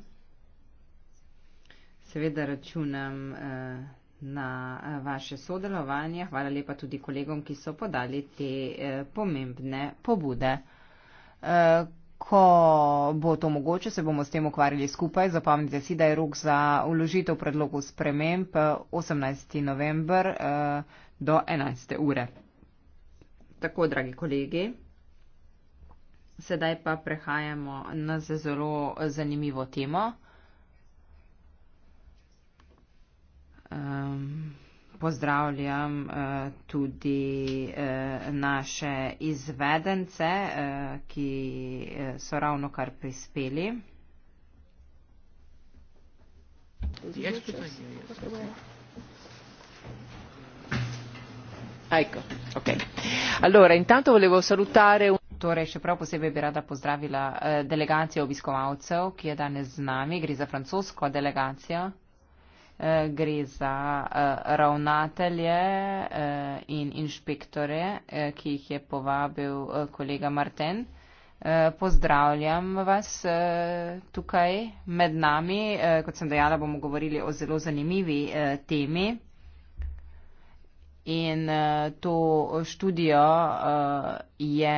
Seveda računam na vaše sodelovanje. Hvala lepa tudi kolegom, ki so podali te pomembne pobude. Eh, ko bo to mogoče, se bomo s tem ukvarjali skupaj. Zapomnite si, da je rok za uložitev predlogov sprememb 18. Eh, november eh, do 11. ure. Tako, dragi kolegi, sedaj pa prehajamo na zelo zanimivo temo. Um, pozdravljam eh, tudi eh, naše izvedence, eh, ki so ravno kar prispeli. Ajko, ok. Allora, intanto volevo salutare. Torej, še prav posebej bi rada pozdravila delegacijo obiskovalcev, ki je danes z nami. Gre za francosko delegacijo. Eh, gre za eh, ravnatelje eh, in inšpektore, ki jih je povabil kolega Marten. Pozdravljam vas tukaj med nami. Kot sem dejala, bomo govorili o zelo zanimivi temi. In to študijo je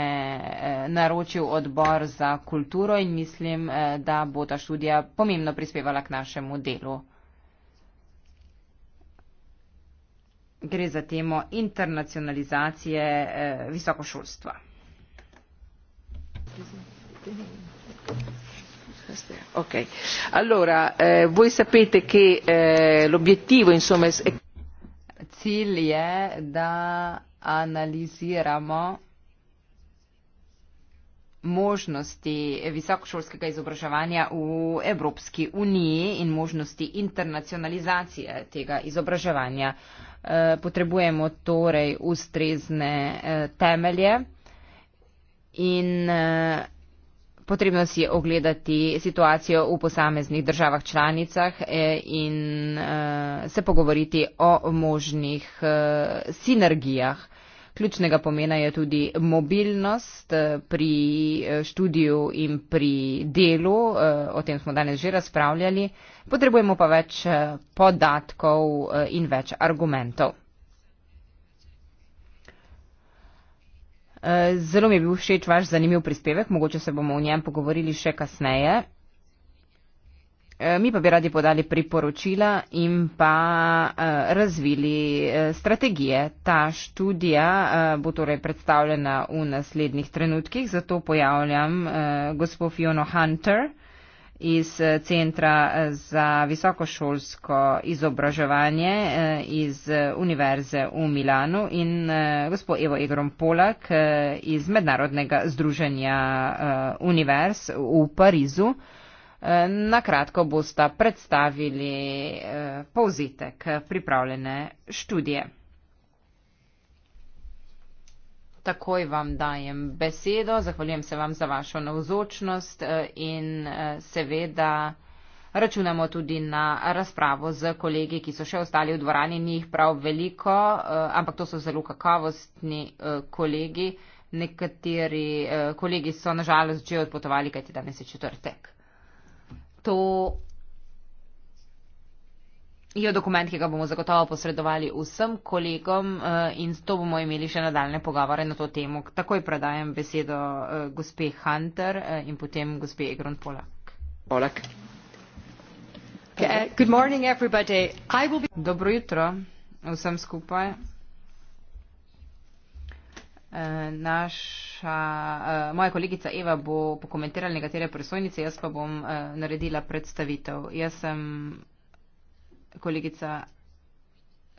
naročil odbor za kulturo in mislim, da bo ta študija pomembno prispevala k našemu delu. gre za temo internacionalizacije eh, visokošolstva. Ok, allora eh, voi sapete che eh, l'obiettivo insomma è... Cilj je, da analiziramo možnosti visokošolskega izobraževanja v Evropski uniji in možnosti internacionalizacije tega izobraževanja. Eh, potrebujemo torej ustrezne eh, temelje in eh, potrebno si je ogledati situacijo v posameznih državah članicah in se pogovoriti o možnih sinergijah Ključnega pomena je tudi mobilnost eh, pri eh, študiju in pri delu, eh, o tem smo danes že razpravljali, potrebujemo pa več podatkov in več argumentov. Zelo mi je bil všeč vaš zanimiv prispevek, mogoče se bomo o njem pogovorili še kasneje. Eh, mi pa bi radi podali priporočila in pa eh, razvili eh, strategije. Ta študija bo torej predstavljena v naslednjih trenutkih, zato pojavljam gospod Fiono Hunter iz Centra za visokošolsko izobraževanje iz Univerze v Milanu in gospod Evo Egrom Polak iz Mednarodnega združenja univerz v Parizu na kratko bosta predstavili eh, povzetek pripravljene študije. Takoj vam dajem besedo, zahvaljujem se vam za vašo navzočnost eh, in eh, seveda računamo tudi na razpravo z kolegi, ki so še ostali v dvorani, ni jih prav veliko, ampak to so zelo kakovostni kolegi. Nekateri kolegi so nažalost že odpotovali, kajti danes je četrtek to je dokument, ki ga bomo zagotovo posredovali vsem kolegom eh, in s to bomo imeli še nadaljne pogovore na to temo. Takoj predajem besedo eh, gospe Hunter eh, in potem gospe Egron Polak. Polak. Okay. Dobro jutro vsem skupaj naša, eh, moja kolegica Eva bo pokomentirala nekatere presojnice, jaz pa bom eh, naredila predstavitev. Jaz sem kolegica.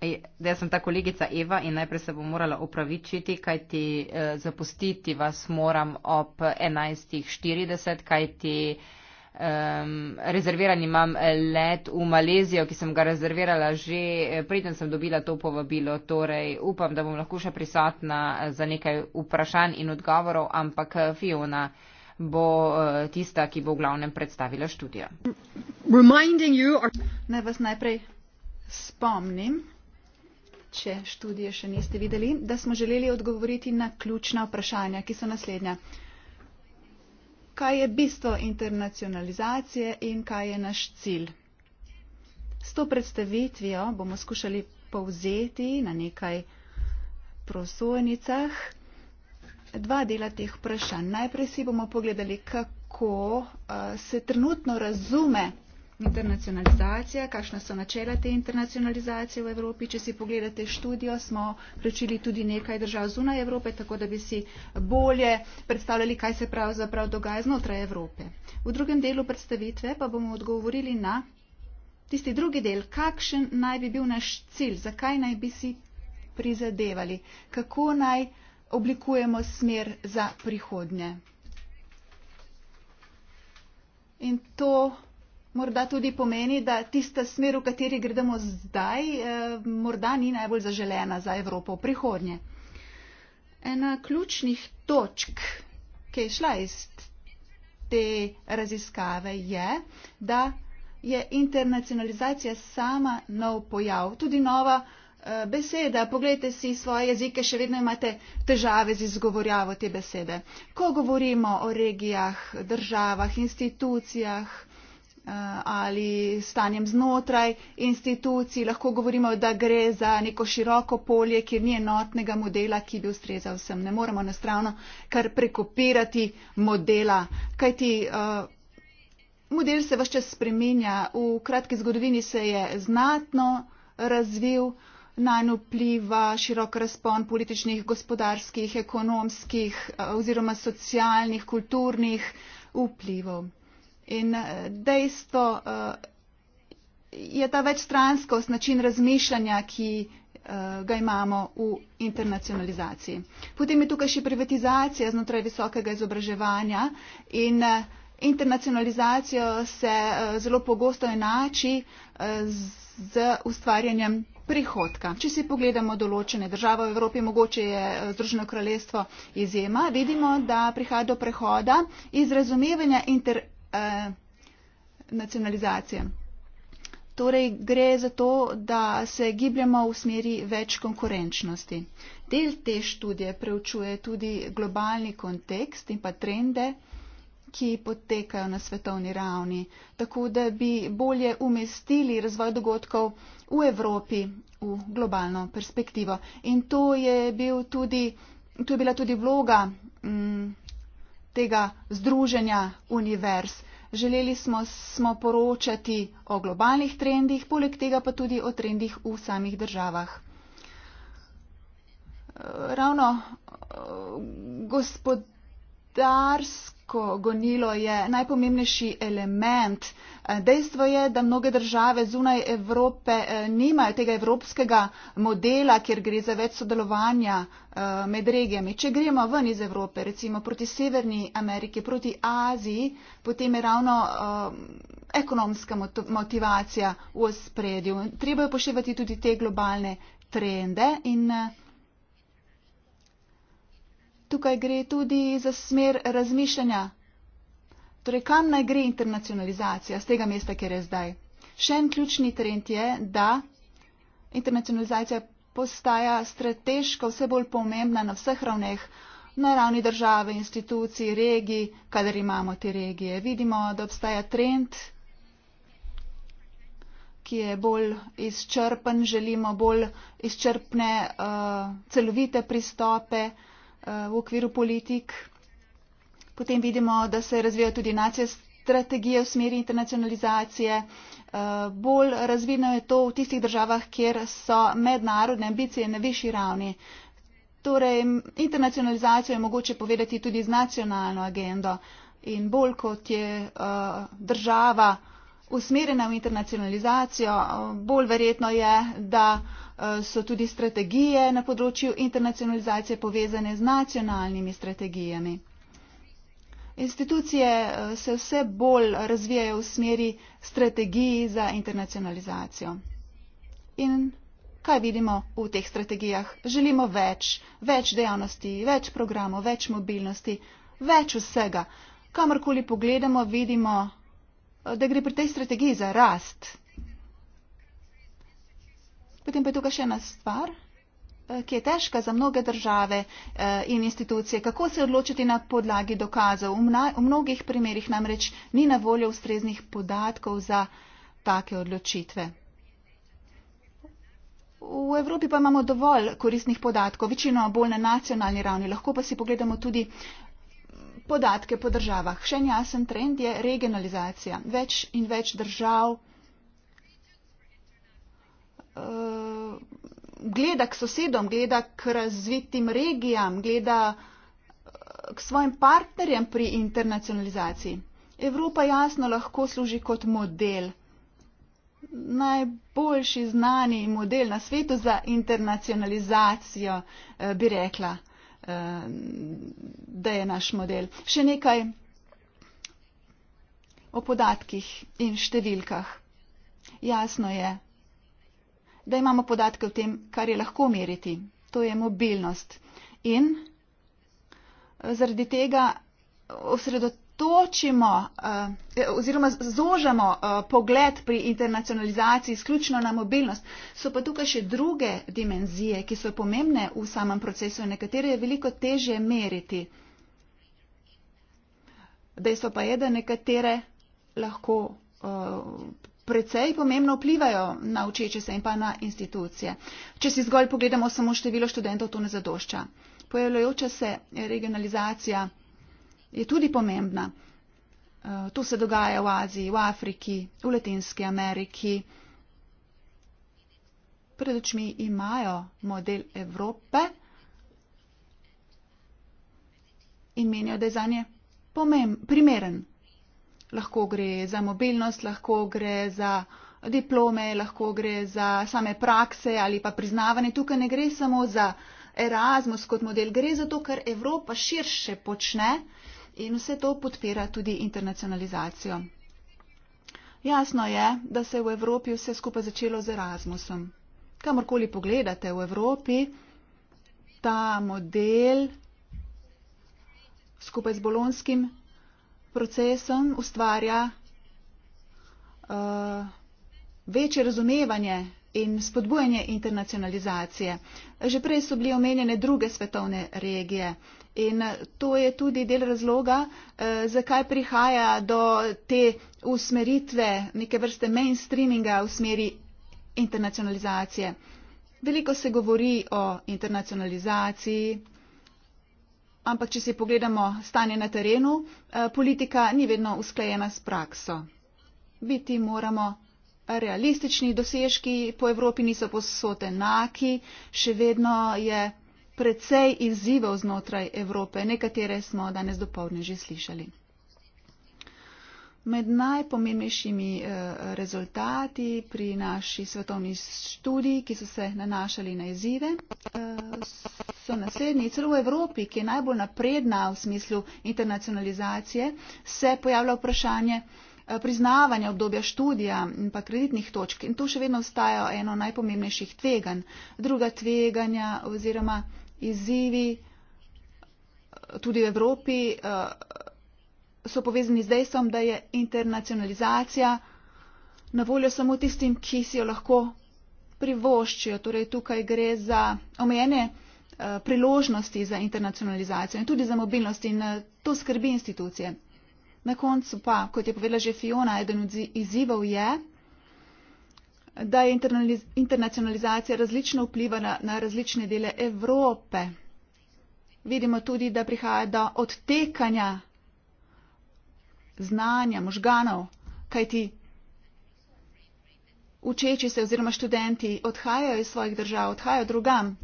E, da, jaz sem ta kolegica Eva in najprej se bom morala opravičiti, kajti eh, zapustiti vas moram ob 11.40, kajti eh, Um, rezerviran imam let v Malezijo, ki sem ga rezervirala že eh, preden sem dobila to povabilo. Torej, upam, da bom lahko še prisotna eh, za nekaj vprašanj in odgovorov, ampak eh, Fiona bo tista, ki bo v glavnem predstavila študijo. Naj vas najprej spomnim, če študije še niste videli, da smo želeli odgovoriti na ključna vprašanja, ki so naslednja kaj je bistvo internacionalizacije in kaj je naš cilj. S to predstavitvijo bomo skušali povzeti na nekaj prosojnicah dva dela teh vprašanj. Najprej si bomo pogledali, kako eh, se trenutno razume internacionalizacija, kakšna so načela te internacionalizacije v Evropi. Če si pogledate študijo, smo prečili tudi nekaj držav zunaj Evrope, tako da bi si bolje predstavljali, kaj se pravzaprav dogaja znotraj Evrope. V drugem delu predstavitve pa bomo odgovorili na tisti drugi del, kakšen naj bi bil naš cilj, zakaj naj bi si prizadevali, kako naj oblikujemo smer za prihodnje. In to morda tudi pomeni, da tista smer, v kateri gredemo zdaj, eh, morda ni najbolj zaželena za Evropo v prihodnje. Ena ključnih točk, ki je šla iz te raziskave, je, da je internacionalizacija sama nov pojav, tudi nova eh, beseda. Poglejte si svoje jezike, še vedno imate težave z izgovorjavo te besede. Ko govorimo o regijah, državah, institucijah, Eh, ali stanjem znotraj institucij, lahko govorimo, da gre za neko široko polje, kjer ni enotnega modela, ki bi ustrezal vsem. Ne moramo nastravno kar prekopirati modela, kajti eh, model se vse čas spreminja. V kratki zgodovini se je znatno razvil, najn vpliva širok razpon političnih, gospodarskih, ekonomskih eh, oziroma socialnih, kulturnih vplivov. In eh, dejstvo eh, je ta večstranskost, način razmišljanja, ki eh, ga imamo v internacionalizaciji. Potem je tukaj še privatizacija znotraj visokega izobraževanja in internacionalizacijo se zelo pogosto enači z ustvarjanjem prihodka. Če si pogledamo določene države v Evropi, mogoče je Združeno kraljestvo izjema, vidimo, da prihaja do prehoda iz razumevanja inter Eh, nacionalizacije. Torej gre za to, da se gibljamo v smeri več konkurenčnosti. Del te študije preučuje tudi globalni kontekst in pa trende, ki potekajo na svetovni ravni, tako da bi bolje umestili razvoj dogodkov v Evropi v globalno perspektivo. In to je, bil tudi, to je bila tudi vloga. Mm, tega združenja univerz. Želeli smo, smo poročati o globalnih trendih, poleg tega pa tudi o trendih v samih državah. Ravno eh, gospod gospodarsko gonilo je najpomembnejši element. Dejstvo je, da mnoge države zunaj Evrope eh, nimajo tega evropskega modela, kjer gre za več sodelovanja eh, med regijami. Če gremo ven iz Evrope, recimo proti Severni Ameriki, proti Aziji, potem je ravno eh, ekonomska motivacija v spredju. Treba je poševati tudi te globalne trende in tukaj gre tudi za smer razmišljanja. Torej, kam naj gre internacionalizacija z tega mesta, kjer je zdaj? Še en ključni trend je, da internacionalizacija postaja strateško vse bolj pomembna na vseh ravneh, na ravni države, institucij, regij, kadar imamo te regije. Vidimo, da obstaja trend, ki je bolj izčrpen, želimo bolj izčrpne, uh, celovite pristope, uh, Eh, v okviru politik. Potem vidimo, da se razvijajo tudi nacije strategije v smeri internacionalizacije. Eh, bolj razvidno je to v tistih državah, kjer so mednarodne ambicije na višji ravni. Torej, internacionalizacijo je mogoče povedati tudi z nacionalno agendo in bolj kot je eh, država usmerjena v internacionalizacijo, bolj verjetno je, da. Eh, so tudi strategije na področju internacionalizacije povezane z nacionalnimi strategijami. Institucije eh, se vse bolj razvijajo v smeri strategiji za internacionalizacijo. In kaj vidimo v teh strategijah? Želimo več, več dejavnosti, več programov, več mobilnosti, več vsega. Kamorkoli pogledamo, vidimo, eh, da gre pri tej strategiji za rast. Potem pa je tukaj še ena stvar, eh, ki je težka za mnoge države eh, in institucije. Kako se odločiti na podlagi dokazov? V mnogih primerjih namreč ni na voljo ustreznih podatkov za take odločitve. V Evropi pa imamo dovolj koristnih podatkov, večino bolj na nacionalni ravni, lahko pa si pogledamo tudi podatke po državah. Še en jasen trend je regionalizacija. Več in več držav uh, gleda k sosedom, gleda k razvitim regijam, gleda eh, k svojim partnerjem pri internacionalizaciji. Evropa jasno lahko služi kot model, najboljši znani model na svetu za internacionalizacijo, eh, bi rekla, da je naš model. Še nekaj o podatkih in številkah. Jasno je, da imamo podatke o tem, kar je lahko meriti. To je mobilnost. In eh, zaradi tega osredotočimo eh, eh, oziroma zožemo pogled pri internacionalizaciji izključno na mobilnost. So pa tukaj še druge dimenzije, ki so pomembne v samem procesu in nekatere je veliko težje meriti. Dejstvo pa je, da nekatere lahko precej pomembno vplivajo na učeče se in pa na institucije. Če si zgolj pogledamo samo število študentov, to ne zadošča. Pojavljajoča se regionalizacija je tudi pomembna. Eh, to se dogaja v Aziji, v Afriki, v Latinski Ameriki. Pred očmi imajo model Evrope in menijo, da je za nje pomemben, primeren lahko gre za mobilnost, lahko gre za diplome, lahko gre za same prakse ali pa priznavanje. Tukaj ne gre samo za Erasmus kot model, gre za to, kar Evropa širše počne in vse to podpira tudi internacionalizacijo. Jasno je, da se je v Evropi vse skupaj začelo z Erasmusom. Kamorkoli pogledate v Evropi, ta model skupaj z bolonskim procesom ustvarja uh, večje razumevanje in spodbujanje internacionalizacije. Že prej so bili omenjene druge svetovne regije in to je tudi del razloga, eh, zakaj prihaja do te usmeritve, neke vrste mainstreaminga v smeri internacionalizacije. Veliko se govori o internacionalizaciji, ampak če si pogledamo stanje na terenu, eh, politika ni vedno usklajena s prakso. Biti moramo realistični, dosežki po Evropi niso posod enaki, še vedno je precej izzivov znotraj Evrope, nekatere smo danes dopolne že slišali med najpomembnejšimi eh, rezultati pri naši svetovni študiji, ki so se nanašali na izzive, eh, so naslednji. Celo v Evropi, ki je najbolj napredna v smislu internacionalizacije, se pojavlja vprašanje eh, priznavanja obdobja študija in pa kreditnih točk. In to še vedno ostaja eno najpomembnejših tveganj. Druga tveganja oziroma izzivi tudi v Evropi so povezani z dejstvom, da je internacionalizacija na voljo samo tistim, ki si jo lahko privoščijo. Torej, tukaj gre za omejene eh, priložnosti za internacionalizacijo in tudi za mobilnost in eh, to skrbi institucije. Na koncu pa, kot je povedala že Fiona, eden od izzivov je, da je internacionalizacija različno vplivala na različne dele Evrope. Vidimo tudi, da prihaja do odtekanja znanja, možganov, kajti učeči se oziroma študenti odhajajo iz svojih držav, odhajajo drugam.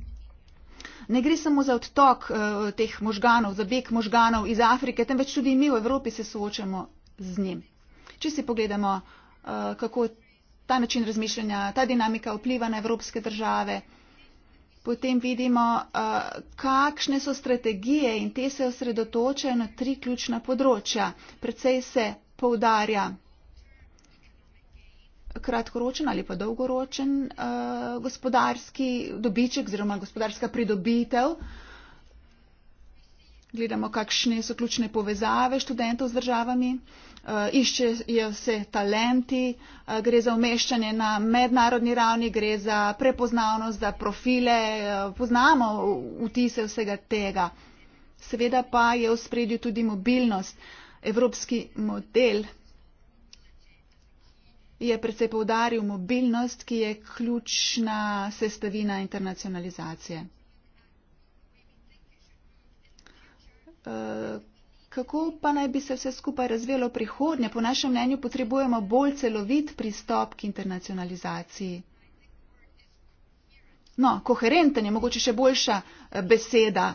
Ne gre samo za odtok uh, teh možganov, za beg možganov iz Afrike, temveč tudi mi v Evropi se soočamo z njim. Če si pogledamo, uh, kako ta način razmišljanja, ta dinamika vpliva na evropske države, uh, potem vidimo, eh, kakšne so strategije in te se osredotočajo na tri ključna področja. Predvsej se poudarja kratkoročen ali pa dolgoročen eh, gospodarski dobiček oziroma gospodarska pridobitev. Gledamo, kakšne so ključne povezave študentov z državami. Eh, iščejo se talenti, eh, gre za umeščanje na mednarodni ravni, gre za prepoznavnost, za profile, eh, poznamo vtise vsega tega. Seveda pa je v spredju tudi mobilnost. Evropski model je predvsej povdaril mobilnost, ki je ključna sestavina internacionalizacije. Kako pa naj bi se vse skupaj razvijalo prihodnje? Po našem mnenju potrebujemo bolj celovit pristop k internacionalizaciji. No, koherenten je mogoče še boljša eh, beseda.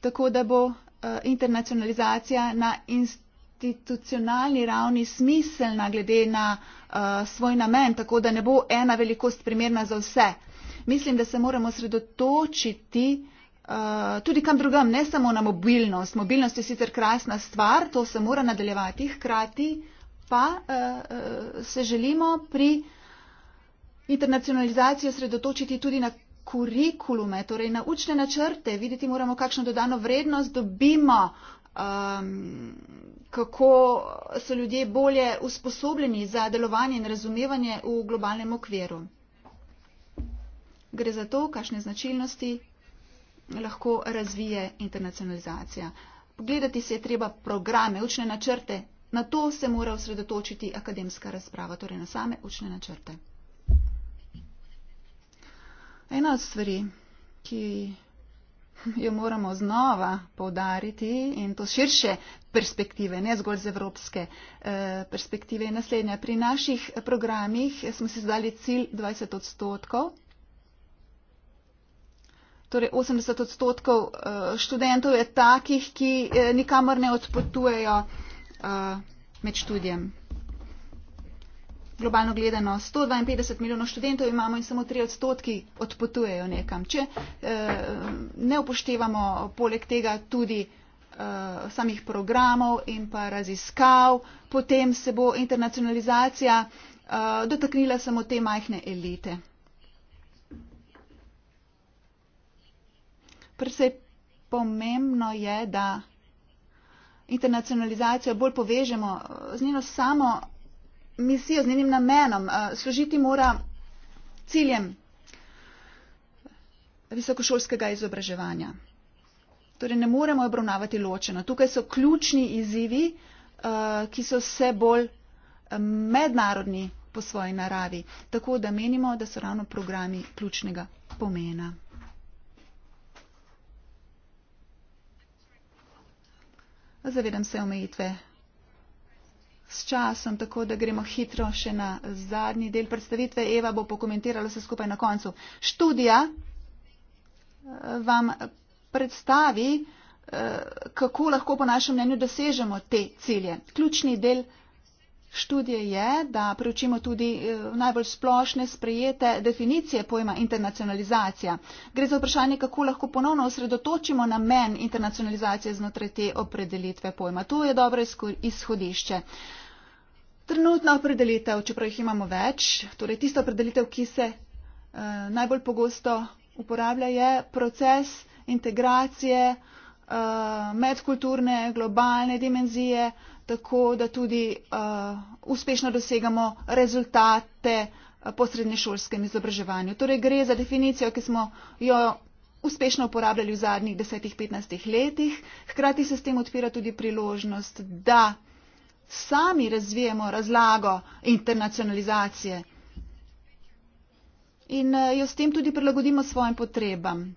Tako da bo eh, internacionalizacija na institucionalni ravni smiselna glede na eh, svoj namen, tako da ne bo ena velikost primerna za vse. Mislim, da se moramo sredotočiti Eh, tudi kam drugam, ne samo na mobilnost. Mobilnost je sicer krasna stvar, to se mora nadaljevati, hkrati pa uh, se želimo pri internacionalizaciji osredotočiti tudi na kurikulume, torej na učne načrte, videti moramo, kakšno dodano vrednost dobimo, um, kako so ljudje bolje usposobljeni za delovanje in razumevanje v globalnem okviru. Gre za to, kakšne značilnosti lahko razvije internacionalizacija. Pogledati se je treba programe, učne načrte, na to se mora osredotočiti akademska razprava, torej na same učne načrte. Ena od stvari, ki jo moramo znova povdariti in to širše perspektive, ne zgolj z evropske eh, perspektive, je naslednja. Pri naših programih smo si zdali cilj 20 odstotkov torej 80 odstotkov eh, študentov je takih, ki eh, nikamor ne odpotujejo eh, med študijem. Globalno gledano, 152 milijonov študentov imamo in samo 3 odstotki odpotujejo nekam. Če ne upoštevamo poleg tega tudi samih programov in pa raziskav, potem se bo internacionalizacija dotaknila samo te majhne elite. Prvsej pomembno je, da internacionalizacijo bolj povežemo eh, z njeno samo misijo, z njenim namenom. Eh, služiti mora ciljem visokošolskega izobraževanja. Torej ne moremo obravnavati ločeno. Tukaj so ključni izzivi, eh, ki so vse bolj mednarodni po svoji naravi. Tako da menimo, da so ravno programi ključnega pomena. Zavedam se omejitve s časom, tako da gremo hitro še na zadnji del predstavitve. Eva bo pokomentirala vse skupaj na koncu. Študija eh, vam predstavi, eh, kako lahko po našem mnenju dosežemo te cilje. Ključni del predstavitve študije je, da preučimo tudi eh, najbolj splošne sprejete definicije pojma internacionalizacija. Gre za vprašanje, kako lahko ponovno osredotočimo namen internacionalizacije znotraj te opredelitve pojma. To je dobro izhodišče. Trenutna opredelitev, čeprav jih imamo več, torej tista opredelitev, ki se eh, najbolj pogosto uporablja, je proces integracije eh, medkulturne, globalne dimenzije, eh, tako da tudi uh, uspešno dosegamo rezultate eh, po srednješolskem izobraževanju. Torej gre za definicijo, ki smo jo uspešno uporabljali v zadnjih 10-15 letih. Hkrati se s tem odpira tudi priložnost, da sami razvijemo razlago internacionalizacije in eh, jo s tem tudi prilagodimo svojim potrebam.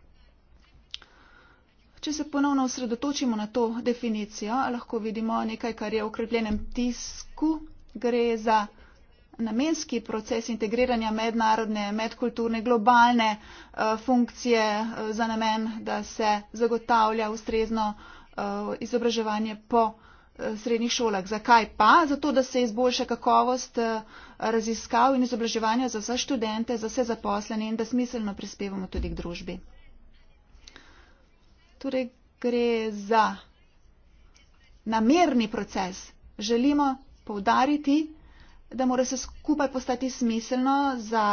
Če se ponovno osredotočimo na to definicijo, lahko vidimo nekaj, kar je v okrepljenem tisku. Gre za namenski proces integriranja mednarodne, medkulturne, globalne uh, funkcije uh, za namen, da se zagotavlja ustrezno uh, izobraževanje po uh, srednjih šolah. Zakaj pa? Zato, da se izboljša kakovost uh, raziskav in izobraževanja za vse študente, za vse zaposlene in da smiselno prispevamo tudi k družbi. Torej gre za namerni proces. Želimo povdariti, da mora se skupaj postati smiselno za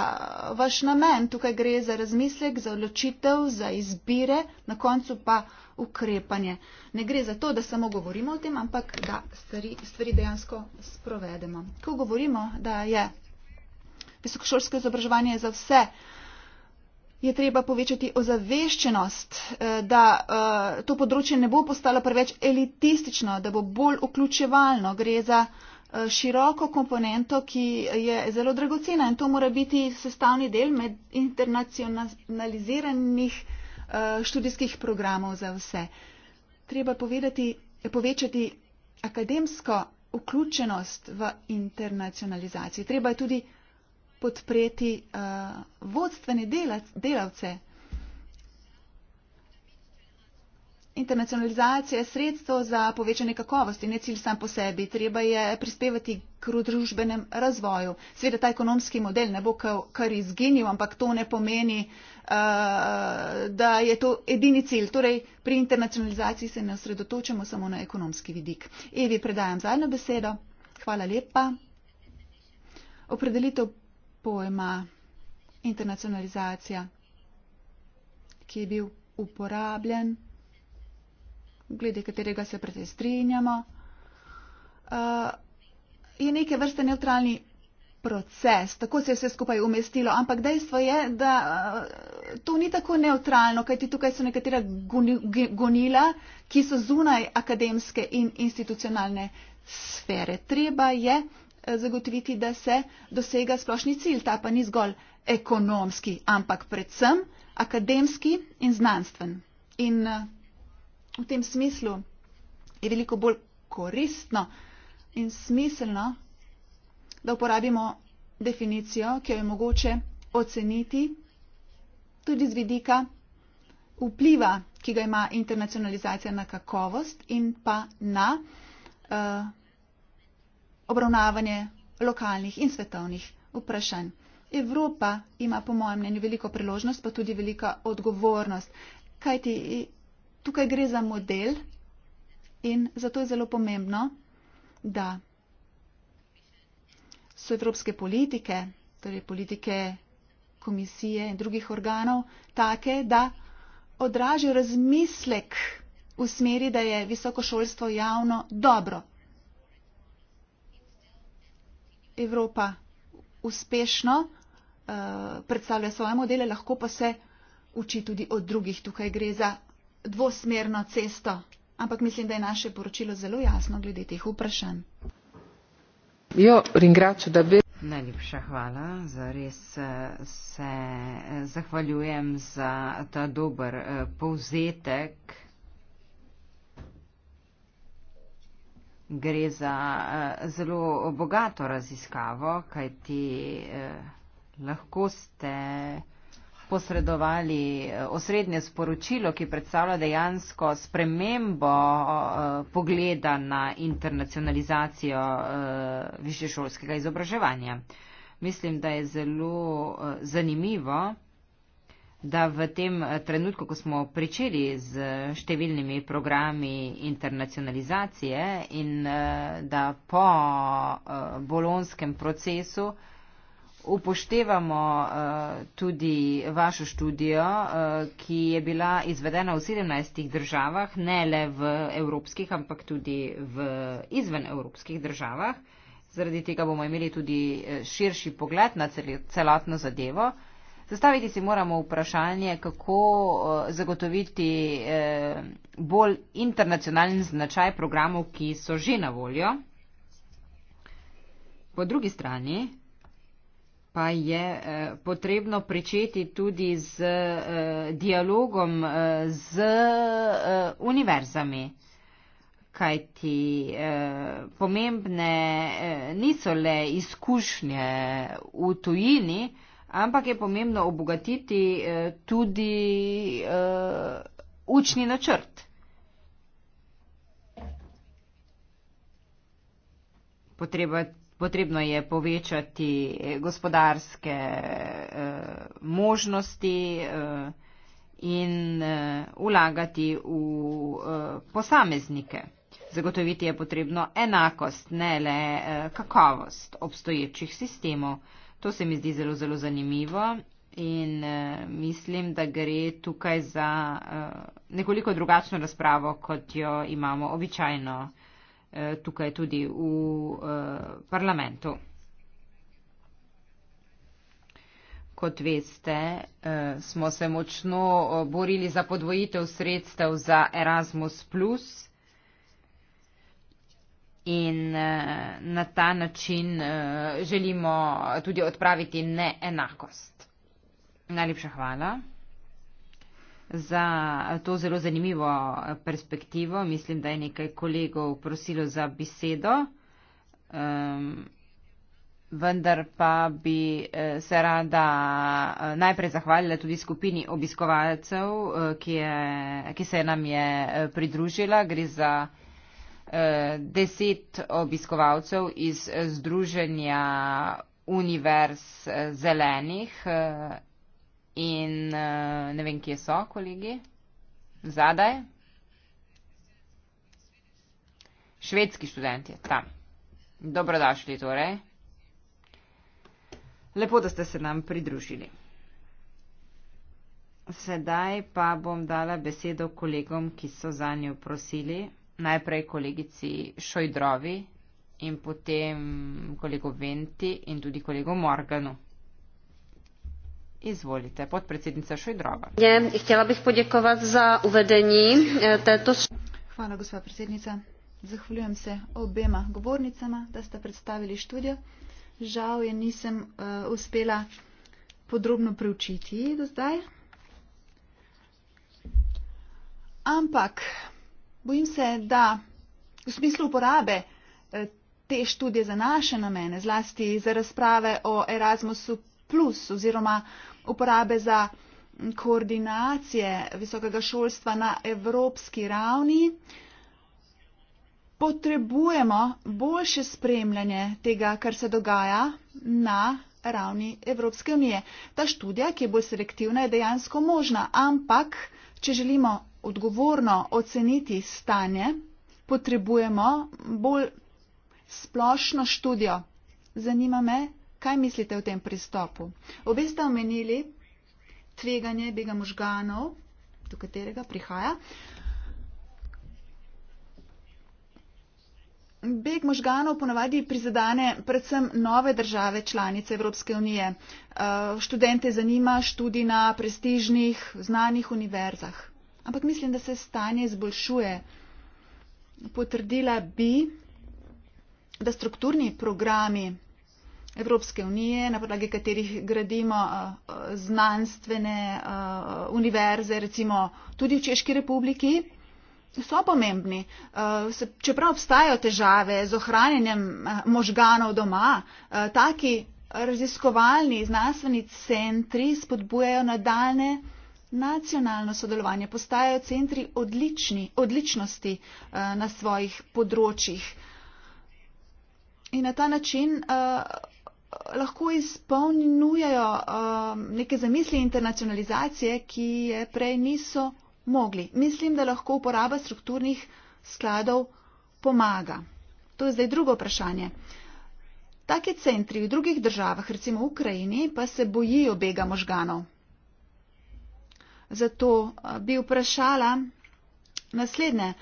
vaš namen. Tukaj gre za razmislek, za odločitev, za izbire, na koncu pa ukrepanje. Ne gre za to, da samo govorimo o tem, ampak da stvari, stvari dejansko sprovedemo. Ko govorimo, da je visokošolsko izobraževanje za vse, je treba povečati ozaveščenost, eh, da eh, to področje ne bo postalo preveč elitistično, da bo bolj vključevalno. Gre za eh, široko komponento, ki je zelo dragocena in to mora biti sestavni del med internacionaliziranih študijskih programov za vse. Treba povedati, povečati akademsko vključenost v internacionalizacijo. Treba je tudi podpreti uh, vodstvene delac, delavce. Internacionalizacija je sredstvo za povečanje kakovosti, ne cilj sam po sebi. Treba je prispevati k družbenem razvoju. Sveda ta ekonomski model ne bo kar, kar izginil, ampak to ne pomeni, uh, da je to edini cilj. Torej, pri internacionalizaciji se ne osredotočamo samo na ekonomski vidik. Evi, predajam zadnjo besedo. Hvala lepa. Opredelitev pojma internacionalizacija, ki je bil uporabljen, glede katerega se precej strinjamo, eh, je neke vrste neutralni proces, tako se je vse skupaj umestilo, ampak dejstvo je, da eh, to ni tako neutralno, kajti tukaj so nekatera gonila, ki so zunaj akademske in institucionalne sfere. Treba je zagotoviti, da se dosega splošni cilj. Ta pa ni zgolj ekonomski, ampak predvsem akademski in znanstven. In eh, v tem smislu je veliko bolj koristno in smiselno, da uporabimo definicijo, ki jo je mogoče oceniti tudi z vidika vpliva, ki ga ima internacionalizacija na kakovost in pa na uh, obravnavanje lokalnih in svetovnih vprašanj. Evropa ima po mojem mnenju veliko priložnost, pa tudi velika odgovornost, kajti tukaj gre za model in zato je zelo pomembno, da so evropske politike, torej politike komisije in drugih organov, take, da odražajo razmislek v smeri, da je visokošolstvo javno dobro, Evropa uspešno uh, predstavlja svoje modele, lahko pa se uči tudi od drugih. Tukaj gre za dvosmerno cesto. Ampak mislim, da je naše poročilo zelo jasno glede teh vprašanj. Jo, Ringraču, da bi. Najlepša hvala, zares eh, se eh, zahvaljujem za ta dober povzetek. gre za uh, zelo bogato raziskavo, kajti uh, lahko ste posredovali eh, osrednje sporočilo, ki predstavlja dejansko spremembo pogleda na internacionalizacijo višješolskega izobraževanja. Mislim, da je zelo zanimivo, da v tem eh, trenutku, ko smo pričeli z številnimi programi internacionalizacije in eh, da po eh, bolonskem procesu upoštevamo tudi vašo študijo, ki je bila izvedena v 17 državah, ne le v evropskih, ampak tudi v izven evropskih državah. Zaradi tega bomo imeli tudi širši pogled na celotno zadevo. Zastaviti si moramo vprašanje, kako eh, zagotoviti eh, bolj internacionalen značaj programov, ki so že na voljo. Po drugi strani pa je eh, potrebno pričeti tudi z dialogom z univerzami, kajti pomembne niso le izkušnje v tujini, ampak je pomembno obogatiti eh, tudi eh, učni načrt. Potreba, potrebno je povečati gospodarske eh, možnosti eh, in eh, ulagati v eh, posameznike. Zagotoviti je potrebno enakost, ne le eh, kakovost obstoječih sistemov. To se mi zdi zelo, zelo zanimivo in uh, mislim, da gre tukaj za uh, nekoliko drugačno razpravo, kot jo imamo običajno uh, tukaj tudi v uh, parlamentu. Kot veste, uh, smo se močno borili za podvojitev sredstev za Erasmus in eh, na ta način eh, želimo tudi odpraviti neenakost. Najlepša hvala za to zelo zanimivo eh, perspektivo. Mislim, da je nekaj kolegov prosilo za besedo. Um, vendar pa bi se rada najprej zahvalila tudi skupini obiskovalcev, ki, je, ki se nam je pridružila. Gre za deset obiskovalcev iz Združenja Univerz zelenih eh, in eh, ne vem, kje so kolegi, zadaj. Švedski študent je tam. Dobrodošli torej. Lepo, da ste se nam pridružili. Sedaj pa bom dala besedo kolegom, ki so za njo prosili najprej kolegici Šojdrovi in potem kolego Venti in tudi kolego Morganu. Izvolite, podpredsednica Šojdrova. Je, htjela bih podjekovati za uvedenji eh, této. Hvala, gospa predsednica. Zahvaljujem se obema govornicama, da ste predstavili študijo. Žal je nisem uh, uspela podrobno preučiti do zdaj. Ampak Bojim se, da v smislu uporabe eh, te študije za naše namene, zlasti za razprave o Erasmusu plus oziroma uporabe za koordinacije visokega šolstva na evropski ravni, potrebujemo boljše spremljanje tega, kar se dogaja na ravni Evropske unije. Ta študija, ki je bolj selektivna, je dejansko možna, ampak če želimo odgovorno oceniti stanje, potrebujemo bolj splošno študijo. Zanima me, kaj mislite o tem pristopu. Obe ste omenili tveganje bega možganov, do katerega prihaja. Beg možganov ponavadi prizadane predvsem nove države članice Evropske unije. Uh, študente zanima študij na prestižnih, znanih univerzah. Ampak mislim, da se stanje izboljšuje. Potrdila bi, da strukturni programi Evropske unije, na podlagi katerih gradimo znanstvene univerze, recimo tudi v Češki republiki, so pomembni. Čeprav obstajajo težave z ohranjenjem možganov doma, taki raziskovalni znanstveni centri spodbujajo nadaljne nacionalno sodelovanje, postajajo centri odlični, odličnosti eh, na svojih področjih. In na ta način eh, lahko izpolnjujejo eh, neke zamisli internacionalizacije, ki je prej niso mogli. Mislim, da lahko uporaba strukturnih skladov pomaga. To je zdaj drugo vprašanje. Take centri v drugih državah, recimo v Ukrajini, pa se bojijo bega možganov. Zato bi vprašala naslednje.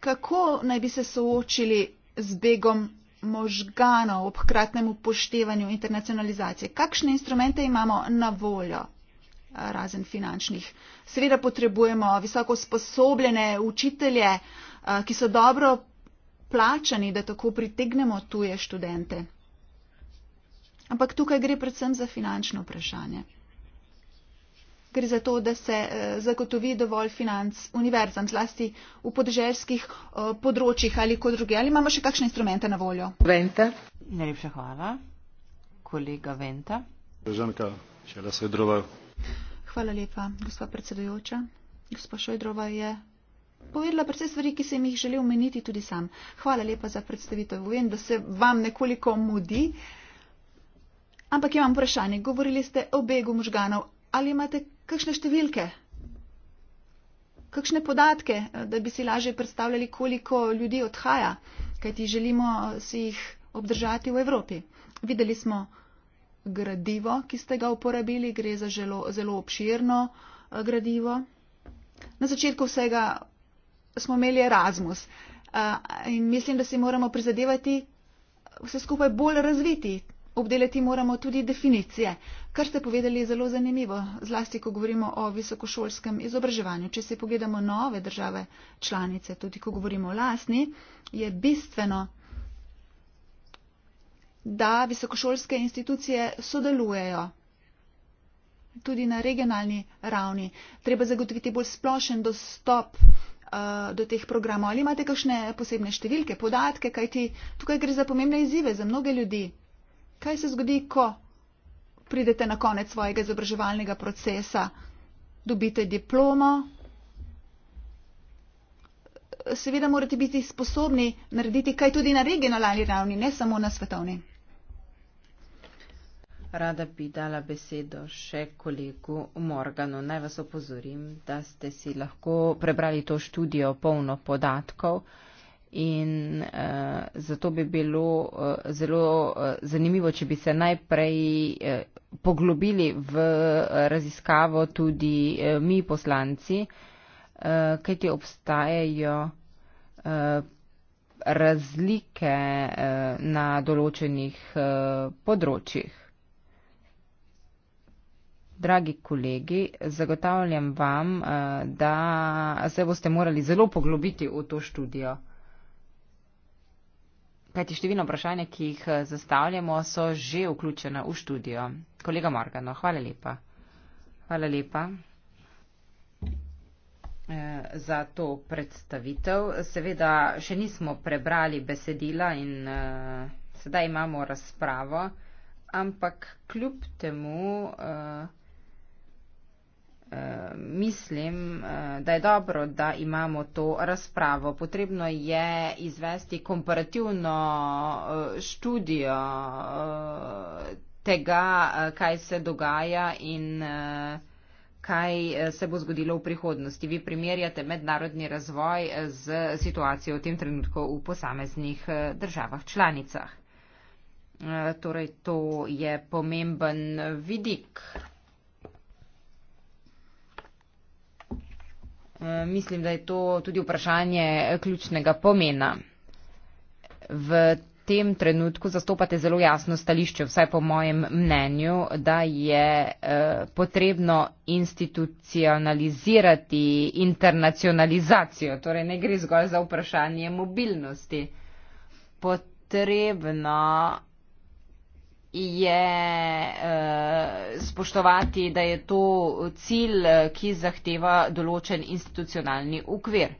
Kako naj bi se soočili z begom možganov ob kratnem upoštevanju internacionalizacije? Kakšne instrumente imamo na voljo, razen finančnih? Seveda potrebujemo visoko sposobljene učitelje, ki so dobro plačani, da tako pritegnemo tuje študente. Ampak tukaj gre predvsem za finančno vprašanje gre za to, da se eh, zagotovi dovolj financ univerzam, zlasti v podeželskih eh, področjih ali kot druge. Ali imamo še kakšne instrumente na voljo? Venta. Najlepša hvala. Kolega Venta. Državnika Šela Sojdrova. Hvala lepa, gospa predsedujoča. Gospa Šojdrova je povedala predvsej stvari, ki sem jih želel meniti tudi sam. Hvala lepa za predstavitev. Vem, da se vam nekoliko mudi. Ampak imam vprašanje. Govorili ste o begu možganov. Ali imate kakšne številke, kakšne podatke, eh, da bi si lažje predstavljali, koliko ljudi odhaja, kajti želimo eh, si jih obdržati v Evropi? Videli smo gradivo, ki ste ga uporabili, gre za zelo, zelo obširno eh, gradivo. Na začetku vsega smo imeli Erasmus in mislim, da si moramo prizadevati vse skupaj bolj razviti Obdelati moramo tudi definicije, kar ste povedali zelo zanimivo, zlasti, ko govorimo o visokošolskem izobraževanju. Če si pogledamo nove države članice, tudi ko govorimo o lasni, je bistveno, da visokošolske institucije sodelujejo tudi na regionalni ravni. Treba zagotoviti bolj splošen dostop eh, do teh programov. Ali imate kakšne posebne številke, podatke, kajti tukaj gre za pomembne izzive za mnoge ljudi kaj se zgodi, ko pridete na konec svojega izobraževalnega procesa, dobite diplomo. Seveda morate biti sposobni narediti kaj tudi na regionalni ravni, ne samo na svetovni. Rada bi dala besedo še kolegu Morganu. Naj vas opozorim, da ste si lahko prebrali to študijo polno podatkov in uh, zato bi bilo uh, zelo uh, zanimivo, če bi se najprej uh, poglobili v uh, raziskavo tudi uh, mi poslanci, uh, kaj ti obstajajo uh, razlike uh, na določenih uh, področjih. Dragi kolegi, zagotavljam vam, da se boste morali zelo poglobiti v to študijo kajti številno vprašanje, ki jih eh, zastavljamo, so že vključena v študijo. Kolega Morgano, hvala lepa. Hvala lepa eh, za to predstavitev. Seveda še nismo prebrali besedila in uh, sedaj imamo razpravo, ampak kljub temu. Uh, mislim, eh, da je dobro, da imamo to razpravo. Potrebno je izvesti komparativno eh, študijo eh, tega, kaj se dogaja in kaj se bo zgodilo v prihodnosti. Vi primerjate mednarodni razvoj z situacijo v tem trenutku v posameznih državah članicah. Torej, to je pomemben vidik. Eh, mislim, da je to tudi vprašanje ključnega pomena. V tem trenutku zastopate zelo jasno stališče, vsaj po mojem mnenju, da je eh, potrebno institucionalizirati internacionalizacijo. Torej ne gre zgolj za vprašanje mobilnosti. Potrebno je eh, spoštovati, da je to cilj, ki zahteva določen institucionalni ukvir.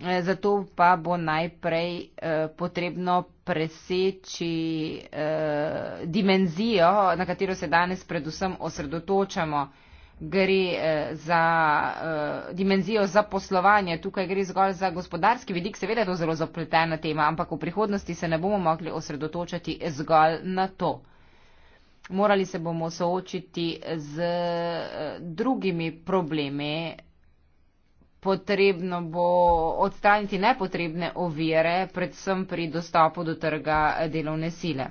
Eh, zato pa bo najprej eh, potrebno preseči dimenzijo, na katero se danes predvsem osredotočamo gre eh, za eh, dimenzijo zaposlovanja, tukaj gre zgolj za gospodarski vidik, seveda je to zelo zapletena tema, ampak v prihodnosti se ne bomo mogli osredotočati zgolj na to. Morali se bomo soočiti z eh, drugimi problemi. Potrebno bo odstraniti nepotrebne ovire, predvsem pri dostopu do trga delovne sile.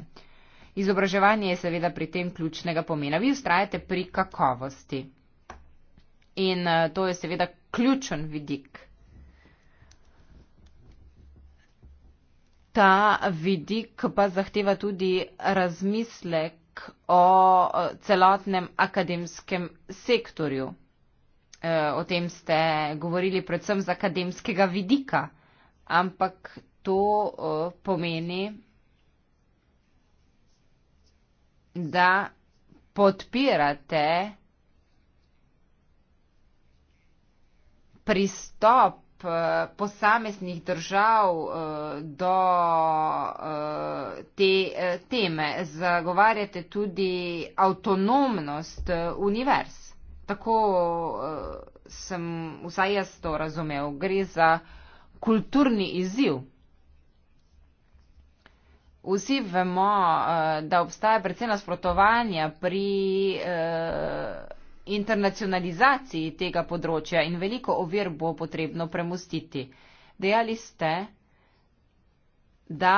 Izobraževanje je seveda pri tem ključnega pomena. Vi ustrajate pri kakovosti. In eh, to je seveda ključen vidik. Ta vidik pa zahteva tudi razmislek o eh, celotnem akademskem sektorju. Eh, o tem ste govorili predvsem z akademskega vidika, ampak to pomeni, da podpirate pristop eh, posameznih držav eh, do eh, te teme. Zagovarjate tudi avtonomnost univerz. Tako sem vsaj jaz to razumev. Gre za kulturni izziv. Vsi vemo, eh, da obstaja predvsem nasprotovanja pri eh, internacionalizaciji tega področja in veliko ovir bo potrebno premustiti. Dejali ste, da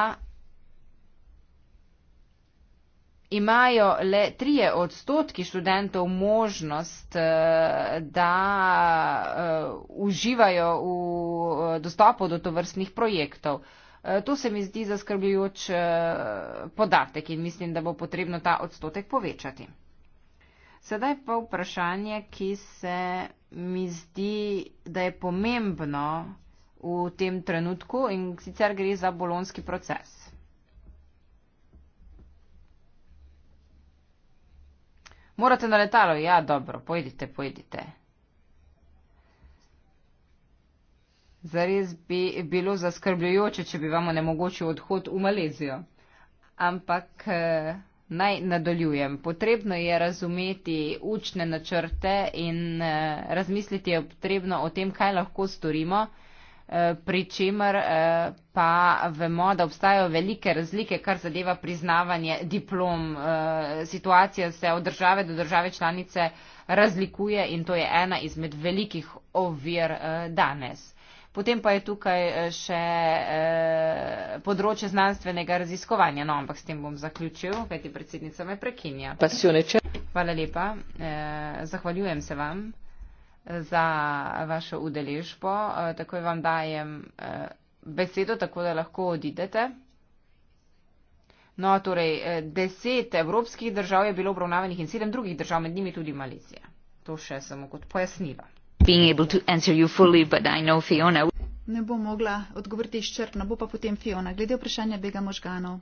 imajo le trije odstotki študentov možnost, eh, da uživajo v dostopu do tovrstnih projektov. Eh, to se mi zdi zaskrbljujoč eh, podatek in mislim, da bo potrebno ta odstotek povečati. Sedaj pa vprašanje, ki se mi zdi, da je pomembno v tem trenutku in sicer gre za bolonski proces. Morate na letalo, ja, dobro, pojdite, pojdite. zares bi bilo zaskrbljujoče, če bi vam onemogočil odhod v Malezijo. Ampak eh, naj nadaljujem. Potrebno je razumeti učne načrte in eh, razmisliti je potrebno o tem, kaj lahko storimo, eh, pri čemer pa vemo, da obstajajo velike razlike, kar zadeva priznavanje diplom. Situacija se od države do države članice razlikuje in to je ena izmed velikih ovir danes potem pa je tukaj eh, še eh, področje znanstvenega raziskovanja. No, ampak s tem bom zaključil, kajti predsednica me prekinja. Pasioneče. Hvala lepa. Eh, zahvaljujem se vam za vašo udeležbo. Takoj vam dajem besedo, tako da lahko odidete. No, torej, deset evropskih držav je bilo obravnavanih in sedem drugih držav, med njimi tudi Malezija. To še samo kot pojasnila being able to answer you fully, but I know Fiona. Ne bo mogla odgovoriti izčrpno, bo pa potem Fiona. Glede vprašanja bega možganov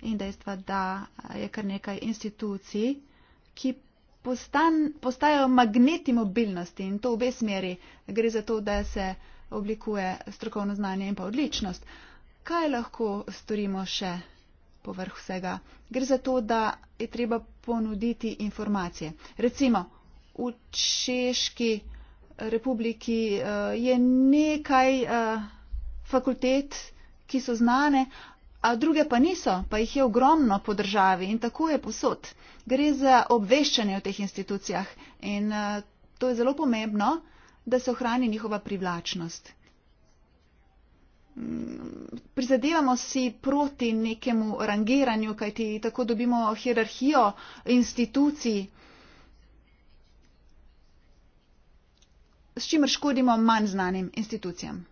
in dejstva, da je kar nekaj institucij, ki postan, postajajo magneti mobilnosti in to v obe smeri. Gre za to, da se oblikuje strokovno znanje in pa odličnost. Kaj lahko storimo še povrh vsega? Gre za to, da je treba ponuditi informacije. Recimo, v češki republiki eh, je nekaj eh, fakultet, ki so znane, a druge pa niso, pa jih je ogromno po državi in tako je posod. Gre za obveščanje v teh institucijah in eh, to je zelo pomembno, da se ohrani njihova privlačnost. Mm, prizadevamo si proti nekemu rangiranju, kajti tako dobimo hierarhijo institucij. s čimer škodimo manj znanim institucijam.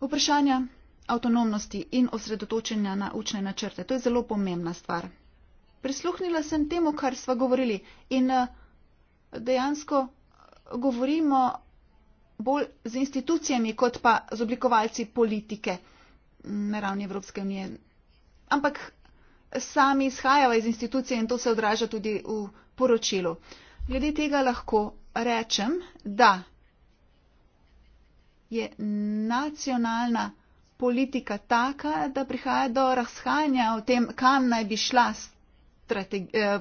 Vprašanja avtonomnosti in osredotočenja na učne načrte. To je zelo pomembna stvar. Prisluhnila sem temu, kar sva govorili in eh, dejansko eh, govorimo bolj z institucijami, kot pa z oblikovalci politike mm, na ravni Evropske unije. Ampak sami izhajava iz institucije in to se odraža tudi v poročilu. Glede tega lahko rečem, da je nacionalna politika taka, da prihaja do razhajanja o tem, kam naj bi šla strategi, eh,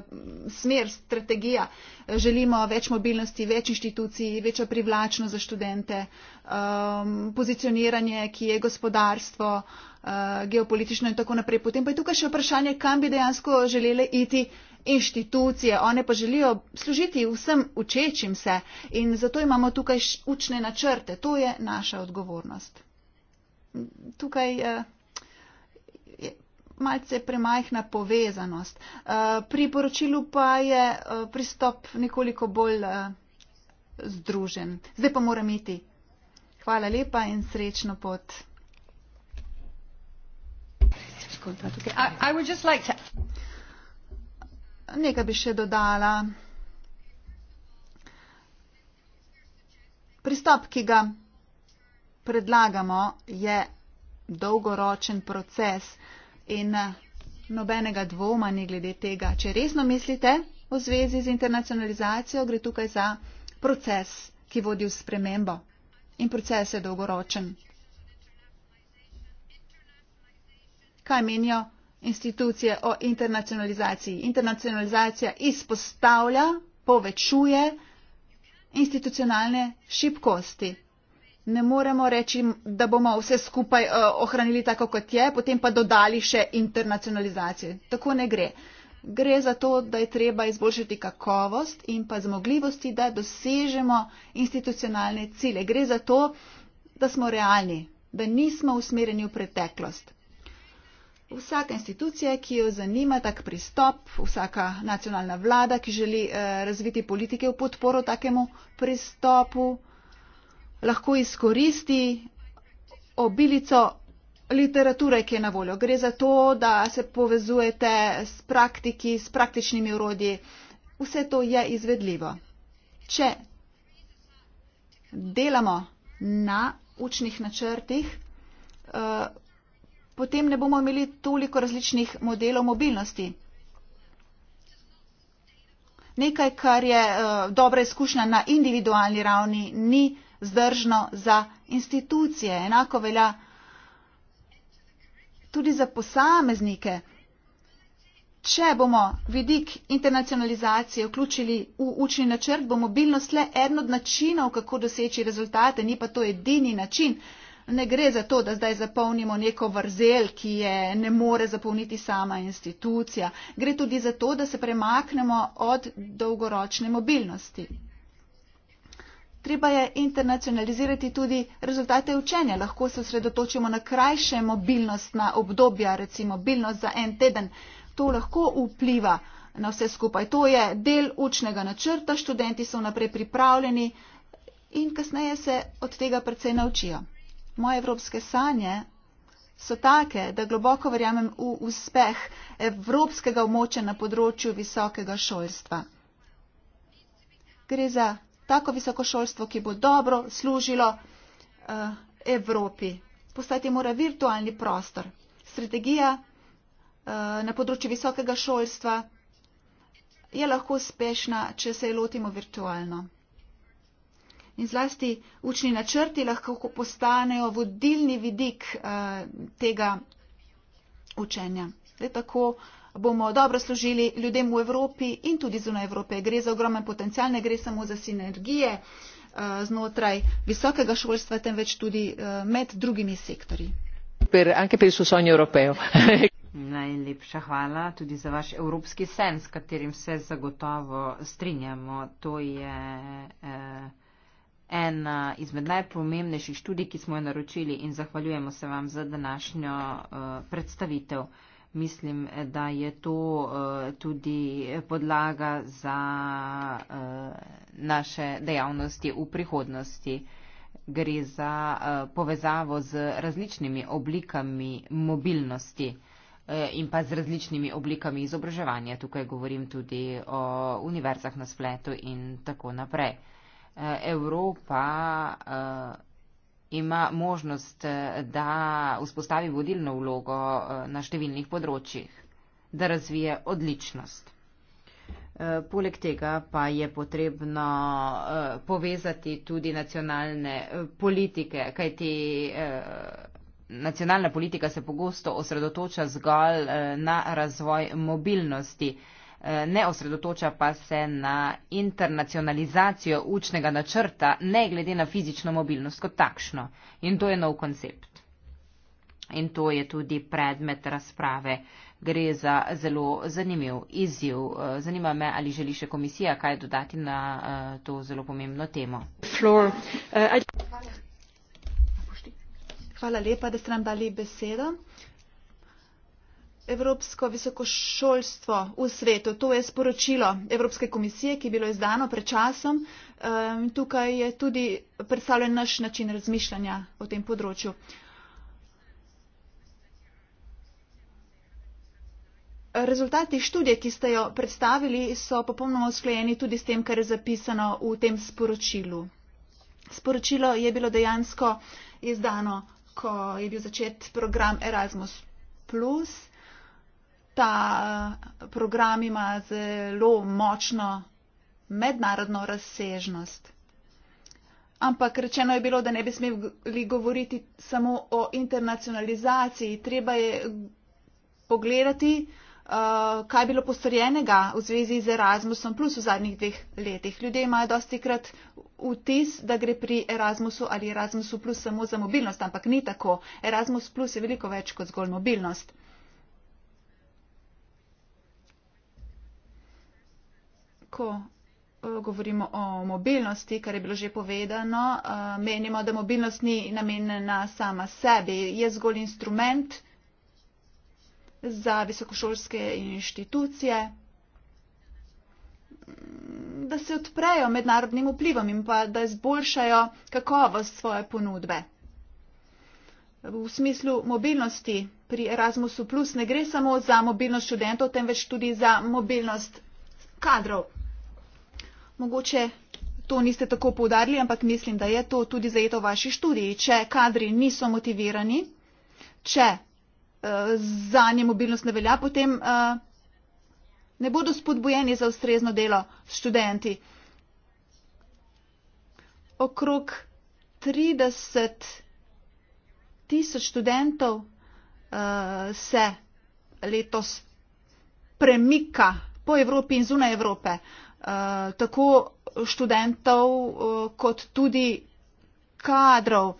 smer, strategija. Želimo več mobilnosti, več inštitucij, večjo privlačnost za študente, eh, pozicioniranje, ki je gospodarstvo, eh, geopolitično in tako naprej. Potem pa je tukaj še vprašanje, kam bi dejansko želeli iti inštitucije, one pa želijo služiti vsem učečim se in zato imamo tukaj učne načrte. To je naša odgovornost. Tukaj eh, je malce premajhna povezanost. Eh, pri poročilu pa je eh, pristop nekoliko bolj združen. Zdaj pa moram iti. Hvala lepa in srečno pot. Okay. I, I would just like to. Nekaj bi še dodala. Pristop, ki ga predlagamo, je dolgoročen proces in eh, nobenega dvoma ni glede tega. Če resno mislite v zvezi z internacionalizacijo, gre tukaj za proces, ki vodi v spremembo in proces je dolgoročen. Kaj menijo institucije o internacionalizaciji. Internacionalizacija izpostavlja, povečuje institucionalne šibkosti. Ne moremo reči, da bomo vse skupaj eh, ohranili tako, kot je, potem pa dodali še internacionalizacijo. Tako ne gre. Gre za to, da je treba izboljšati kakovost in pa zmogljivosti, da dosežemo institucionalne cilje. Gre za to, da smo realni, da nismo usmerjeni v preteklost. Vsaka institucija, ki jo zanima tak pristop, vsaka nacionalna vlada, ki želi eh, razviti politike v podporo takemu pristopu, lahko izkoristi obilico literature, ki je na voljo. Gre za to, da se povezujete s praktiki, s praktičnimi urodji. Vse to je izvedljivo. Če delamo na učnih načrtih, eh, potem ne bomo imeli toliko različnih modelov mobilnosti. Nekaj, kar je uh, dobra izkušnja na individualni ravni, ni zdržno za institucije. Enako velja tudi za posameznike. Če bomo vidik internacionalizacije vključili v učni načrt, bo mobilnost le en od načinov, kako doseči rezultate, ni pa to edini način. Uh, Ne gre za to, da zdaj zapolnimo neko vrzel, ki je ne more zapolniti sama institucija. Gre tudi za to, da se premaknemo od dolgoročne mobilnosti. Treba je internacionalizirati tudi rezultate učenja. Lahko se osredotočimo na krajše mobilnostna obdobja, recimo mobilnost za en teden. To lahko vpliva na vse skupaj. To je del učnega načrta, študenti so naprej pripravljeni in kasneje se od tega precej naučijo. Moje evropske sanje so take, da globoko verjamem v uspeh evropskega območja na področju visokega šolstva. Gre za tako visoko šolstvo, ki bo dobro služilo uh, Evropi. Postati mora virtualni prostor. Strategija uh, na področju visokega šolstva je lahko uspešna, če se je lotimo virtualno in zlasti učni načrti lahko postanejo vodilni vidik eh, tega učenja. Le tako bomo dobro služili ljudem v Evropi in tudi zunaj Evrope. Gre za ogromen potencial, ne gre samo za sinergije eh, znotraj visokega šolstva, temveč tudi eh, med drugimi sektorji. Per, anche per il suo sogno europeo. [laughs] Najlepša hvala tudi za vaš evropski sen, s katerim se zagotovo strinjamo. To je. Eh en izmed najpomembnejših študij, ki smo jo naročili in zahvaljujemo se vam za današnjo eh, predstavitev. Mislim, da je to eh, tudi podlaga za eh, naše dejavnosti v prihodnosti. Gre za povezavo z različnimi oblikami mobilnosti in pa z različnimi oblikami izobraževanja. Tukaj govorim tudi o univerzah na spletu in tako naprej. Eh, Evropa eh, ima možnost, eh, da vzpostavi vodilno vlogo na številnih področjih, da razvije odličnost. Poleg tega pa je potrebno povezati tudi nacionalne politike, kajti nacionalna politika se pogosto osredotoča zgolj na razvoj mobilnosti ne osredotoča pa se na internacionalizacijo učnega načrta, ne glede na fizično mobilnost kot takšno. In to je nov koncept. In to je tudi predmet razprave. Gre za zelo zanimiv izziv. Zanima me, ali želi še komisija kaj dodati na eh, to zelo pomembno temo. Eh, Hvala lepa, da ste nam dali besedo evropsko visokošolstvo v svetu. To je sporočilo Evropske komisije, ki je bilo izdano pred časom. Tukaj je tudi predstavljen naš način razmišljanja o tem področju. Rezultati študije, ki ste jo predstavili, so popolnoma usklajeni tudi s tem, kar je zapisano v tem sporočilu. Sporočilo je bilo dejansko izdano, ko je bil začet program Erasmus ta eh, program ima zelo močno mednarodno razsežnost. Ampak rečeno je bilo, da ne bi smeli govoriti samo o internacionalizaciji. Treba je pogledati, eh, kaj je bilo postorjenega v zvezi z Erasmusom plus v zadnjih dveh letih. Ljudje imajo dosti krat vtis, da gre pri Erasmusu ali Erasmusu plus samo za mobilnost, ampak ni tako. Erasmus plus je veliko več kot zgolj mobilnost. ko eh, govorimo o mobilnosti, kar je bilo že povedano, eh, menimo, da mobilnost ni namenjena sama sebi, je zgolj instrument za visokošolske inštitucije, mm, da se odprejo mednarodnim vplivom in pa da izboljšajo kakovost svoje ponudbe. V smislu mobilnosti pri Erasmusu Plus ne gre samo za mobilnost študentov, temveč tudi za mobilnost kadrov mogoče to niste tako poudarili, ampak mislim, da je to tudi zajeto v vaši študiji. Če kadri niso motivirani, če uh, eh, za nje mobilnost ne velja, potem uh, ne bodo spodbujeni za ustrezno delo študenti. Okrog 30 tisoč študentov uh, se letos premika po Evropi in zunaj Evrope. Uh, Eh, tako študentov eh, kot tudi kadrov.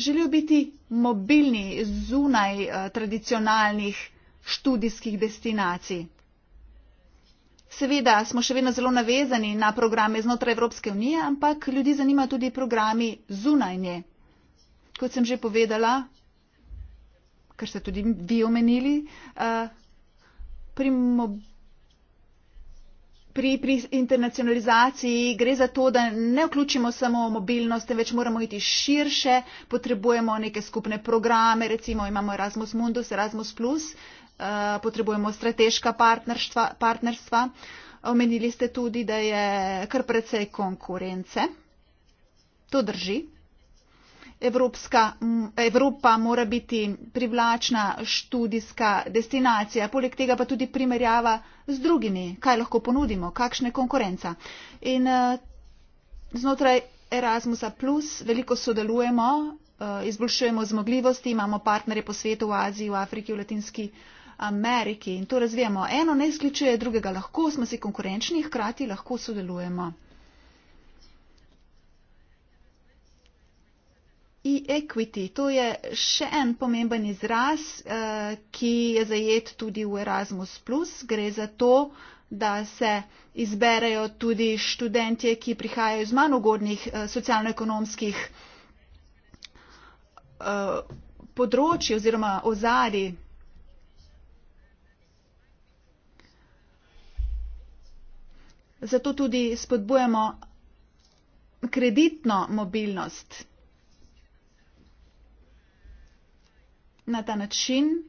Želijo biti mobilni zunaj eh, tradicionalnih študijskih destinacij. Seveda smo še vedno zelo navezani na programe znotraj Evropske unije, ampak ljudi zanima tudi programi zunajnje. Kot sem že povedala, kar ste tudi vi omenili, pri, mob, pri, pri internacionalizaciji gre za to, da ne vključimo samo mobilnost, temveč moramo iti širše, potrebujemo neke skupne programe, recimo imamo Erasmus Mundus, Erasmus Plus, eh, potrebujemo strateška partnerstva. Omenili ste tudi, da je kar precej konkurence. To drži. Evropska, Evropa mora biti privlačna študijska destinacija, poleg tega pa tudi primerjava z drugimi, kaj lahko ponudimo, kakšne konkurenca. In eh, znotraj Erasmusa Plus veliko sodelujemo, eh, izboljšujemo zmogljivosti, imamo partnere po svetu v Aziji, v Afriki, v Latinski Ameriki in to razvijamo. Eno ne izključuje drugega, lahko smo si konkurenčni, hkrati lahko sodelujemo. E-equity, to je še en pomemben izraz, eh, ki je zajet tudi v Erasmus. Gre za to, da se izberejo tudi študentje, ki prihajajo iz manj ugodnih eh, socialno-ekonomskih eh, področji oziroma ozadij. Zato tudi spodbujamo kreditno mobilnost. na ta način.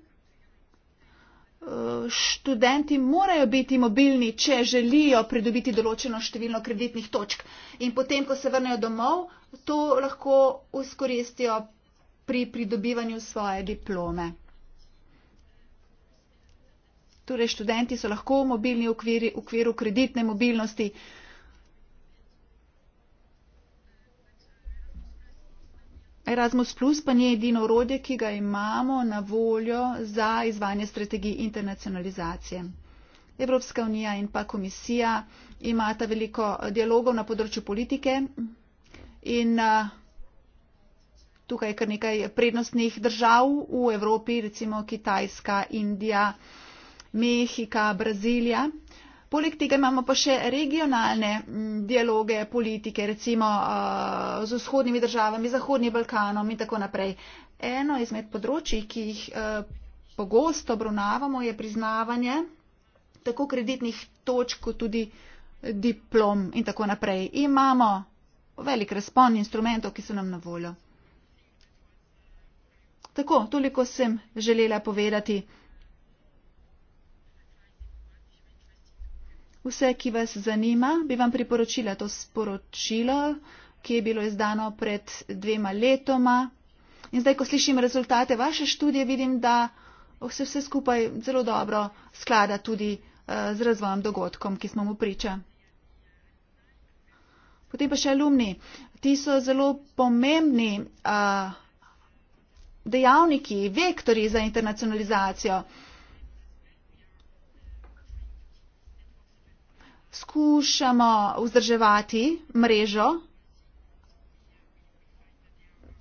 Eh, študenti morajo biti mobilni, če želijo pridobiti določeno število kreditnih točk. In potem, ko se vrnejo domov, to lahko uskoristijo pri pridobivanju svoje diplome. Torej, študenti so lahko mobilni v okviru kreditne mobilnosti. Erasmus Plus pa ni edino orodje, ki ga imamo na voljo za izvanje strategij internacionalizacije. Evropska unija in pa komisija imata veliko dialogov na področju politike in tukaj je kar nekaj prednostnih držav v Evropi, recimo Kitajska, Indija, Mehika, Brazilija. Poleg tega imamo pa še regionalne dialoge, politike, recimo z vzhodnimi državami, Zahodnim Balkanom in tako naprej. Eno izmed področji, ki jih pogosto obravnavamo, je priznavanje tako kreditnih točk, kot tudi diplom in tako naprej. Imamo velik razpon instrumentov, ki so nam na voljo. Tako, toliko sem želela povedati. Vse, ki vas zanima, bi vam priporočila to sporočilo, ki je bilo izdano pred dvema letoma. In zdaj, ko slišim rezultate vaše študije, vidim, da se vse skupaj zelo dobro sklada tudi eh, z razvojem dogodkom, ki smo mu priča. Potem pa še alumni. Ti so zelo pomembni uh, dejavniki, vektori za internacionalizacijo. Uh, skušamo vzdrževati mrežo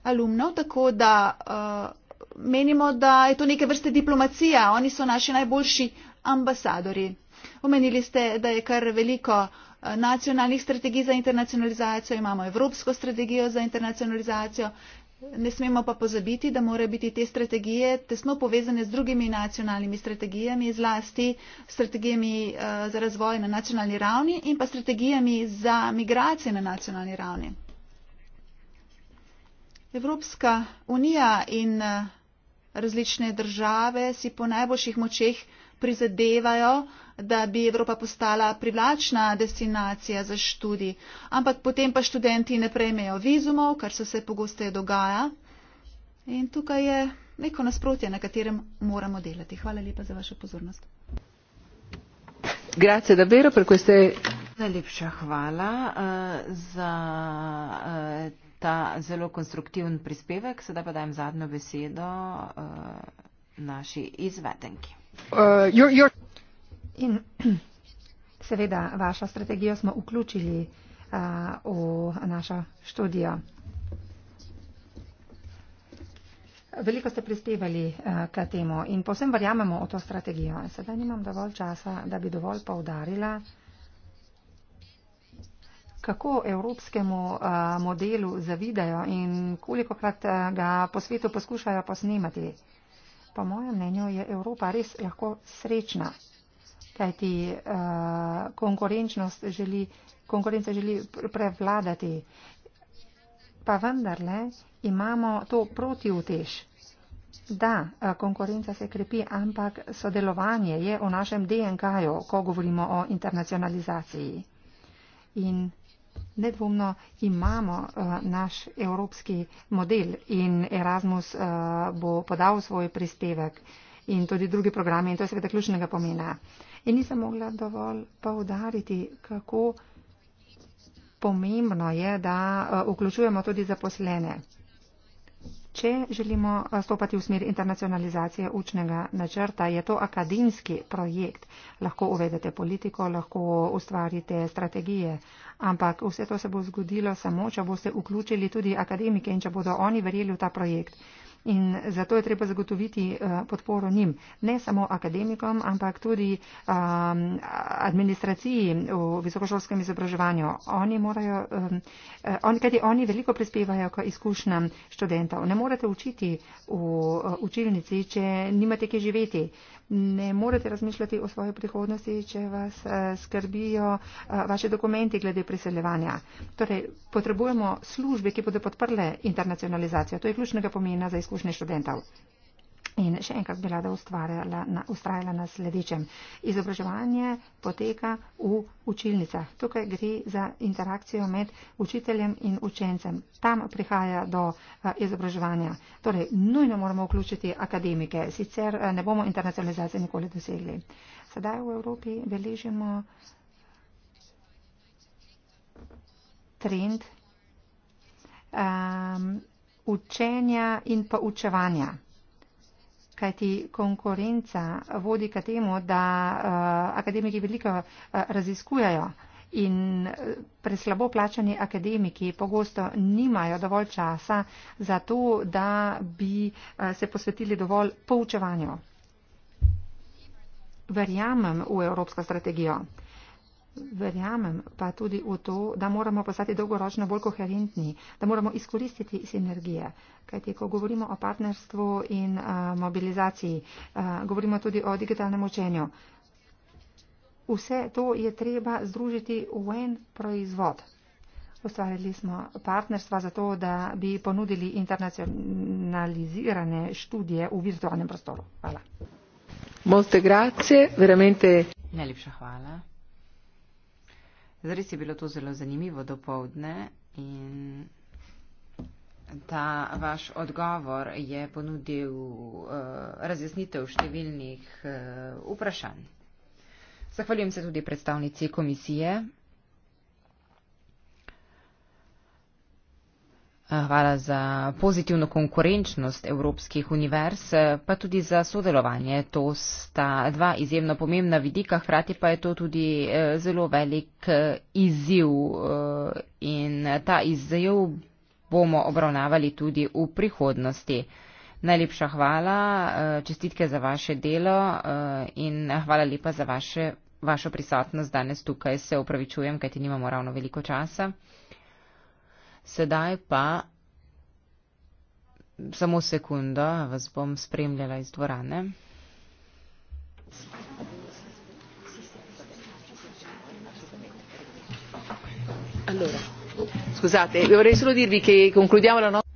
alumnov, tako da eh, menimo, da je to neke vrste diplomacija. Oni so naši najboljši ambasadori. Omenili ste, da je kar veliko eh, nacionalnih strategij za internacionalizacijo, imamo evropsko strategijo za internacionalizacijo, Ne smemo pa pozabiti, da mora biti te strategije tesno povezane z drugimi nacionalnimi strategijami, zlasti strategijami eh, za razvoj na nacionalni ravni in pa strategijami za migracije na nacionalni ravni. Evropska unija in eh, različne države si po najboljših močeh prizadevajo, da bi Evropa postala privlačna destinacija za študij, ampak potem pa študenti ne prejmejo vizumov, kar se vse pogosteje dogaja. In tukaj je neko nasprotje, na katerem moramo delati. Hvala lepa za vašo pozornost. Grazie davvero per queste. Najlepša hvala uh, za uh, ta zelo konstruktivni prispevek. Sedaj pa dajem zadnjo besedo uh, naši izvedenki. Uh, your, your... In [clears throat] seveda vašo strategijo smo vključili uh, v našo študijo. Veliko ste prispevali uh, k temu in posem verjamemo v to strategijo. Sedaj nimam dovolj časa, da bi dovolj povdarila, kako evropskemu uh, modelu zavidajo in koliko krat uh, ga po svetu poskušajo posnemati. Po mojem mnenju je Evropa res lahko srečna kajti eh, konkurenčnost želi, konkurenca želi prevladati. Pa vendarle imamo to protivtež. Da, eh, konkurenca se krepi, ampak sodelovanje je v našem DNK-ju, ko govorimo o internacionalizaciji. In nedvomno imamo eh, naš evropski model in Erasmus bo podal svoj prispevek in tudi drugi programe in to je seveda ključnega pomena in nisem mogla dovolj povdariti, kako pomembno je, da eh, vključujemo tudi zaposlene. Če želimo eh, stopati v smer internacionalizacije učnega načrta, je to akademski projekt. Lahko uvedete politiko, lahko ustvarite strategije, ampak vse to se bo zgodilo samo, če boste vključili tudi akademike in če bodo oni verjeli v ta projekt in zato je treba zagotoviti eh, podporo njim, ne samo akademikom, ampak tudi um, administraciji v visokošolskem izobraževanju. Oni morajo, um, ehm, eh, on, kajti oni veliko prispevajo k izkušnjam študentov. Ne morete učiti v eh, učilnici, če nimate kje živeti ne morete razmišljati o svoji prihodnosti, če vas eh, skrbijo eh, vaše dokumenti glede priseljevanja. Torej, potrebujemo službe, ki bodo podprle internacionalizacijo. To je ključnega pomena za izkušnje študentov. In še enkrat bi rada ustrajala na sledečem. Izobraževanje poteka v učilnicah. Tukaj gre za interakcijo med učiteljem in učencem. Tam prihaja do eh, izobraževanja. Torej, nujno moramo vključiti akademike, sicer eh, ne bomo internacionalizacije nikoli dosegli. Sedaj v Evropi beležimo trend um, učenja in poučevanja kajti konkurenca vodi k temu, da eh, akademiki veliko eh, raziskujajo. In eh, preslabo plačani akademiki pogosto nimajo dovolj časa za to, da bi se posvetili dovolj poučevanju. Verjamem v evropsko strategijo verjamem pa tudi v to, da moramo postati dolgoročno bolj koherentni, da moramo izkoristiti sinergije. Kajti, ko govorimo o partnerstvu in a, mobilizaciji, a, govorimo tudi o digitalnem učenju. Vse to je treba združiti v en proizvod. Ustvarili smo partnerstva zato, da bi ponudili internacionalizirane študije v virtualnem prostoru. Hvala. Molte grazie, veramente. Najlepša hvala. Zares je bilo to zelo zanimivo dopovdne in ta vaš odgovor je ponudil uh, razjasnitev številnih uh, vprašanj. Zahvaljujem se tudi predstavnici komisije. Hvala za pozitivno konkurenčnost evropskih univerz, pa tudi za sodelovanje. To sta dva izjemno pomembna vidika, hkrati pa je to tudi eh, zelo velik eh, izziv eh, in ta izziv bomo obravnavali tudi v prihodnosti. Najlepša hvala, čestitke za vaše delo in hvala lepa za vaše, vašo prisotnost danes tukaj. Se upravičujem, kajti nimamo ravno veliko časa. Sedaj pa samo sekundo, vas bom spremljala iz dvorane. Allora, scusate, vorrei solo dirvi che concludiamo la nostra...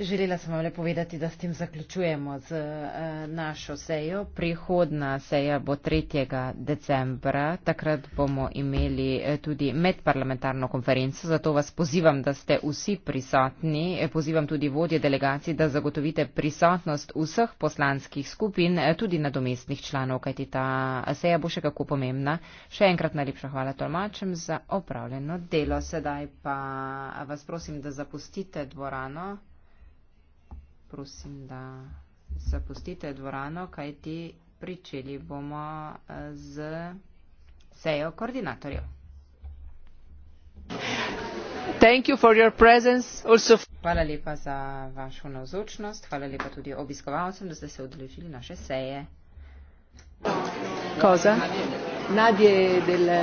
Želela sem vam le povedati, da s tem zaključujemo z eh, našo sejo. Prihodna seja bo 3. decembra. Takrat bomo imeli eh, tudi medparlamentarno konferenco, zato vas pozivam, da ste vsi prisotni. Eh, pozivam tudi vodje delegacij, da zagotovite prisotnost vseh poslanskih skupin, tudi nadomestnih članov, kajti ta seja bo še kako pomembna. Še enkrat najlepša hvala tolmačem za opravljeno delo. Sedaj pa vas prosim, da zapustite dvorano prosim, da zapustite dvorano, kajti pričeli bomo eh, z sejo koordinatorjev. Hvala lepa za vašo navzočnost, hvala lepa tudi obiskovalcem, da ste se odločili naše seje. Cosa? Nadie delle...